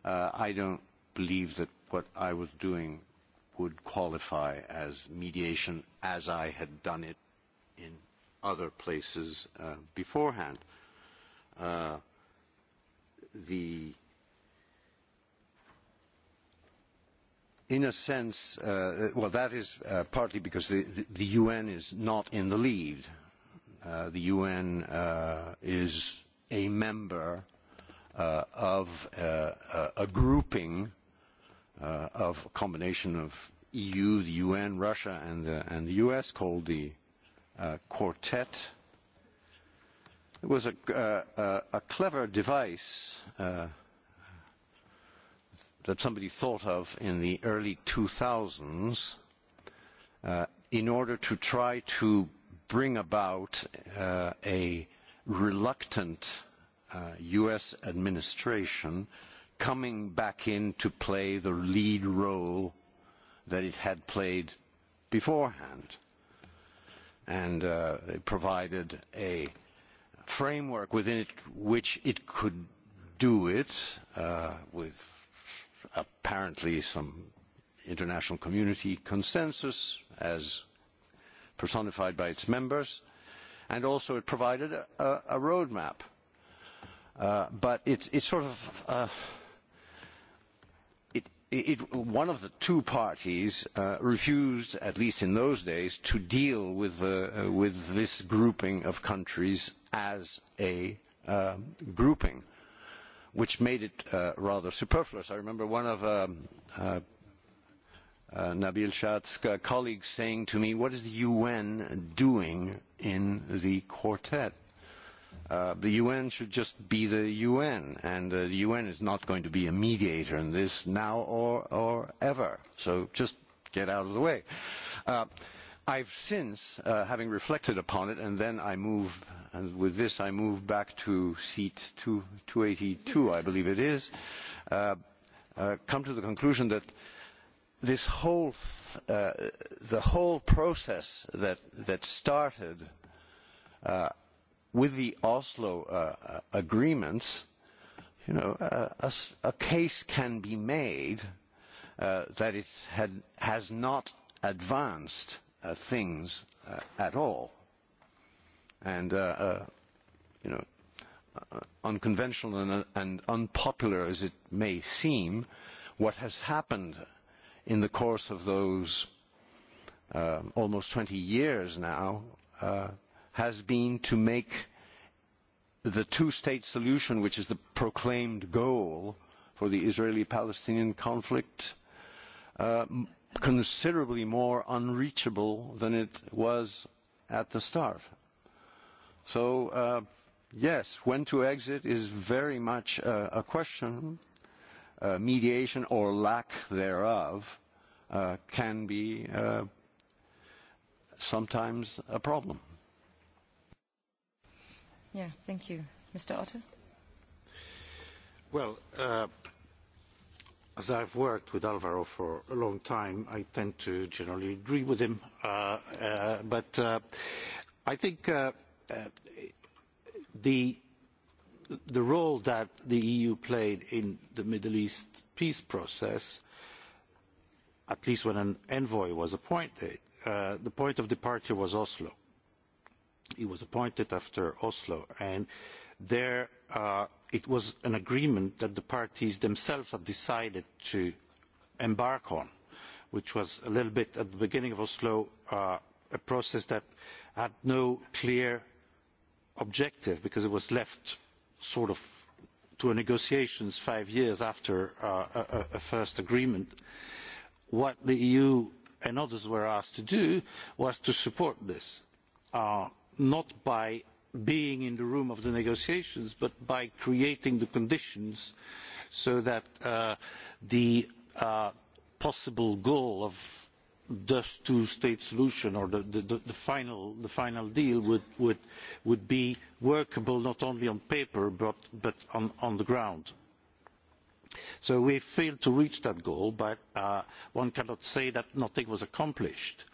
Uh, I don't believe that what I was doing would qualify as mediation as I had done it in other places uh, beforehand. Uh, the in a sense, uh, well, that is uh, partly because the, the UN is not in the lead. Uh, the UN uh, is a member uh, of uh, a grouping uh, of a combination of EU, the UN, Russia, and the, and the US called the uh, Quartet. It was a, uh, a clever device uh, that somebody thought of in the early 2000s uh, in order to try to bring about uh, a reluctant uh, US administration uh, coming back in to play the lead role that it had played beforehand. And uh, it provided a framework within it which it could do it uh, with apparently some international community consensus as personified by its members, and also it provided a, a roadmap. Uh, but it, it sort of uh, one of the two parties refused, at least in those days, to deal with, this grouping of countries as a grouping, which made it rather superfluous. I remember one of Nabil Shat's colleagues saying to me, what is the UN doing in the quartet? the UN should just be the UN, and the UN is not going to be a mediator in this now or, or ever. So just get out of the way. Uh, I've since, uh, having reflected upon it, and then I move, and with this I move back to seat two, 282, I believe it is, uh, uh, come to the conclusion that this whole, uh, the whole process that, that started uh, with the Oslo uh, agreements, you know, a, a case can be made uh, that it had, has not advanced uh, things uh, at all. And, uh, uh, you know, uh, unconventional and, and unpopular as it may seem, what has happened in the course of those uh almost 20 years now uh, has been to make the two-state solution, which is the proclaimed goal for the Israeli-Palestinian conflict, considerably more unreachable than it was at the start. So, yes, when to exit is very much a a question. mediation or lack thereof can be sometimes a problem. Yeah, thank you. Mr. Otto? Well, uh, as I've worked with Alvaro for a long time, I tend to generally agree with him. Uh, uh, but uh, I think uh, uh, the the role that the EU played in the Middle East peace process, at least when an envoy was appointed, uh, the point of departure was Oslo He was appointed after Oslo, and there it was an agreement that the parties themselves had decided to embark on, which was a little bit at the beginning of Oslo a process that had no clear objective because it was left sort of to negotiations five years after a first agreement. What the EU and others were asked to do was to support this not by being in the room of the negotiations, but by creating the conditions so that the possible goal of the two-state solution or the, final, deal would, be workable not only on paper but, on, the ground. So we failed to reach that goal, but one cannot say that nothing was accomplished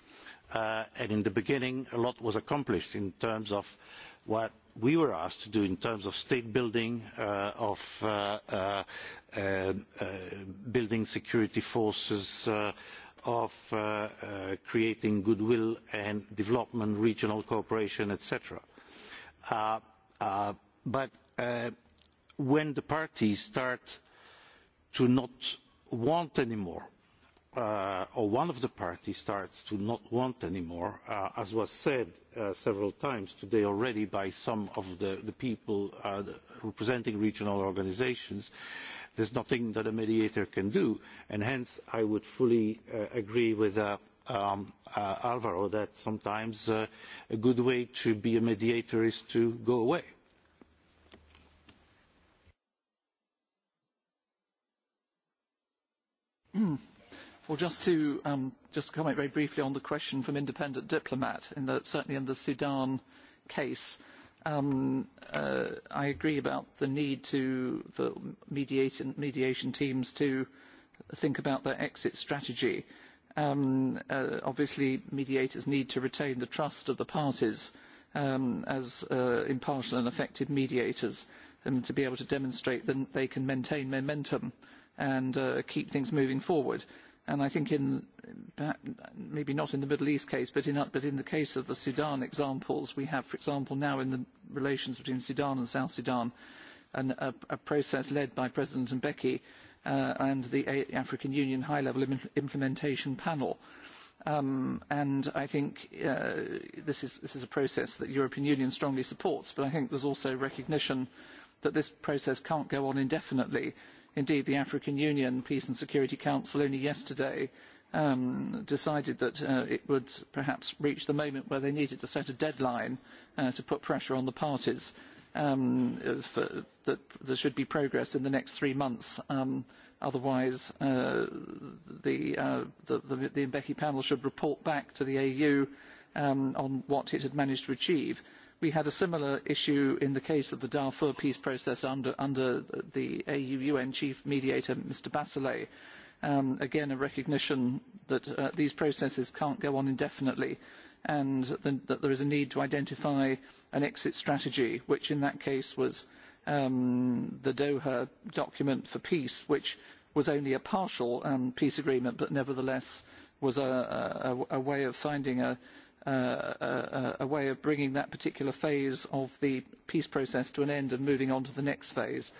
and in the beginning, a lot was accomplished in terms of what we were asked to do in terms of state building, of building security forces, of creating goodwill and development, regional cooperation, etc. But when the parties start to not want anymore or one of the parties starts to not want anymore, as was said several times today already by some of the, people representing regional organisations, there is nothing that a mediator can do. And hence, I would fully agree with Alvaro that sometimes a good way to be a mediator is to go away. Well, just to um, just comment very briefly on the question from independent diplomat, in the, certainly in the Sudan case, um, uh, I agree about the need to for mediation, mediation teams to think about their exit strategy. Um, uh, obviously, mediators need to retain the trust of the parties um, as uh, impartial and effective mediators, and to be able to demonstrate that they can maintain momentum and uh, keep things moving forward And I think in maybe not in the Middle East case, but in, but in the case of the Sudan examples, we have, for example, now in the relations between Sudan and South Sudan, an, a, a process led by President Mbeki uh, and the African Union High-Level Implementation Panel. Um, and I think uh, this, is, this is a process that the European Union strongly supports, but I think there's also recognition that this process can't go on indefinitely Indeed, the African Union Peace and Security Council only yesterday decided that it would perhaps reach the moment where they needed to set a deadline to put pressure on the parties that there should be progress in the next three months. otherwise, the, the, Mbeki panel should report back to the AU on what it had managed to achieve We had a similar issue in the case of the Darfur peace process under, under the AU-UN chief mediator, Mr. Bachelet. again, a recognition that these processes can't go on indefinitely and that there is a need to identify an exit strategy, which in that case was the Doha document for peace, which was only a partial peace agreement, but nevertheless was a, way of finding a, a way of bringing that particular phase of the peace process to an end and moving on to the next phase.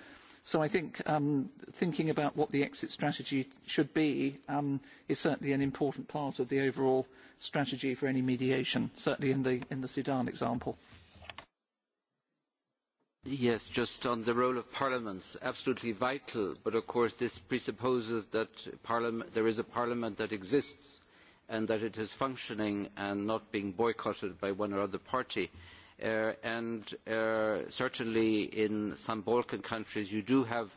So I think um, thinking about what the exit strategy should be um, is certainly an important part of the overall strategy for any mediation, certainly in the, in the Sudan example. Yes, just on the role of parliaments, absolutely vital. But of course, this presupposes that parliament, there is a parliament that exists and that it is functioning and not being boycotted by one or other party. and certainly in some Balkan countries you do have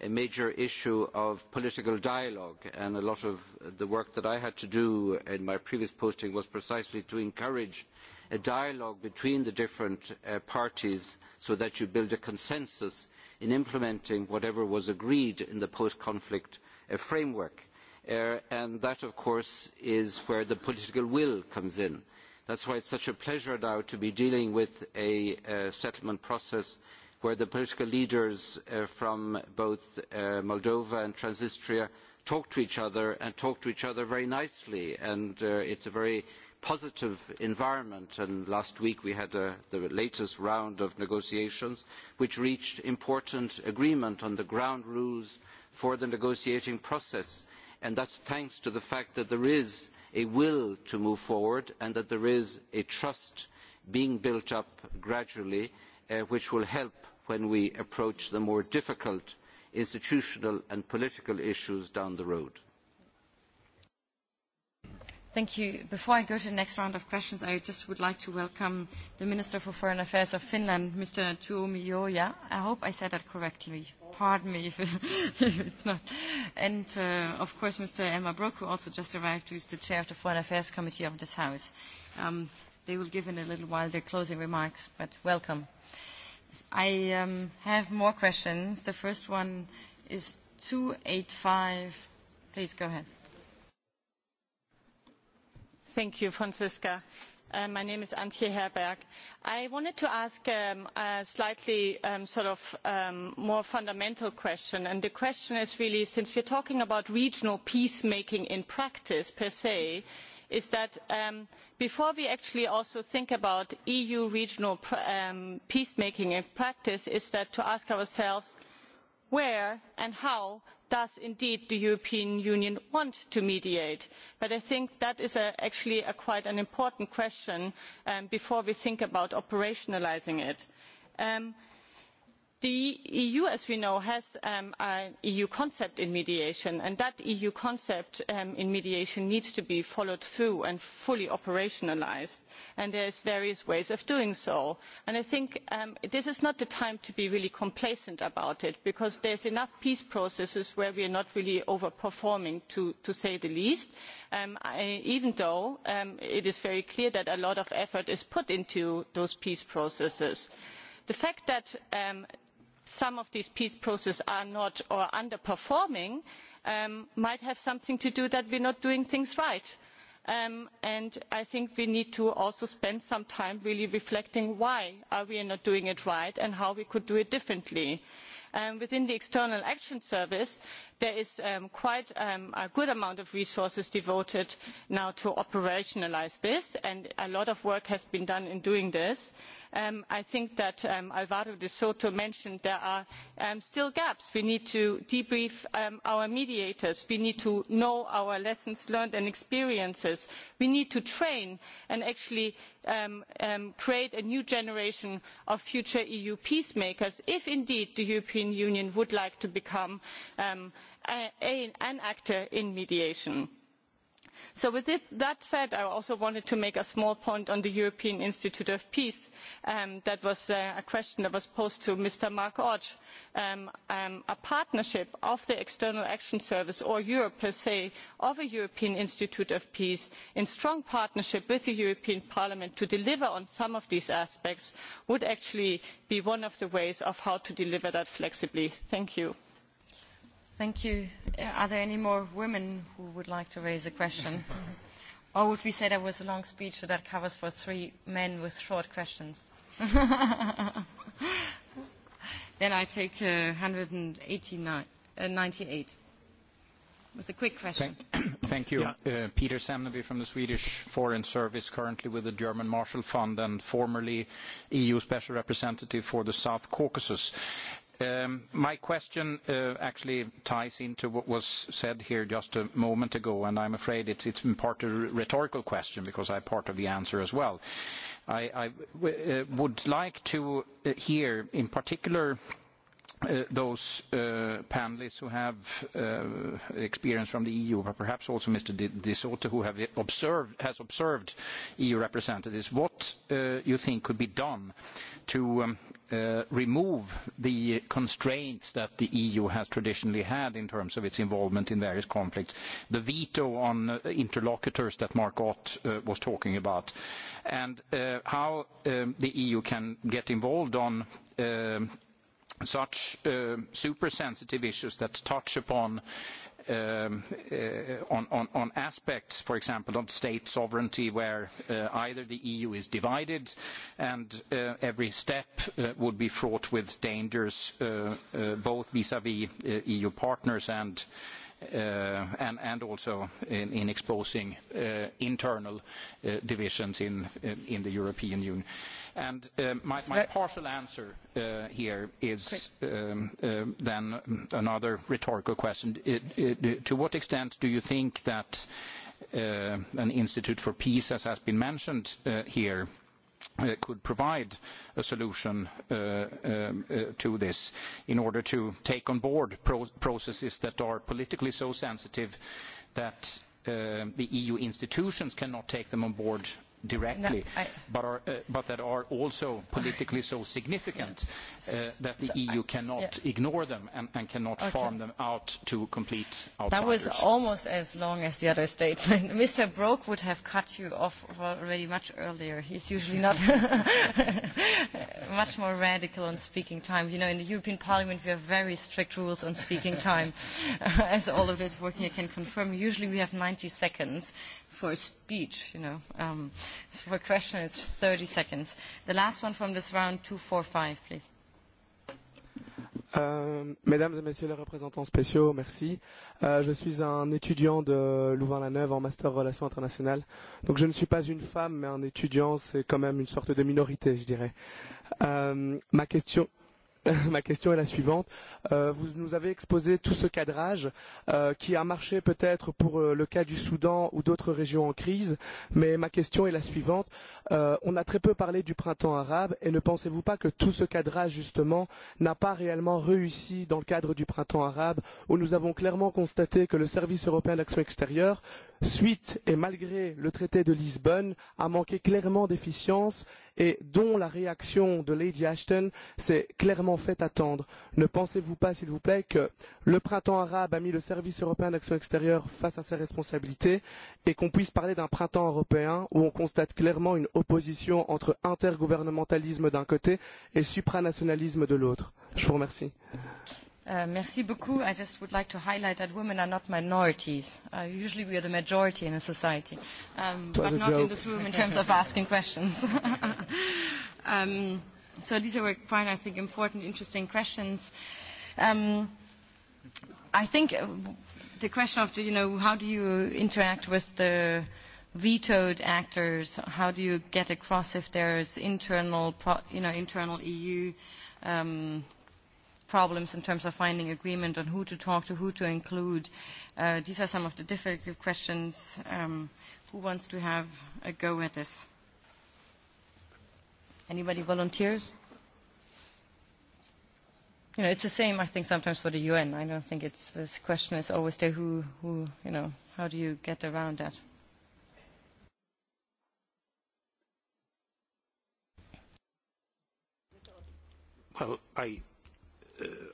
a major issue of political dialogue and a lot of the work that I had to do in my previous posting was precisely to encourage a dialogue between the different parties so that you build a consensus in implementing whatever was agreed in the post-conflict framework and that, of course, is where the political will comes in. That is why it is such a pleasure now to be dealing with a settlement process where the political leaders from both Moldova and Transnistria talk to each other and talk to each other very nicely. And it is a very positive environment. And last week we had the latest round of negotiations, which reached important agreement on the ground rules for the negotiating process and that is thanks to the fact that there is a will to move forward and that there is a trust being built up gradually which will help when we approach the more difficult institutional and political issues down the road. Thank you. Before I go to the next round of questions, I just would like to welcome the Minister for Foreign Affairs of Finland, Mr. Tuomi Joja. I hope I said that correctly. Pardon me if, if it's not. And, uh, of course, Mr. Elmar Brok, who also just arrived, who is the Chair of the Foreign Affairs Committee of this House. Um, they will give in a little while their closing remarks, but welcome. I um, have more questions. The first one is 285. Please go ahead. Thank you, Franziska. My name is Antje Herberg. I wanted to ask a slightly sort of more fundamental question, and the question is really, since we are talking about regional peacemaking in practice per se, is that before we actually also think about EU regional peacemaking in practice, is that to ask ourselves where and how does indeed the european union want to mediate but i think that is actually quite an important question before we think about operationalising it the eu as we know has an eu concept in mediation and that eu concept in mediation needs to be followed through and fully operationalised and there are various ways of doing so. i think this is not the time to be really complacent about it because there are enough peace processes where we are not really over performing to say the least even though it is very clear that a lot of effort is put into those peace processes. the fact that some of these peace processes are not or underperforming might have something to do with that we are not doing things right. I think we need to also spend some time really reflecting why we are not doing it right and how we could do it differently. Within the External Action Service, there is quite a good amount of resources devoted now to operationalise this and a lot of work has been done in doing this. i think that alvaro de soto mentioned there are still gaps. we need to debrief our mediators we need to know our lessons learned and experiences we need to train and actually create a new generation of future eu peacemakers if indeed the european union would like to become an actor in mediation. So with that said, I also wanted to make a small point on the European Institute of Peace. that was a question that was posed to Mr. Mark Ott. a partnership of the External Action Service or Europe per se of a European Institute of Peace in strong partnership with the European Parliament to deliver on some of these aspects would actually be one of the ways of how to deliver that flexibly. Thank you. Thank you. Are there any more women who would like to raise a question? or would we say that was a long speech, so that covers for three men with short questions? then I take uh, 198. uh, 98. It was a quick question. Thank you. Uh Peter Semneby from the Swedish Foreign Service, currently with the German Marshall Fund and formerly EU Special Representative for the South Caucasus. My question actually ties into what was said here just a moment ago, and I'm afraid it's in part a rhetorical question because I'm part of the answer as well. I would like to hear, in particular, those panelists who have experience from the EU, but perhaps also Mr. De Soto, who has observed EU representatives, what you think could be done to remove the constraints that the EU has traditionally had in terms of its involvement in various conflicts, the veto on interlocutors that Mark Ott was talking about, and how the EU can get involved on such super sensitive issues that touch upon on aspects, for example, of state sovereignty, where either the EU is divided and every step would be fraught with dangers both vis-à-vis EU partners and and also in exposing internal divisions in the European Union. My partial answer here is then another rhetorical question. To what extent do you think that an Institute for Peace, as has been mentioned here, could provide a solution to this in order to take on board processes that are politically so sensitive that the EU institutions cannot take them on board directly, but that are also politically so significant that the EU cannot ignore them and cannot farm them out to complete outsiders. That was almost as long as the other statement. Mr. Brok would have cut you off already much earlier. He's usually not much more radical on speaking time. You know, in the European Parliament, we have very strict rules on speaking time, as all of those working here can confirm. Usually we have 90 seconds, for a speech, you know. Um, so for a question, it's 30 seconds. The last one from this round, 245, please. Euh, mesdames et messieurs les représentants spéciaux, merci. Euh, je suis un étudiant de Louvain-la-Neuve en master relations internationales. Donc je ne suis pas une femme, mais un étudiant, c'est quand même une sorte de minorité, je dirais. Euh, ma question, Ma question est la suivante. Euh, vous nous avez exposé tout ce cadrage euh, qui a marché peut-être pour euh, le cas du Soudan ou d'autres régions en crise, mais ma question est la suivante. Euh, on a très peu parlé du printemps arabe et ne pensez-vous pas que tout ce cadrage justement n'a pas réellement réussi dans le cadre du printemps arabe où nous avons clairement constaté que le service européen d'action extérieure, suite et malgré le traité de Lisbonne, a manqué clairement d'efficience et dont la réaction de Lady Ashton s'est clairement fait attendre. Ne pensez-vous pas, s'il vous plaît, que le printemps arabe a mis le service européen d'action extérieure face à ses responsabilités et qu'on puisse parler d'un printemps européen où on constate clairement une opposition entre intergouvernementalisme d'un côté et supranationalisme de l'autre Je vous remercie. Merci beaucoup. I just would like to highlight that women are not minorities. Uh, usually we are the majority in a society, um, but not in this room in terms of asking questions. um, so these are quite, I think, important, interesting questions. Um, I think the question of, the, you know, how do you interact with the vetoed actors? How do you get across if there's internal, pro, you know, internal EU um, problems in terms of finding agreement on who to talk to, who to include. Uh, these are some of the difficult questions. Um, who wants to have a go at this? Anybody volunteers? You know, it's the same, I think, sometimes for the UN. I don't think it's this question is always there. Who, who, you know, how do you get around that? Well, I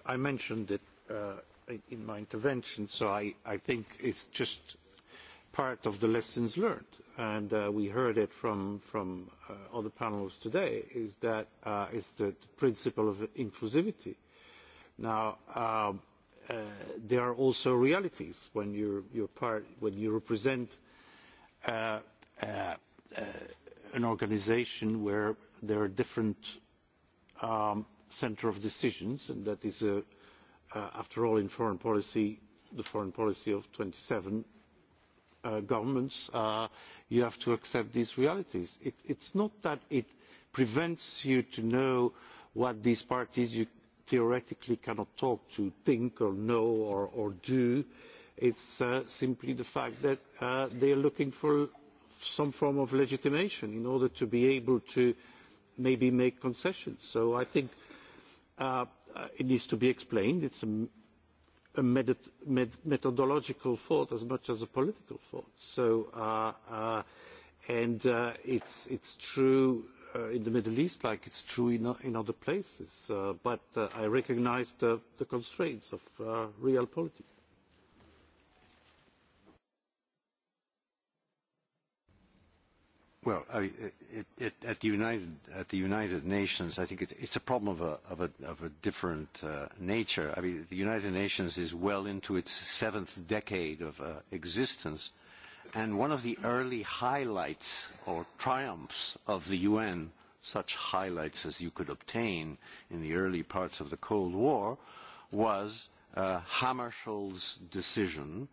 I mentioned it in my intervention, so I, I think it's just part of the lessons learned. And uh, we heard it from, from uh, other panels today, is that uh, it's the, the principle of inclusivity. Now, uh, uh, there are also realities when you're, you're part, when you represent uh, uh, uh, an organization where there are different um, centre of decisions, and that is, after all, in foreign policy, the foreign policy of twenty seven governments, you have to accept these realities. It, it's not that it prevents you to know what these parties you theoretically cannot talk to think or know or, or do. It's uh, simply the fact that uh, they are looking for some form of legitimation in order to be able to maybe make concessions. So I think it needs to be explained. It's a methodological fault as much as a political fault. So, uh uh and uh it's it's true uh in the Middle East, like it's true in in other places. uh, But I recognise the the constraints of uh real politics. Well, I it, it, at the United at the United Nations, I think it's, it's a problem of a of a of a different uh, nature. I mean, the United Nations is well into its seventh decade of uh, existence, and one of the early highlights or triumphs of the UN, such highlights as you could obtain in the early parts of the Cold War, was uh, Hammarskjöld's decision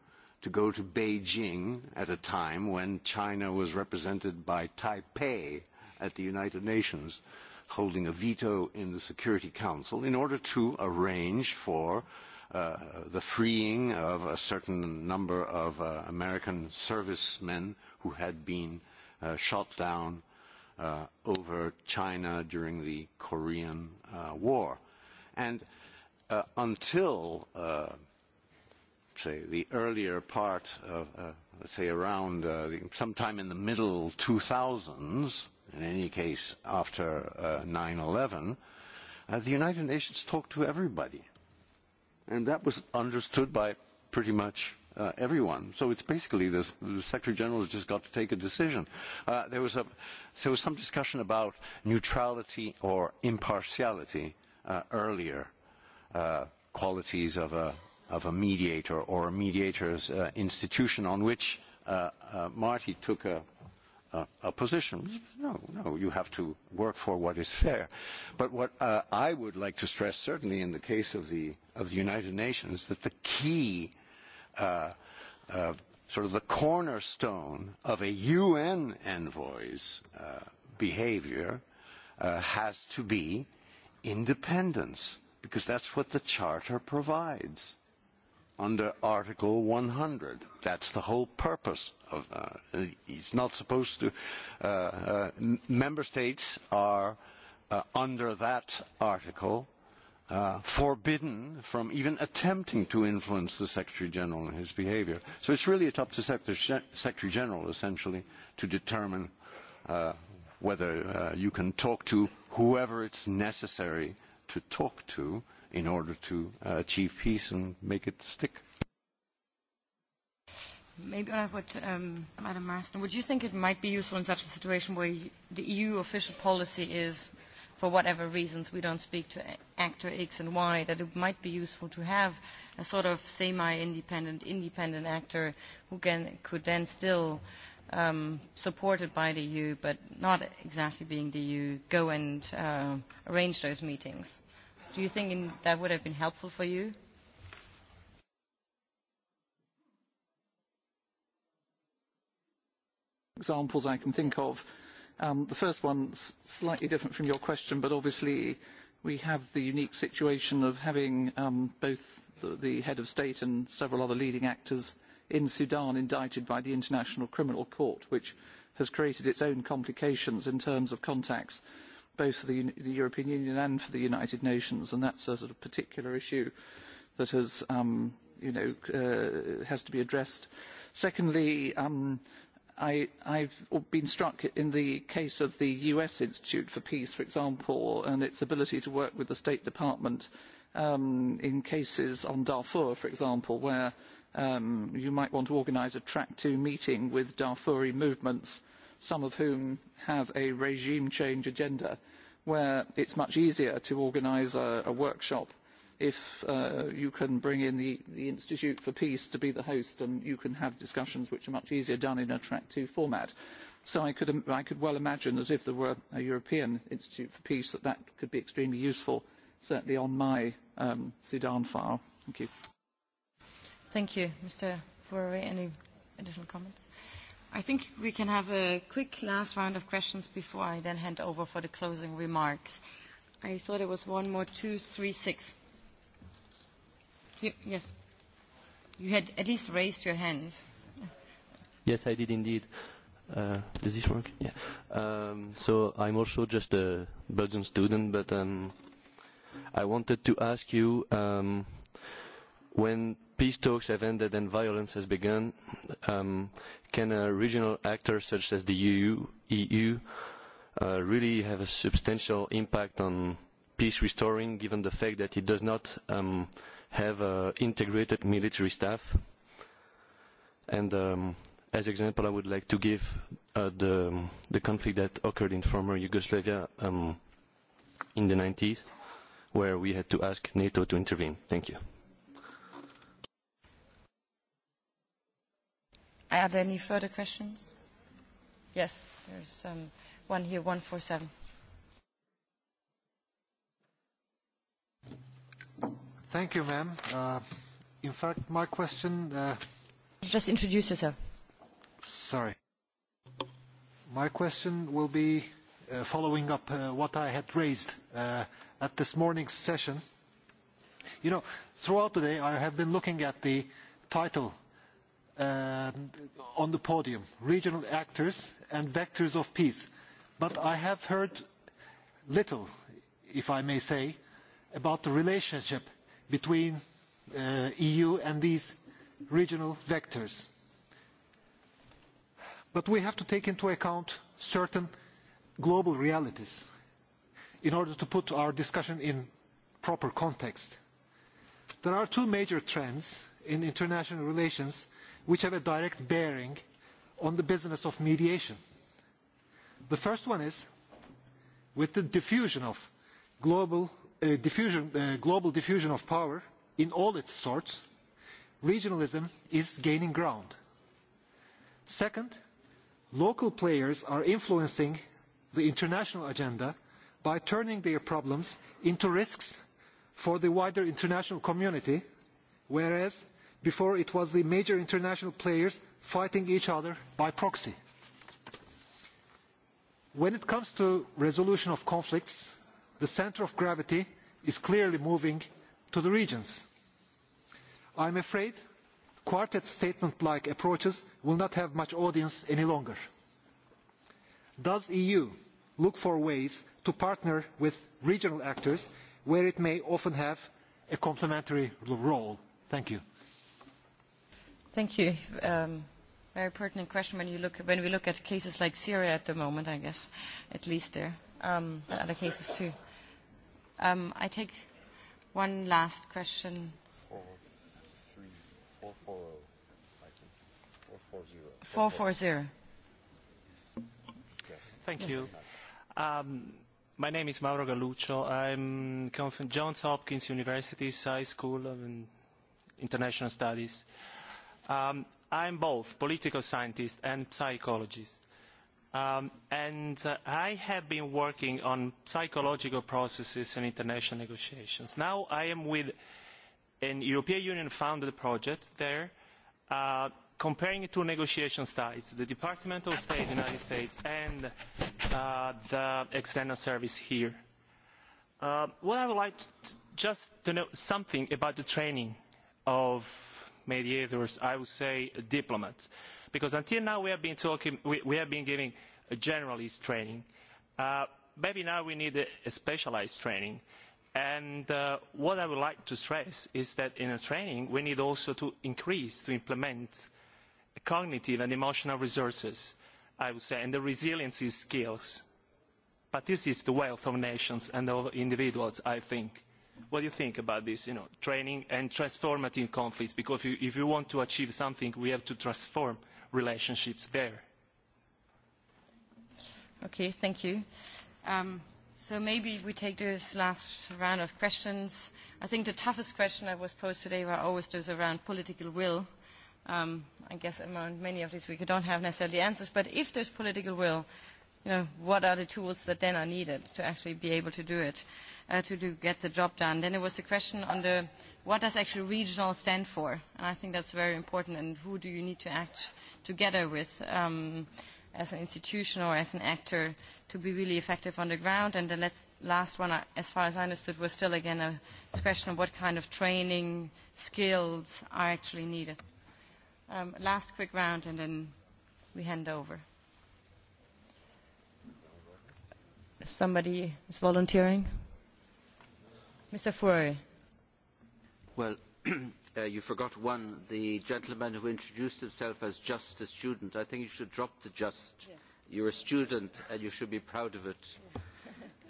to go to Beijing at a time when China was represented by Taipei at the United Nations, holding a veto in the Security Council in order to arrange for the freeing of a certain number of American servicemen who had been shot down over China during the Korean War. And until say, the earlier part, of, uh, let's say around uh, the, sometime in the middle 2000s, in any case after uh, 9-11, uh, the United Nations talked to everybody. And that was understood by pretty much uh, everyone. So it's basically the, the Secretary General has just got to take a decision. Uh, there, was a, there was some discussion about neutrality or impartiality uh, earlier, uh, qualities of a of a mediator or a mediator's uh, institution on which uh, uh, Marty took a, a, a position. No, no, you have to work for what is fair. But what uh, I would like to stress, certainly in the case of the, of the United Nations, that the key, uh, uh, sort of the cornerstone of a UN envoy's uh, behavior uh, has to be independence, because that's what the Charter provides under Article 100. That's the whole purpose of. Uh, it's not supposed to. Uh, uh, member states are uh, under that article uh, forbidden from even attempting to influence the Secretary General and his behaviour. So it's really up to the Secretary General essentially to determine uh, whether uh, you can talk to whoever it's necessary to talk to in order to uh, achieve peace and make it stick. Maybe I would um, Madam Marston, would you think it might be useful in such a situation where you, the EU official policy is, for whatever reasons, we don't speak to actor X and Y, that it might be useful to have a sort of semi-independent, independent actor who can, could then still, um, supported by the EU, but not exactly being the EU, go and uh, arrange those meetings? Do you think in, that would have been helpful for you? Examples I can think of. the first one, slightly different from your question, but obviously we have the unique situation of having both the, the head of state and several other leading actors in Sudan indicted by the International Criminal Court, which has created its own complications in terms of contacts both for the, the European Union and for the United Nations, and that's a sort of particular issue that has, um, you know, uh, has to be addressed. Secondly, um, I, I've been struck in the case of the US Institute for Peace, for example, and its ability to work with the State Department um, in cases on Darfur, for example, where um, you might want to organise a track two meeting with Darfuri movements some of whom have a regime change agenda where it's much easier to organise a, a workshop if uh, you can bring in the, the Institute for Peace to be the host and you can have discussions which are much easier done in a track two format. So I could, I could well imagine that if there were a European Institute for Peace that that could be extremely useful, certainly on my um, Sudan file. Thank you. Thank you, Mr. Fourier. Any additional comments? I think we can have a quick last round of questions before I then hand over for the closing remarks. I saw there was one more, two, three, six. Yes. You had at least raised your hands. Yes, I did indeed. does this work? Yeah. so I'm also just a Belgian student, but I wanted to ask you when peace talks have ended and violence has begun, can a regional actor such as the EU, EU uh, really have a substantial impact on peace restoring, given the fact that it does not um, have an integrated military staff? And um, as example, I would like to give uh, the, the conflict that occurred in former Yugoslavia um, in the 90s, where we had to ask NATO to intervene. Thank you. Are there any further questions? Yes, there's um, one here, 147. Thank you, ma'am. Uh, in fact, my question... Uh, Just introduce yourself. Sorry. My question will be uh, following up uh, what I had raised uh, at this morning's session. You know, throughout the day I have been looking at the title on the podium, regional actors and vectors of peace. But I have heard little, if I may say, about the relationship between the EU and these regional vectors. But we have to take into account certain global realities in order to put our discussion in proper context. There are two major trends in international relations which have a direct bearing on the business of mediation. The first one is with the diffusion of global diffusion of power in all its sorts, regionalism is gaining ground. Second, local players are influencing the international agenda by turning their problems into risks for the wider international community, whereas Before, it was the major international players fighting each other by proxy. When it comes to resolution of conflicts, the centre of gravity is clearly moving to the regions. I am afraid quartet statement-like approaches will not have much audience any longer. Does the EU look for ways to partner with regional actors where it may often have a complementary role? Thank you. Thank you. Um, very pertinent question when, you look, when we look at cases like Syria at the moment, I guess, at least there, um, other cases too. Um, I take one last question. Four, three, four, four, I think. Four, four, zero. Four, four, zero. Yes. Thank you. Um, my name is Mauro Galluccio. I'm come from Johns Hopkins University's High School of International Studies. Uh, Um, am both political scientist and psychologist. and I have been working on psychological processes in international negotiations. Now I am with a European Union funded project there comparing two negotiation styles, the Department of State in the United States and the External Service here. I would like just to know something about the training of mediators, I would say diplomats. Because until now we have been, talking, we, we have been giving generalist training. maybe now we need a, training. And what I would like to stress is that in a training we need also to increase, to implement cognitive and emotional resources, I would say, and the resiliency skills. But this is the wealth of nations and of individuals, I think what do you think about this, you know, training and transformative conflicts? Because if you, if you want to achieve something, we have to transform relationships there. Okay, thank you. Um, so maybe we take this last round of questions. I think the toughest question that was posed today were always those around political will. Um, I guess among many of these we don't have necessarily answers, but if there's political will, you know, what are the tools that then are needed to actually be able to do it, uh, to do, get the job done. Then there was the question on the, what does actually regional stand for? And I think that's very important, and who do you need to act together with um, as an institution or as an actor to be really effective on the ground? And the let's, last one, as far as I understood, was still again a question of what kind of training skills are actually needed. Um, last quick round, and then we hand over. somebody is volunteering. Mr. Fourier. Well, uh, you forgot one, the gentleman who introduced himself as just a student. I think you should drop the just. Yeah. You're a student and you should be proud of it.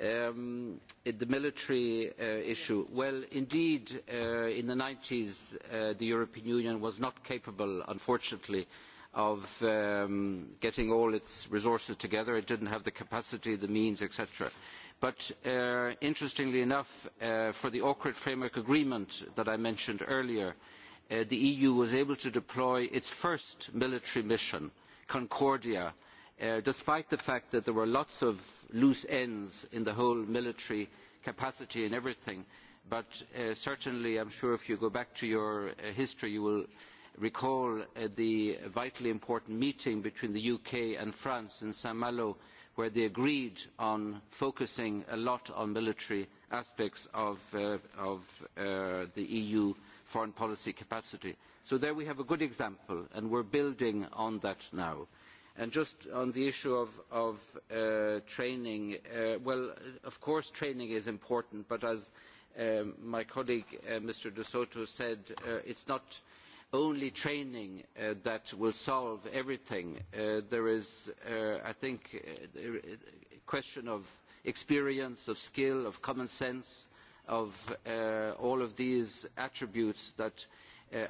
Um, the military uh, issue. Well, indeed, uh, in the 90s, uh, the European Union was not capable, unfortunately, of getting all its resources together. It didn't have the capacity, the means, etc. But interestingly enough, for the awkward framework agreement that I mentioned earlier, the EU was able to deploy its first military mission, Concordia, despite the fact that there were lots of loose ends in the whole military capacity and everything. But certainly, I am sure if you go back to your history, you will recall the vitally important meeting between the UK and France in Saint-Malo where they agreed on focusing a lot on military aspects of, the EU foreign policy capacity. So there we have a good example, and we are building on that now. And just on the issue of, training, well, of course training is important, but as my colleague, Mr. De Soto, said, it is not only training that will solve everything. there is, I think, a question of experience, of skill, of common sense, of all of these attributes that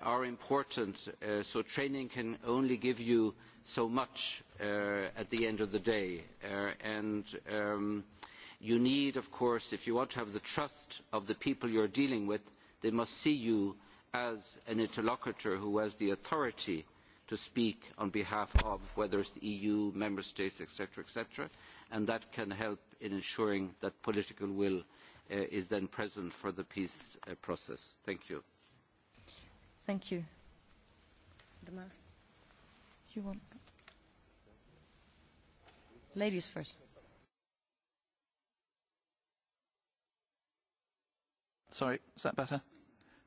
are important. so training can only give you so much at the end of the day. and you need, of course, if you want to have the trust of the people you are dealing with, they must see you as an interlocutor who has the authority to speak on behalf of whether it is the EU, member states, etc., etc., and that can help in ensuring that political will is then present for the peace process. Thank you. Thank you. You want... Ladies first. Sorry, is that better?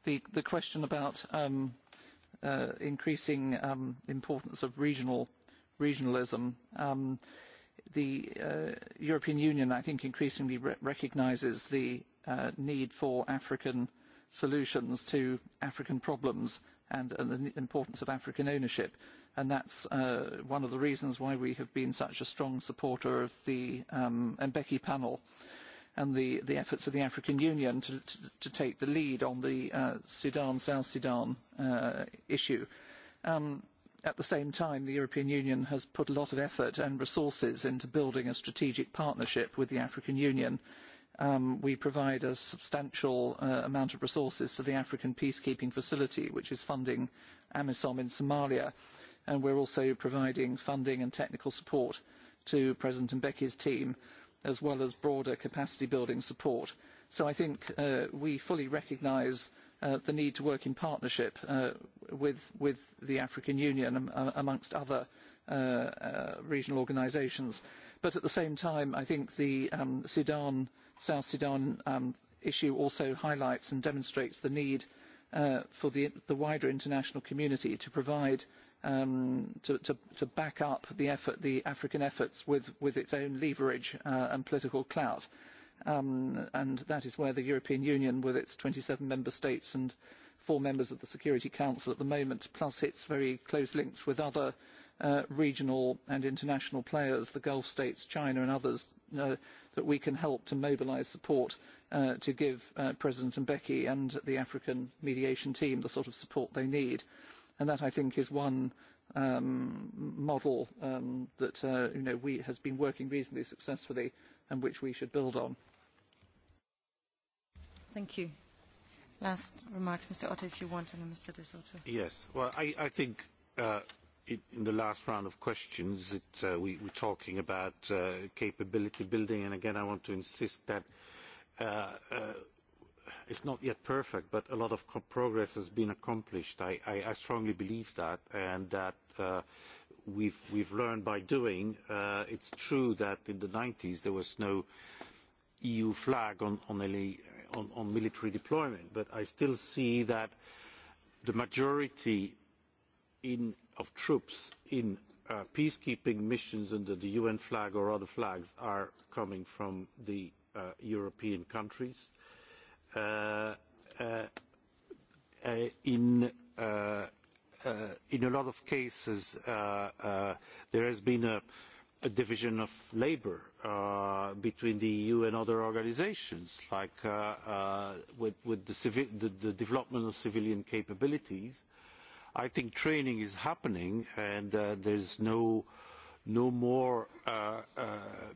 the, the question about um, uh, increasing um, importance of regional regionalism. Um, the uh, European Union, I think, increasingly re recognises the uh, need for African solutions to African problems and, and the importance of African ownership. And that's uh, one of the reasons why we have been such a strong supporter of the um, Mbeki panel. Uh, and the, the efforts of the African Union to, to, to take the lead on the uh, Sudan, South Sudan uh, issue. Um, at the same time, the European Union has put a lot of effort and resources into building a strategic partnership with the African Union. Um, we provide a substantial uh, amount of resources to the African Peacekeeping Facility, which is funding AMISOM in Somalia. And we're also providing funding and technical support to President Mbeki's team as well as broader capacity building support. So I think we fully recognise the need to work in partnership with, the African Union, amongst other regional organisations. But at the same time, I think the Sudan, South Sudan issue also highlights and demonstrates the need for the, wider international community to provide to, back up the effort, the African efforts with, with its own leverage and political clout. and that is where the European Union, with its twenty seven member states and four members of the Security Council at the moment, plus its very close links with other regional and international players, the Gulf states, China and others, that we can help to mobilise support to give President Mbeki and the African mediation team the sort of support they need And that, I think, is one um, model um, that uh, you know, we has been working reasonably successfully and which we should build on. Thank you. Last remarks, Mr. Otto, if you want, and Mr. De Soto. Yes. Well, I, I think uh, in the last round of questions, it, uh, we were talking about uh, capability building, and again, I want to insist that uh, is not yet perfect, but a lot of progress has been accomplished. I, I, I strongly believe that, and that uh, we've, we've learned by doing. Uh, it's true that in the 90s there was no EU flag on, on, any, on, on military deployment, but I still see that the majority in, of troops in uh, peacekeeping missions under the UN flag or other flags are coming from the uh, European countries in in a lot of cases there has been a, a division of labour between the EU and other organisations, like with, with the, civil, the, the development of civilian capabilities. I think training is happening, and uh, there's no no more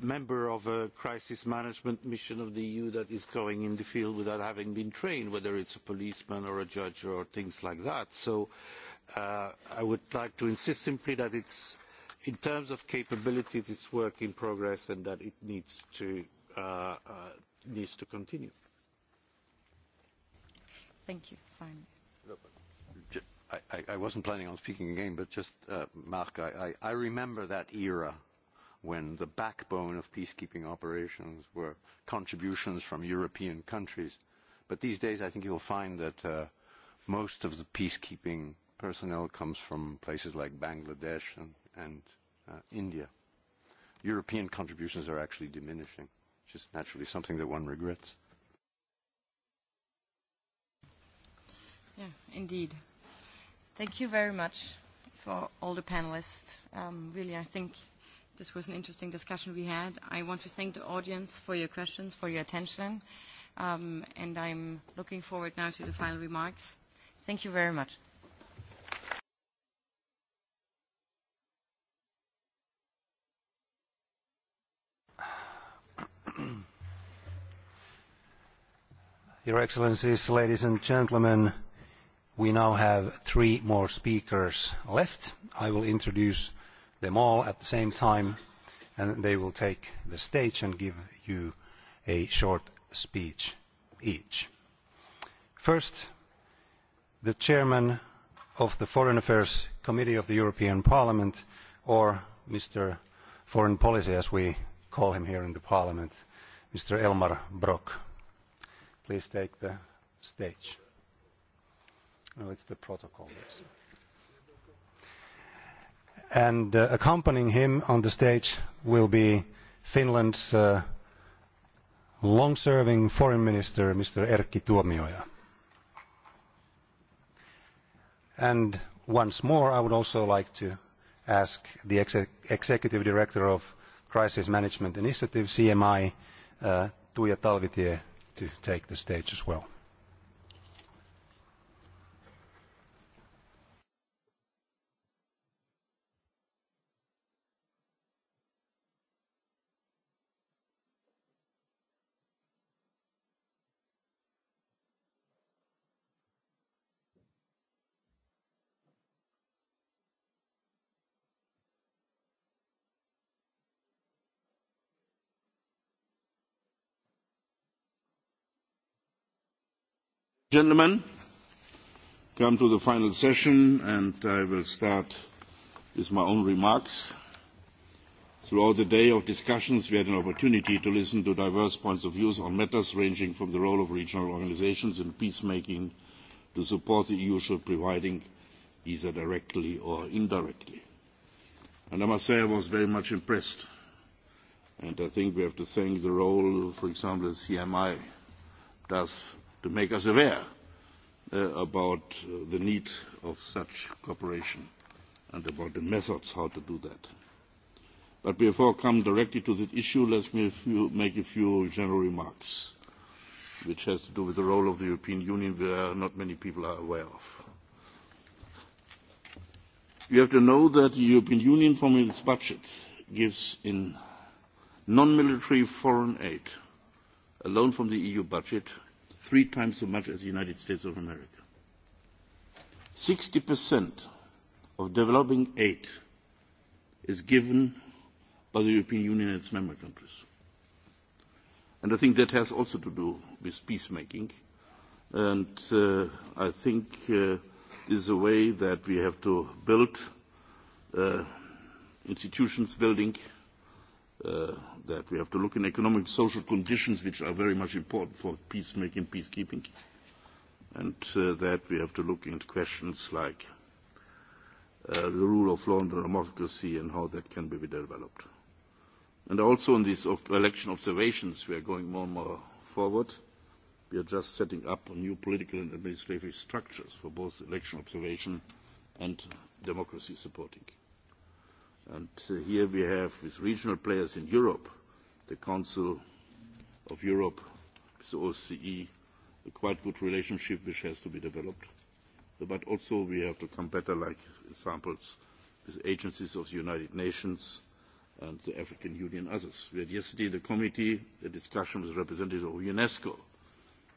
member of a crisis management mission of the EU that is going in the field without having been trained, whether it is a policeman or a judge or things like that. So I would like to insist simply that it's, in terms of capabilities, it is work in progress and that it needs to, continue. Thank you. Fine. I, I wasn't planning on speaking again, but just, uh, Mark, I, I, I remember that era when the backbone of peacekeeping operations were contributions from European countries. But these days, I think you'll find that uh, most of the peacekeeping personnel comes from places like Bangladesh and, and uh, India. European contributions are actually diminishing, which is naturally something that one regrets. Yeah, indeed. Thank you very much for all the panelists. Um, really, I think this was an interesting discussion we had. I want to thank the audience for your questions, for your attention, um, and I'm looking forward now to the final remarks. Thank you very much. Your Excellencies, ladies and gentlemen, We now have three more speakers left. I will introduce them all at the same time, and they will take the stage and give you a short speech each. First, the chairman of the Foreign Affairs Committee of the European Parliament, or Mr. Foreign Policy, as we call him here in the Parliament, Mr. Elmar Brok. Please take the stage. No, it's the protocol. Yes. And uh, accompanying him on the stage will be Finland's uh, long-serving foreign minister, Mr. Erkki Tuomioja. And once more, I would also like to ask the Executive Director of Crisis Management Initiative, CMI, Tuija Talvitie, to take the stage as well. Gentlemen, come to the final session, and I will start with my own remarks. Throughout the day of discussions, we had an opportunity to listen to diverse points of views on matters ranging from the role of regional organizations in peacemaking to support the EU should providing either directly or indirectly. And I must say I was very much impressed. And I think we have to thank the role, for example, CMI does to make us aware about the need of such cooperation and about the methods how to do that. But before I come directly to the issue, let me make a few general remarks, which has to do with the role of the European Union, where not many people are aware of. You have to know that the European Union, from its budget, gives in non-military foreign aid, alone from the EU budget, three times so much as the United States of America. 60% of developing aid is given by the European Union and its member countries. And I think that has also to do with peacemaking. And uh, I think uh, this is a way that we have to build uh, institutions building, uh, that. We have to look in economic and social conditions, which are very much important for peacemaking, peacekeeping. And uh, that we have to look into questions like uh, the rule of law and democracy and how that can be developed. And also in these election observations, we are going more and more forward. We are just setting up new political and administrative structures for both election observation and democracy supporting. And here we have, with regional players in Europe, the Council of Europe, the OSCE, a quite good relationship which has to be developed. But also we have to come better, like examples, with agencies of the United Nations and the African Union and others. We had yesterday the committee a discussion with representatives of UNESCO,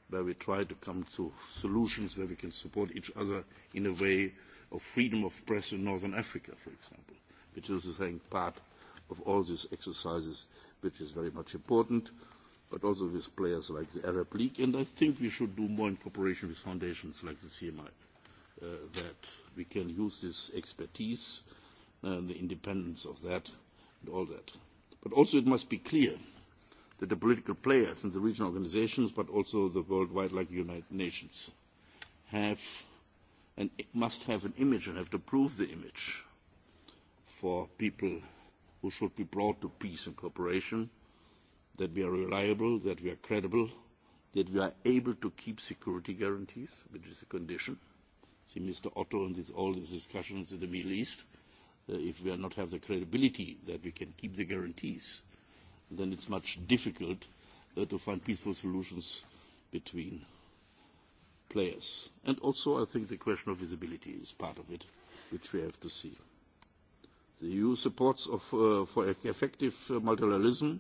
where we try to come to solutions where we can support each other in a way of freedom of press in Northern Africa, for example which is, I think, part of all these exercises, which is very much important, but also with players like the Arab League. And I think we should do more in cooperation with foundations like the CMI, uh, that we can use this expertise and the independence of that and all that. But also it must be clear that the political players and the regional organizations, but also the worldwide, like the United Nations, have and must have an image and have to prove the image for people who should be brought to peace and cooperation, that we are reliable, that we are credible, that we are able to keep security guarantees, which is a condition. See, Mr. Otto and this, all these discussions in the Middle East, uh, if we are not have the credibility that we can keep the guarantees, then it's much difficult uh, to find peaceful solutions between players. And also, I think the question of visibility is part of it, which we have to see. The EU supports of, uh, for effective multilateralism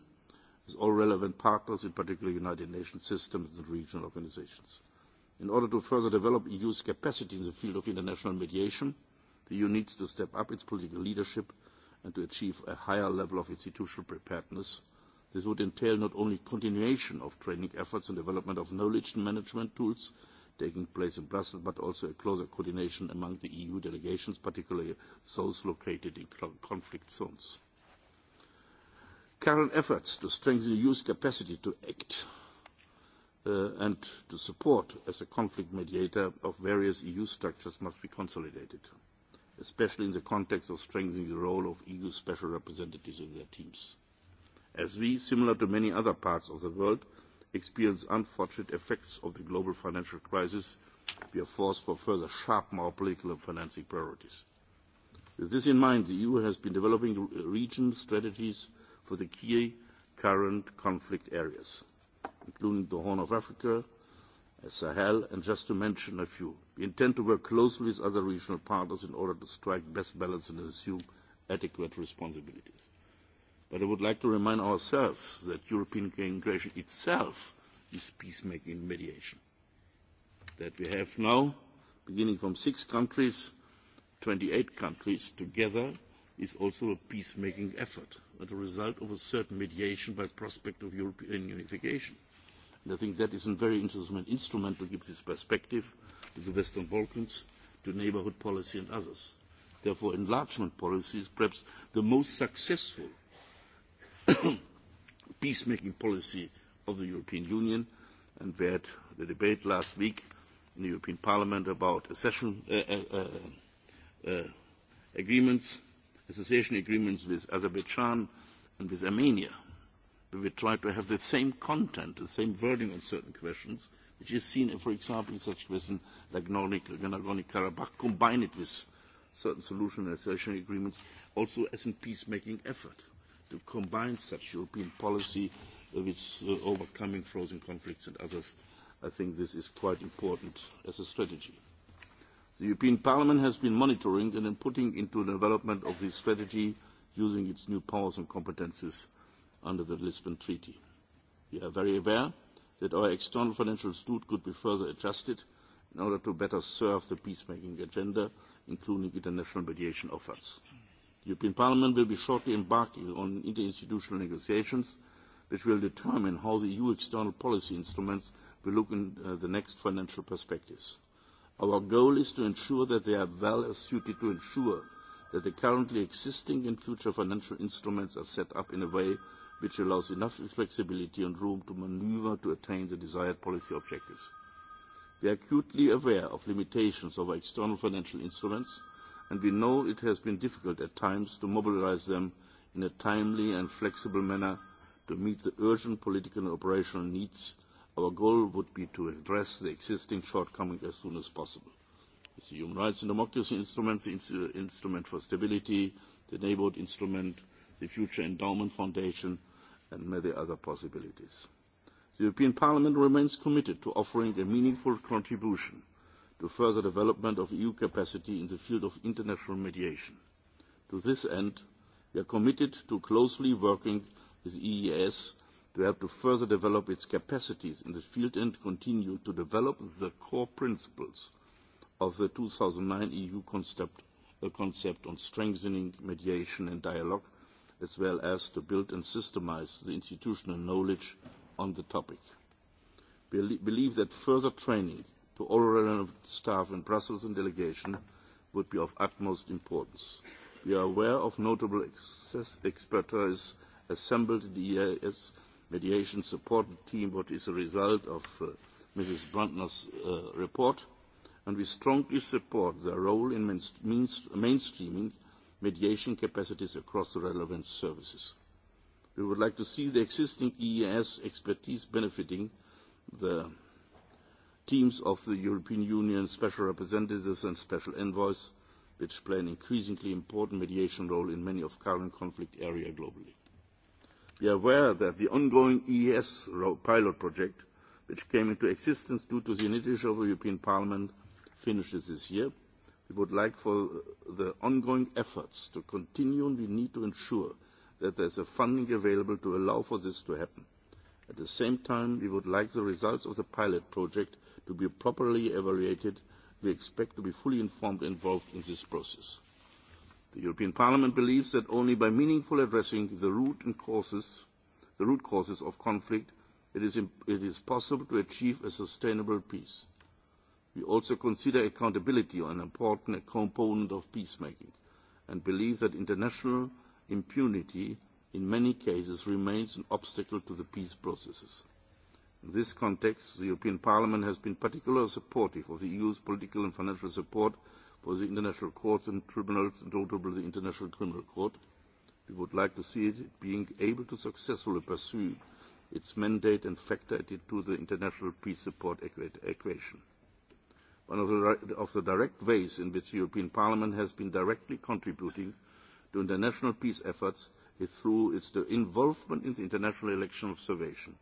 with all relevant partners, in particular United Nations systems and regional organizations. In order to further develop the EU's capacity in the field of international mediation, the EU needs to step up its political leadership and to achieve a higher level of institutional preparedness. This would entail not only continuation of training efforts and development of knowledge and management tools, taking place in Brussels, but also a closer coordination among the EU delegations, particularly those located in conflict zones. Current efforts to strengthen the EU's capacity to act and to support as a conflict mediator of various EU structures must be consolidated, especially in the context of strengthening the role of EU special representatives in their teams. As we, similar to many other parts of the world, experience unfortunate effects of the global financial crisis, we are forced for further sharpen our political and financing priorities. With this in mind, the EU has been developing regional strategies for the key current conflict areas, including the Horn of Africa, Sahel, and just to mention a few. We intend to work closely with other regional partners in order to strike best balance and assume adequate responsibilities. But I would like to remind ourselves that European integration itself is peacemaking and mediation. That we have now, beginning from six countries, twenty eight countries together, is also a peacemaking effort, but a result of a certain mediation by prospect of European unification. And I think that is a very interesting instrument to give this perspective to the Western Balkans, to neighbourhood policy and others. Therefore, enlargement policy is perhaps the most successful peacemaking policy of the European Union. And we had the debate last week in the European Parliament about accession uh, uh, uh, agreements, association agreements with Azerbaijan and with Armenia. We try to have the same content, the same wording on certain questions, which is seen, for example, in such questions like Nagorno-Karabakh, combine it with certain solution and association agreements, also as a peacemaking effort to combine such European policy with uh, overcoming frozen conflicts and others. I think this is quite important as a strategy. The European Parliament has been monitoring and putting into the development of this strategy using its new powers and competences under the Lisbon Treaty. We are very aware that our external financial stood could be further adjusted in order to better serve the peacemaking agenda, including international mediation efforts. The European Parliament will be shortly embarking on interinstitutional negotiations which will determine how the EU external policy instruments will look in the next financial perspectives. Our goal is to ensure that they are well suited to ensure that the currently existing and future financial instruments are set up in a way which allows enough flexibility and room to maneuver to attain the desired policy objectives. We are acutely aware of limitations of our external financial instruments – and we know it has been difficult at times to mobilise them in a timely and flexible manner to meet the urgent political and operational needs. Our goal would be to address the existing shortcomings as soon as possible. It's the Human Rights and Democracy Instrument, the Instrument for Stability, the Neighbourhood Instrument, the Future Endowment Foundation, and many other possibilities. The European Parliament remains committed to offering a meaningful contribution – to further development of EU capacity in the field of international mediation. To this end, we are committed to closely working with the EEAS to help to further develop its capacities in the field and continue to develop the core principles of the two thousand nine EU concept, a concept on strengthening mediation and dialogue, as well as to build and systemise the institutional knowledge on the topic. We believe that further training to all relevant staff in Brussels and delegation would be of utmost importance. We are aware of notable expertise assembled in the EAS mediation support team, what is a result of Mrs. Brandner's report, and we strongly support their role in mainstreaming mediation capacities across the relevant services. We would like to see the existing EEAS expertise benefiting the teams of the European Union special representatives and special envoys, which play an increasingly important mediation role in many of the current conflict areas globally. We are aware that the ongoing EES pilot project, which came into existence due to the initiative of the European Parliament, finishes this year. We would like for the ongoing efforts to continue, and we need to ensure that there is a funding available to allow for this to happen. At the same time, we would like the results of the pilot project to be properly evaluated, we expect to be fully informed and involved in this process. The European Parliament believes that only by meaningfully addressing the root, and causes, the root causes of conflict it is, it is possible to achieve a sustainable peace. We also consider accountability an important component of peacemaking and believe that international impunity in many cases remains an obstacle to the peace processes. In this context, the European Parliament has been particularly supportive of the EU's political and financial support for the international courts and tribunals, notably the International Criminal Court. We would like to see it being able to successfully pursue its mandate and factor it into the international peace support equation. One of the, of the direct ways in which the European Parliament has been directly contributing to international peace efforts is through its involvement in the international election observation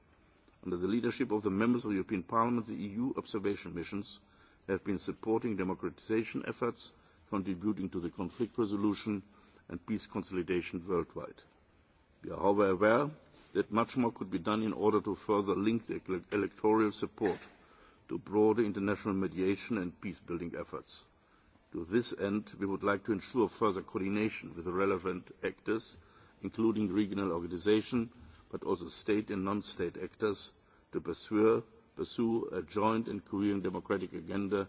under the leadership of the members of the European Parliament, the EU observation missions have been supporting democratisation efforts, contributing to the conflict resolution and peace consolidation worldwide. We are, however, aware that much more could be done in order to further link the electoral support to broader international mediation and peace-building efforts. To this end, we would like to ensure further coordination with the relevant actors, including regional organisations but also state and non-state actors to pursue, pursue a joint and coherent democratic agenda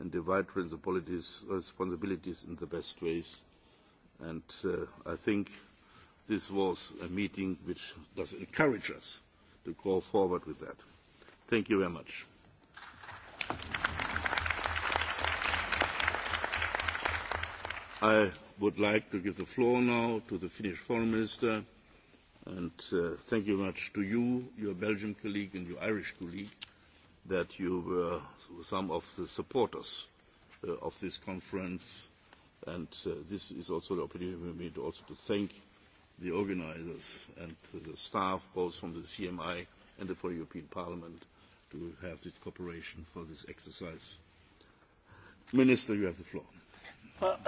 and divide responsibilities in the best ways. And uh, I think this was a meeting which does encourage us to go forward with that. Thank you very much. I would like to give the floor now to the Finnish Foreign Minister. And uh, thank you much to you, your Belgian colleague, and your Irish colleague that you were some of the supporters uh, of this conference. And uh, this is also the opportunity for me to also to thank the organizers and the staff, both from the CMI and the for European Parliament, to have this cooperation for this exercise. Minister, you have the floor. Well,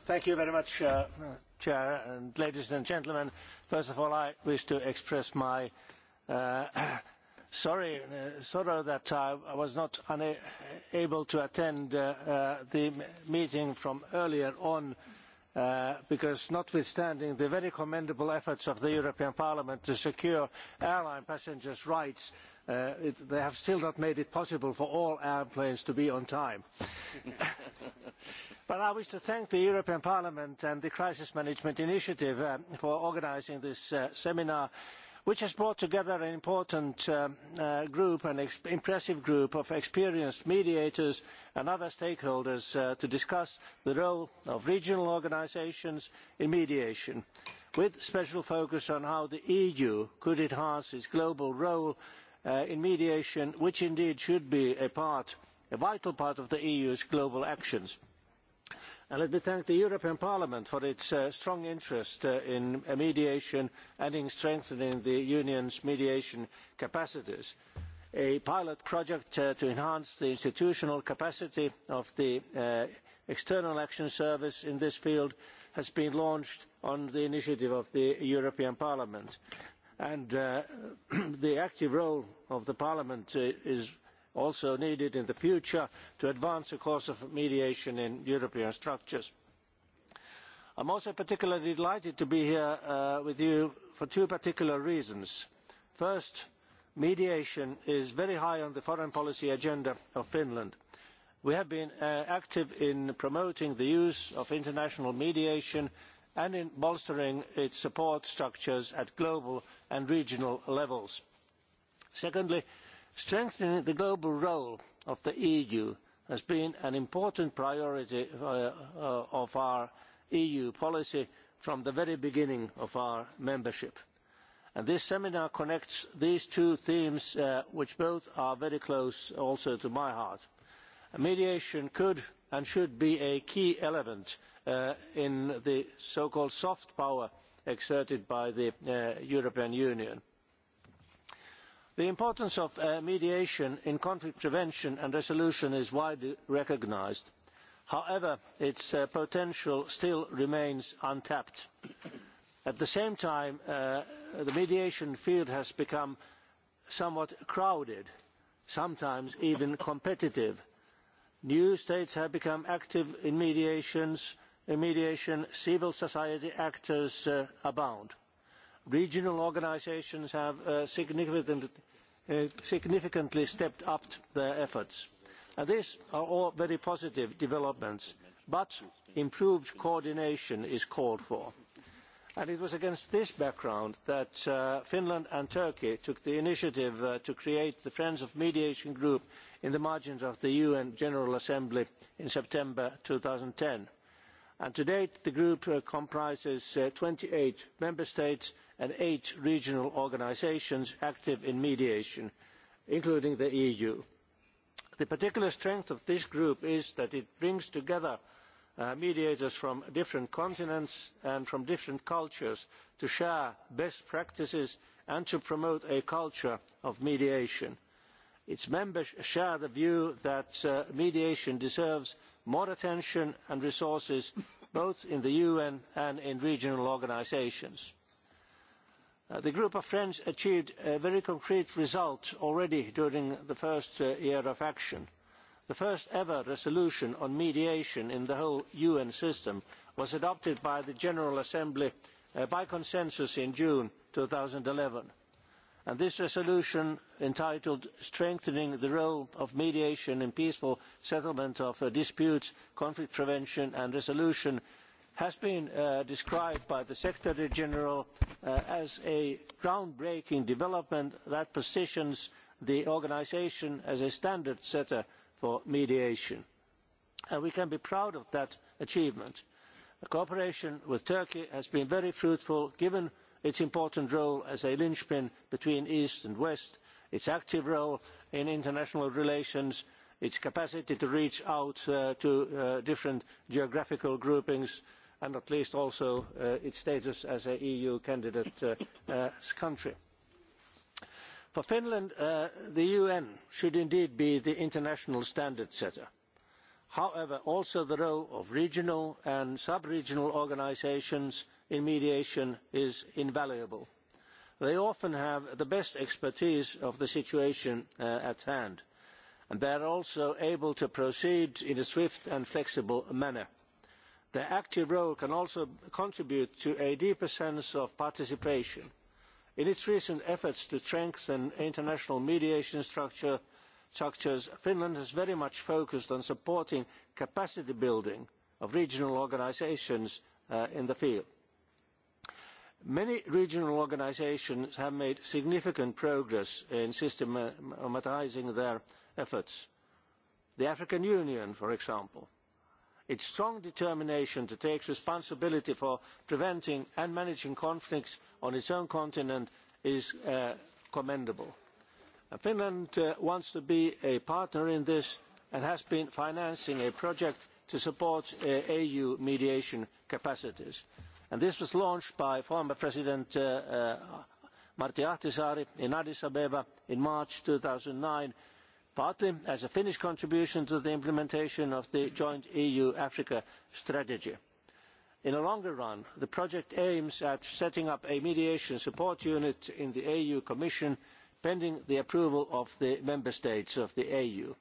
thank you very much. Uh, President, ladies and gentlemen, first of all, I wish to express my sorrow that I was not able to attend the meeting from earlier on because notwithstanding the very commendable efforts of the European Parliament to secure airline passengers' rights, they have still not made it possible for all airplanes to be on time. but I wish to thank the European Parliament and the Crisis Management Initiative for organising this seminar, which has brought together an important group, an impressive group of experienced mediators and other stakeholders to discuss the role of regional organisations in mediation with special focus on how the EU could enhance its global role in mediation, which indeed should be a vital part of the EU's global actions. let me thank the European Parliament for its strong interest in mediation and in strengthening the Union's mediation capacities. A pilot project to enhance the institutional capacity of the External Action Service in this field has been launched on the initiative of the European Parliament and the active role of parliament is also needed in the future to advance the cause of mediation in european structures. i am also particularly delighted to be here with you for two particular reasons. first mediation is very high on the foreign policy agenda of finland. we have been active in promoting the use of international mediation and in bolstering its support structures at global and regional levels. Secondly, strengthening the global role of the EU has been an important priority of our EU policy from the very beginning of our membership. And this seminar connects these two themes, which both are very close also to my heart. Mediation could and should be a key element in the so called soft power exerted by the european union. the importance of mediation in conflict prevention and resolution is widely recognised. however its potential still remains untapped. at the same time the mediation field has become somewhat crowded sometimes even competitive. new states have become active in mediations mediation civil society actors abound. regional organisations have significantly stepped up their efforts. these are all very positive developments but improved coordination is called for. it was against this background that finland and turkey took the initiative to create the friends of mediation group in the margins of the un general assembly in september two thousand and ten to date the group comprises twenty eight member states and eight regional organisations active in mediation including the eu. the particular strength of this group is that it brings together mediators from different continents and from different cultures to share best practices and to promote a culture of mediation. its members share the view that mediation deserves more attention and resources both in the UN and in regional organisations. the group of friends achieved a very concrete result already during the first year of action. The first ever resolution on mediation in the whole UN system was adopted by the General Assembly by consensus in June eleven this resolution entitled strengthening the role of mediation in peaceful settlement of disputes conflict prevention and resolution' has been described by the secretary general as a groundbreaking development that positions the organisation as a standard setter for mediation. we can be proud of that achievement. cooperation with turkey has been very fruitful given its important role as a linchpin between East and West, its active role in international relations, its capacity to reach out to different geographical groupings, and not least also its status as an EU candidate country. For Finland, the UN should indeed be the international standard setter. However, also the role of regional and sub-regional organisations in mediation is invaluable. They often have the best expertise of the situation at hand, and they are also able to proceed in a swift and flexible manner. Their active role can also contribute to a deeper sense of participation. In its recent efforts to strengthen international mediation structures, Finland has very much focused on supporting capacity building of regional organisations in the field. Many regional organisations have made significant progress in systematising their efforts. The African Union, for example, its strong determination to take responsibility for preventing and managing conflicts on its own continent is commendable. Finland wants to be a partner in this and has been financing a project to support AU mediation capacities this was launched by former President Martti Ahtisaari in Addis Ababa in March two thousand nine, partly as a Finnish contribution to the implementation of the joint EU-Africa strategy. In the longer run, the project aims at setting up a mediation support unit in the AU Commission pending the approval of the member states of the AU.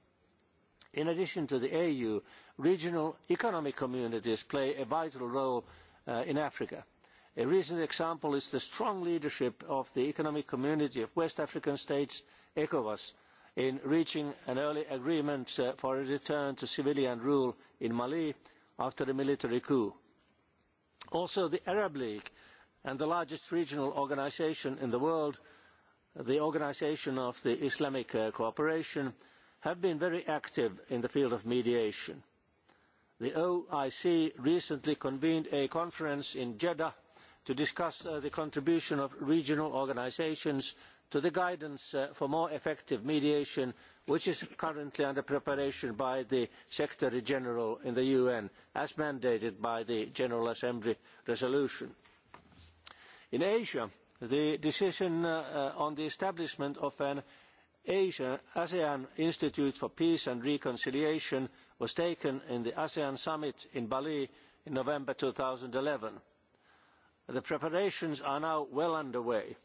In addition to the AU, regional economic communities play a vital role in Africa. A recent example is the strong leadership of the Economic Community of West African States, ECOWAS, in reaching an early agreement for a return to civilian rule in Mali after a military coup. Also, the Arab League and the largest regional organisation in the world, the Organisation of the Islamic Cooperation, have been very active in the field of mediation the OIC recently convened a conference in Jeddah to discuss the contribution of regional organisations to the guidance for more effective mediation, which is currently under preparation by the Secretary General in the UN, as mandated by the General Assembly resolution. In Asia, the decision on the establishment of an ASEAN Institute for Peace and Reconciliation was taken in the ASEAN summit in Bali in November eleven. The preparations are now well under way.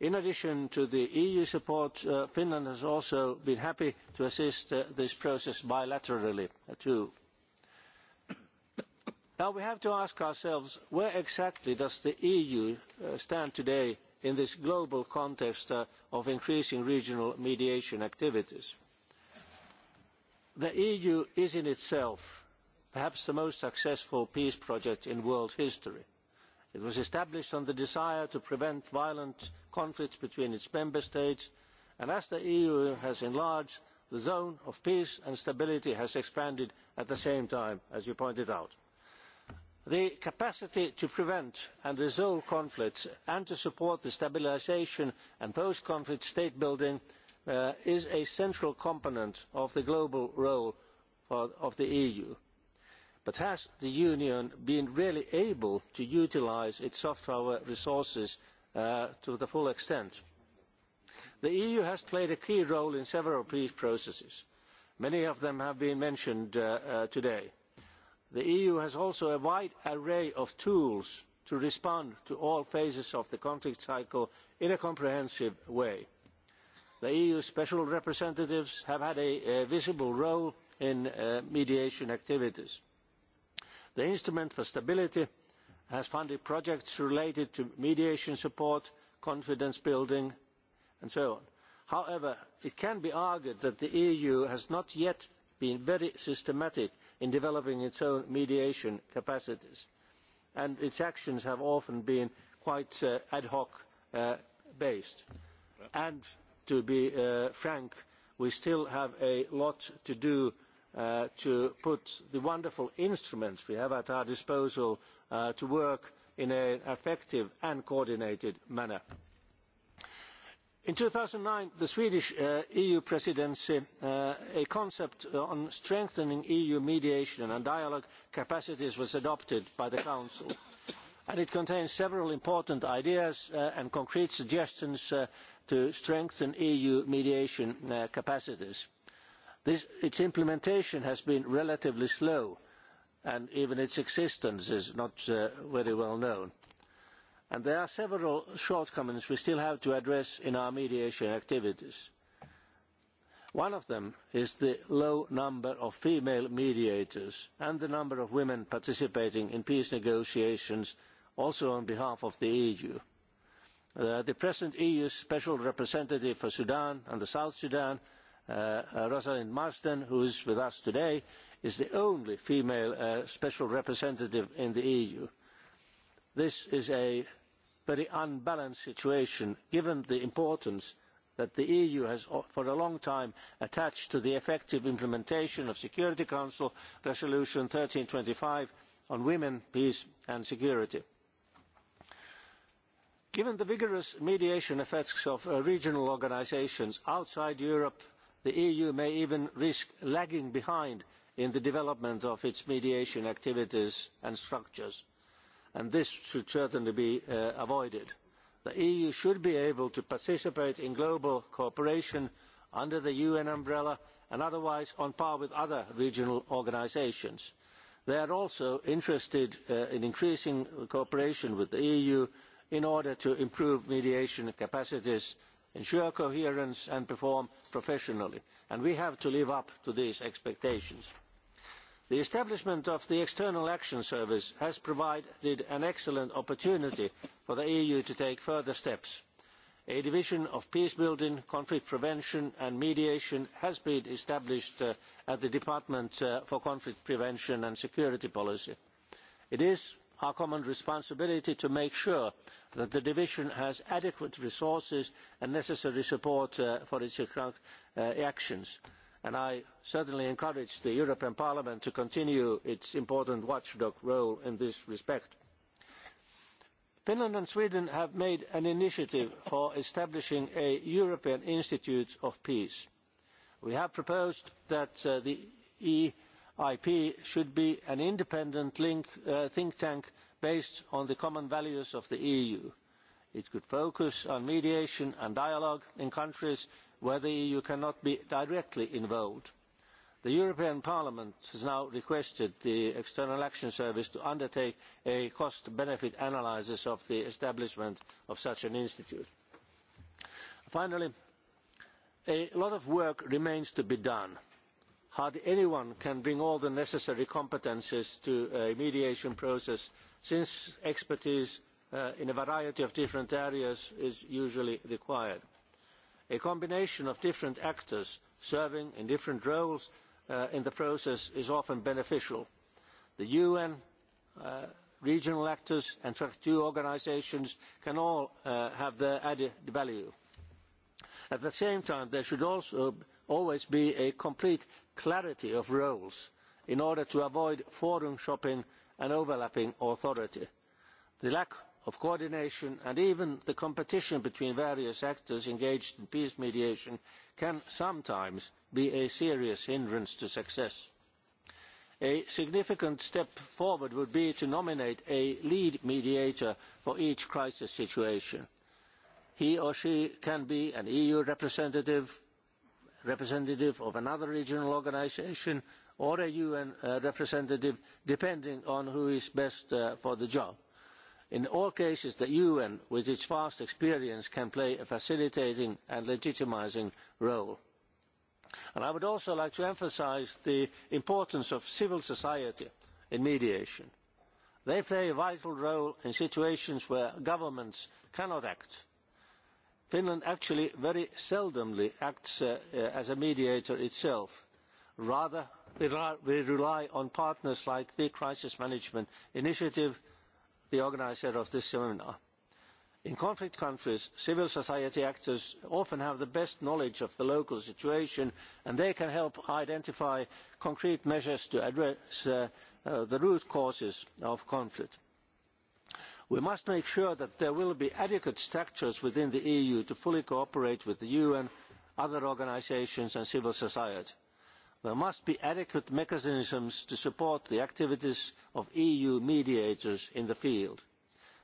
In addition to the EU support, Finland has also been happy to assist this process bilaterally too. Now we have to ask ourselves, where exactly does the EU stand today in this global context of increasing regional mediation activities? The EU is in itself perhaps the most successful peace project in world history. It was established on the desire to prevent violent conflicts between its member states, and as the EU has enlarged, the zone of peace and stability has expanded at the same time, as you pointed out. The capacity to prevent and resolve conflicts and to support the stabilisation and post-conflict state building is a central component of the global role of the EU. But has the Union been really able to utilise its soft power resources to the full extent? The EU has played a key role in several peace processes. Many of them have been mentioned today. The EU has also a wide array of tools to respond to all phases of the conflict cycle in a comprehensive way the eu special representatives have had a visible role in mediation activities. the instrument for stability has funded projects related to mediation support confidence building and so on. however it can be argued that the eu has not yet been very systematic in developing its own mediation capacities and its actions have often been quite ad hoc based and to be frank, we still have a lot to do to put the wonderful instruments we have at our disposal to work in an effective and coordinated manner. In two thousand nine, the Swedish EU presidency, a concept on strengthening EU mediation and dialogue capacities was adopted by the Council. And it contains several important ideas and concrete suggestions to strengthen EU mediation capacities. its implementation has been relatively slow, and even its existence is not very well known. there are several shortcomings we still have to address in our mediation activities. One of them is the low number of female mediators and the number of women participating in peace negotiations, also on behalf of the EU the present EU Special Representative for Sudan and the South Sudan, Rosalind Marsden, who is with us today, is the only female Special Representative in the EU. This is a very unbalanced situation given the importance that the EU has for a long time attached to the effective implementation of Security Council Resolution twenty five on women, peace and security Given the vigorous mediation effects of regional organisations outside Europe, the EU may even risk lagging behind in the development of its mediation activities and structures, and this should certainly be avoided. The EU should be able to participate in global cooperation under the UN umbrella and otherwise on par with other regional organisations. They are also interested in increasing cooperation with the EU in order to improve mediation capacities, ensure coherence and perform professionally. And we have to live up to these expectations. The establishment of the External Action Service has provided an excellent opportunity for the EU to take further steps. A division of peace building, conflict prevention and mediation has been established at the Department for Conflict Prevention and Security Policy. It is our common responsibility to make sure that the division has adequate resources and necessary support for its actions. and I certainly encourage the European Parliament to continue its important watchdog role in this respect. Finland and Sweden have made an initiative for establishing a European Institute of Peace. We have proposed that the EIP should be an independent think tank based on the common values of the EU. It could focus on mediation and dialogue in countries where the EU cannot be directly involved. The European Parliament has now requested the External Action Service to undertake a cost-benefit analysis of the establishment of such an institute. Finally, a lot of work remains to be done. Hardly anyone can bring all the necessary competences to a mediation process since expertise in a variety of different areas is usually required. A combination of different actors serving in different roles in the process is often beneficial. The UN, regional actors and two organisations can all have their added value. At the same time, there should also always be a complete clarity of roles in order to avoid forum shopping and overlapping authority. The lack of coordination and even the competition between various actors engaged in peace mediation can sometimes be a serious hindrance to success. A significant step forward would be to nominate a lead mediator for each crisis situation. He or she can be an EU representative, representative of another regional organisation or a UN representative, depending on who is best for the job. In all cases, the UN, with its vast experience, can play a facilitating and legitimising role. I would also like to emphasise the importance of civil society in mediation. They play a vital role in situations where governments cannot act. Finland actually very seldomly acts as a mediator itself. Rather, we rely on partners like the Crisis Management Initiative, the organiser of this seminar. In conflict countries, civil society actors often have the best knowledge of the local situation and they can help identify concrete measures to address the root causes of conflict. We must make sure that there will be adequate structures within the EU to fully cooperate with the UN, other organisations and civil society there must be adequate mechanisms to support the activities of eu mediators in the field.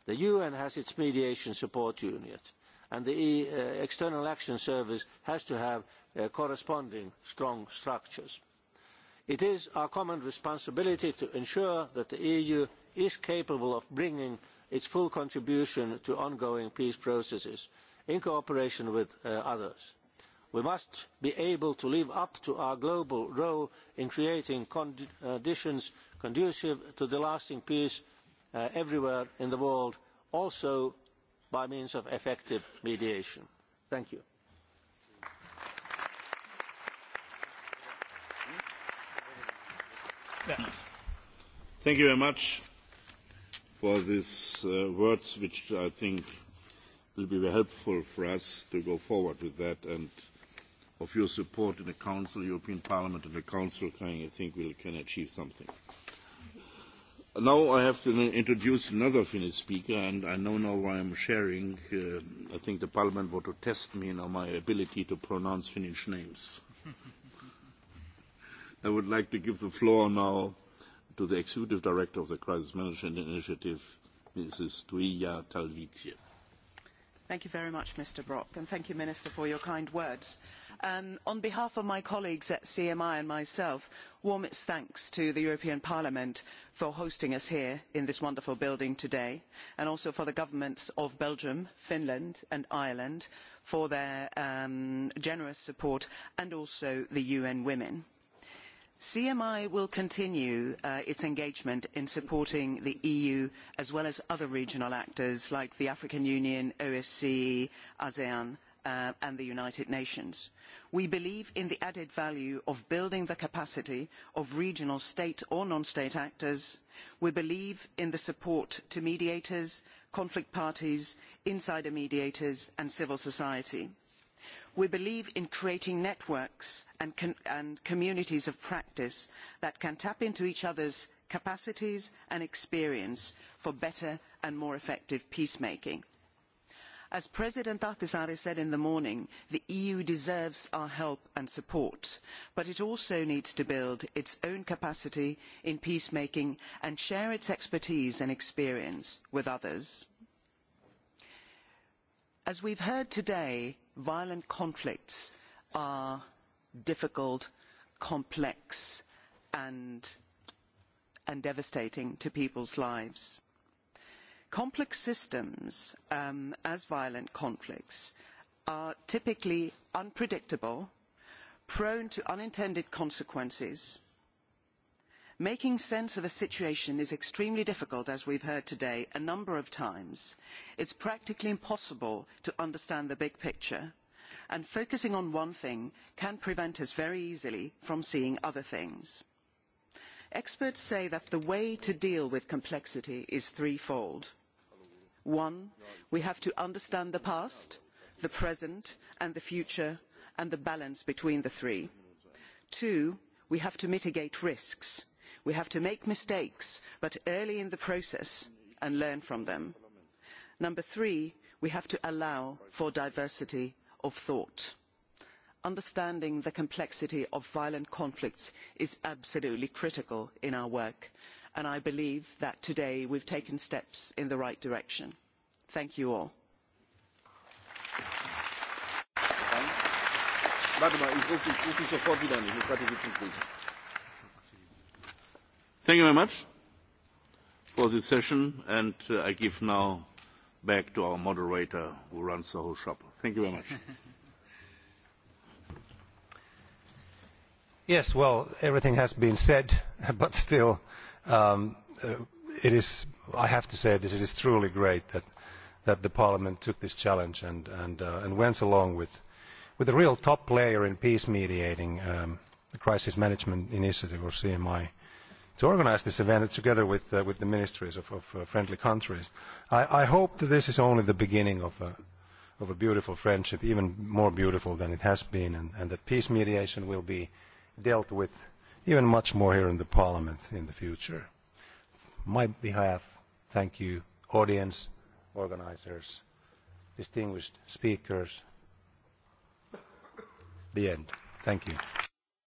the un has its mediation support unit and the external action service has to have corresponding strong structures. it is our common responsibility to ensure that the eu is capable of bringing its full contribution to ongoing peace processes in cooperation with others we must be able to live up to our global role in creating conditions conducive to the lasting peace everywhere in the world, also by means of effective mediation. Thank you. Thank you very much for these words, which I think will be very helpful for us to go forward with that and of your support in the Council, European Parliament and the Council, I think we can achieve something. Now I have to introduce another Finnish speaker, and I know now why I'm sharing. Uh, I think the Parliament want to test me on my ability to pronounce Finnish names. I would like to give the floor now to the Executive Director of the Crisis Management Initiative, Mrs. Tuija Talvitie. Thank you very much, Mr Brok, and thank you, Minister, for your kind words. on behalf of my colleagues at CMI and myself, warmest thanks to the European Parliament for hosting us here in this wonderful building today, and also for the governments of Belgium, Finland and Ireland for their generous support, and also the UN Women CMI will continue its engagement in supporting the EU as well as other regional actors like the African Union, OSCE, ASEAN and the United Nations. We believe in the added value of building the capacity of regional state or non-state actors. We believe in the support to mediators, conflict parties, insider mediators and civil society We believe in creating networks and, communities of practice that can tap into each other's capacities and experience for better and more effective peacemaking. As President Ahtisaari said in the morning, the EU deserves our help and support, but it also needs to build its own capacity in peacemaking and share its expertise and experience with others. As we have heard today, violent conflicts are difficult, complex, and, devastating to people's lives. Complex systems, um, as violent conflicts, are typically unpredictable, prone to unintended consequences, Making sense of a situation is extremely difficult, as we have heard today a number of times. It is practically impossible to understand the big picture, and focusing on one thing can prevent us very easily from seeing other things. Experts say that the way to deal with complexity is threefold. One, we have to understand the past, the present, and the future, and the balance between the three. Two, we have to mitigate risks we have to make mistakes but early in the process and learn from them. number three we have to allow for diversity of thought. understanding the complexity of violent conflicts is absolutely critical in our work and i believe that today we have taken steps in the right direction. thank you all. Thank you very much for this session, and uh, I give now back to our moderator who runs the whole shop. Thank you very much. Yes, well, everything has been said, but still, um, uh, it is, I have to say this, it is truly great that, that the Parliament took this challenge and, and, uh, and went along with, with a real top player in peace mediating, um, the Crisis Management Initiative, or CMI to organize this event together with, uh, with the ministries of, of uh, friendly countries. I, I hope that this is only the beginning of a, of a beautiful friendship, even more beautiful than it has been, and, and that peace mediation will be dealt with even much more here in the parliament in the future. On my behalf, thank you, audience, organizers, distinguished speakers. The end. Thank you.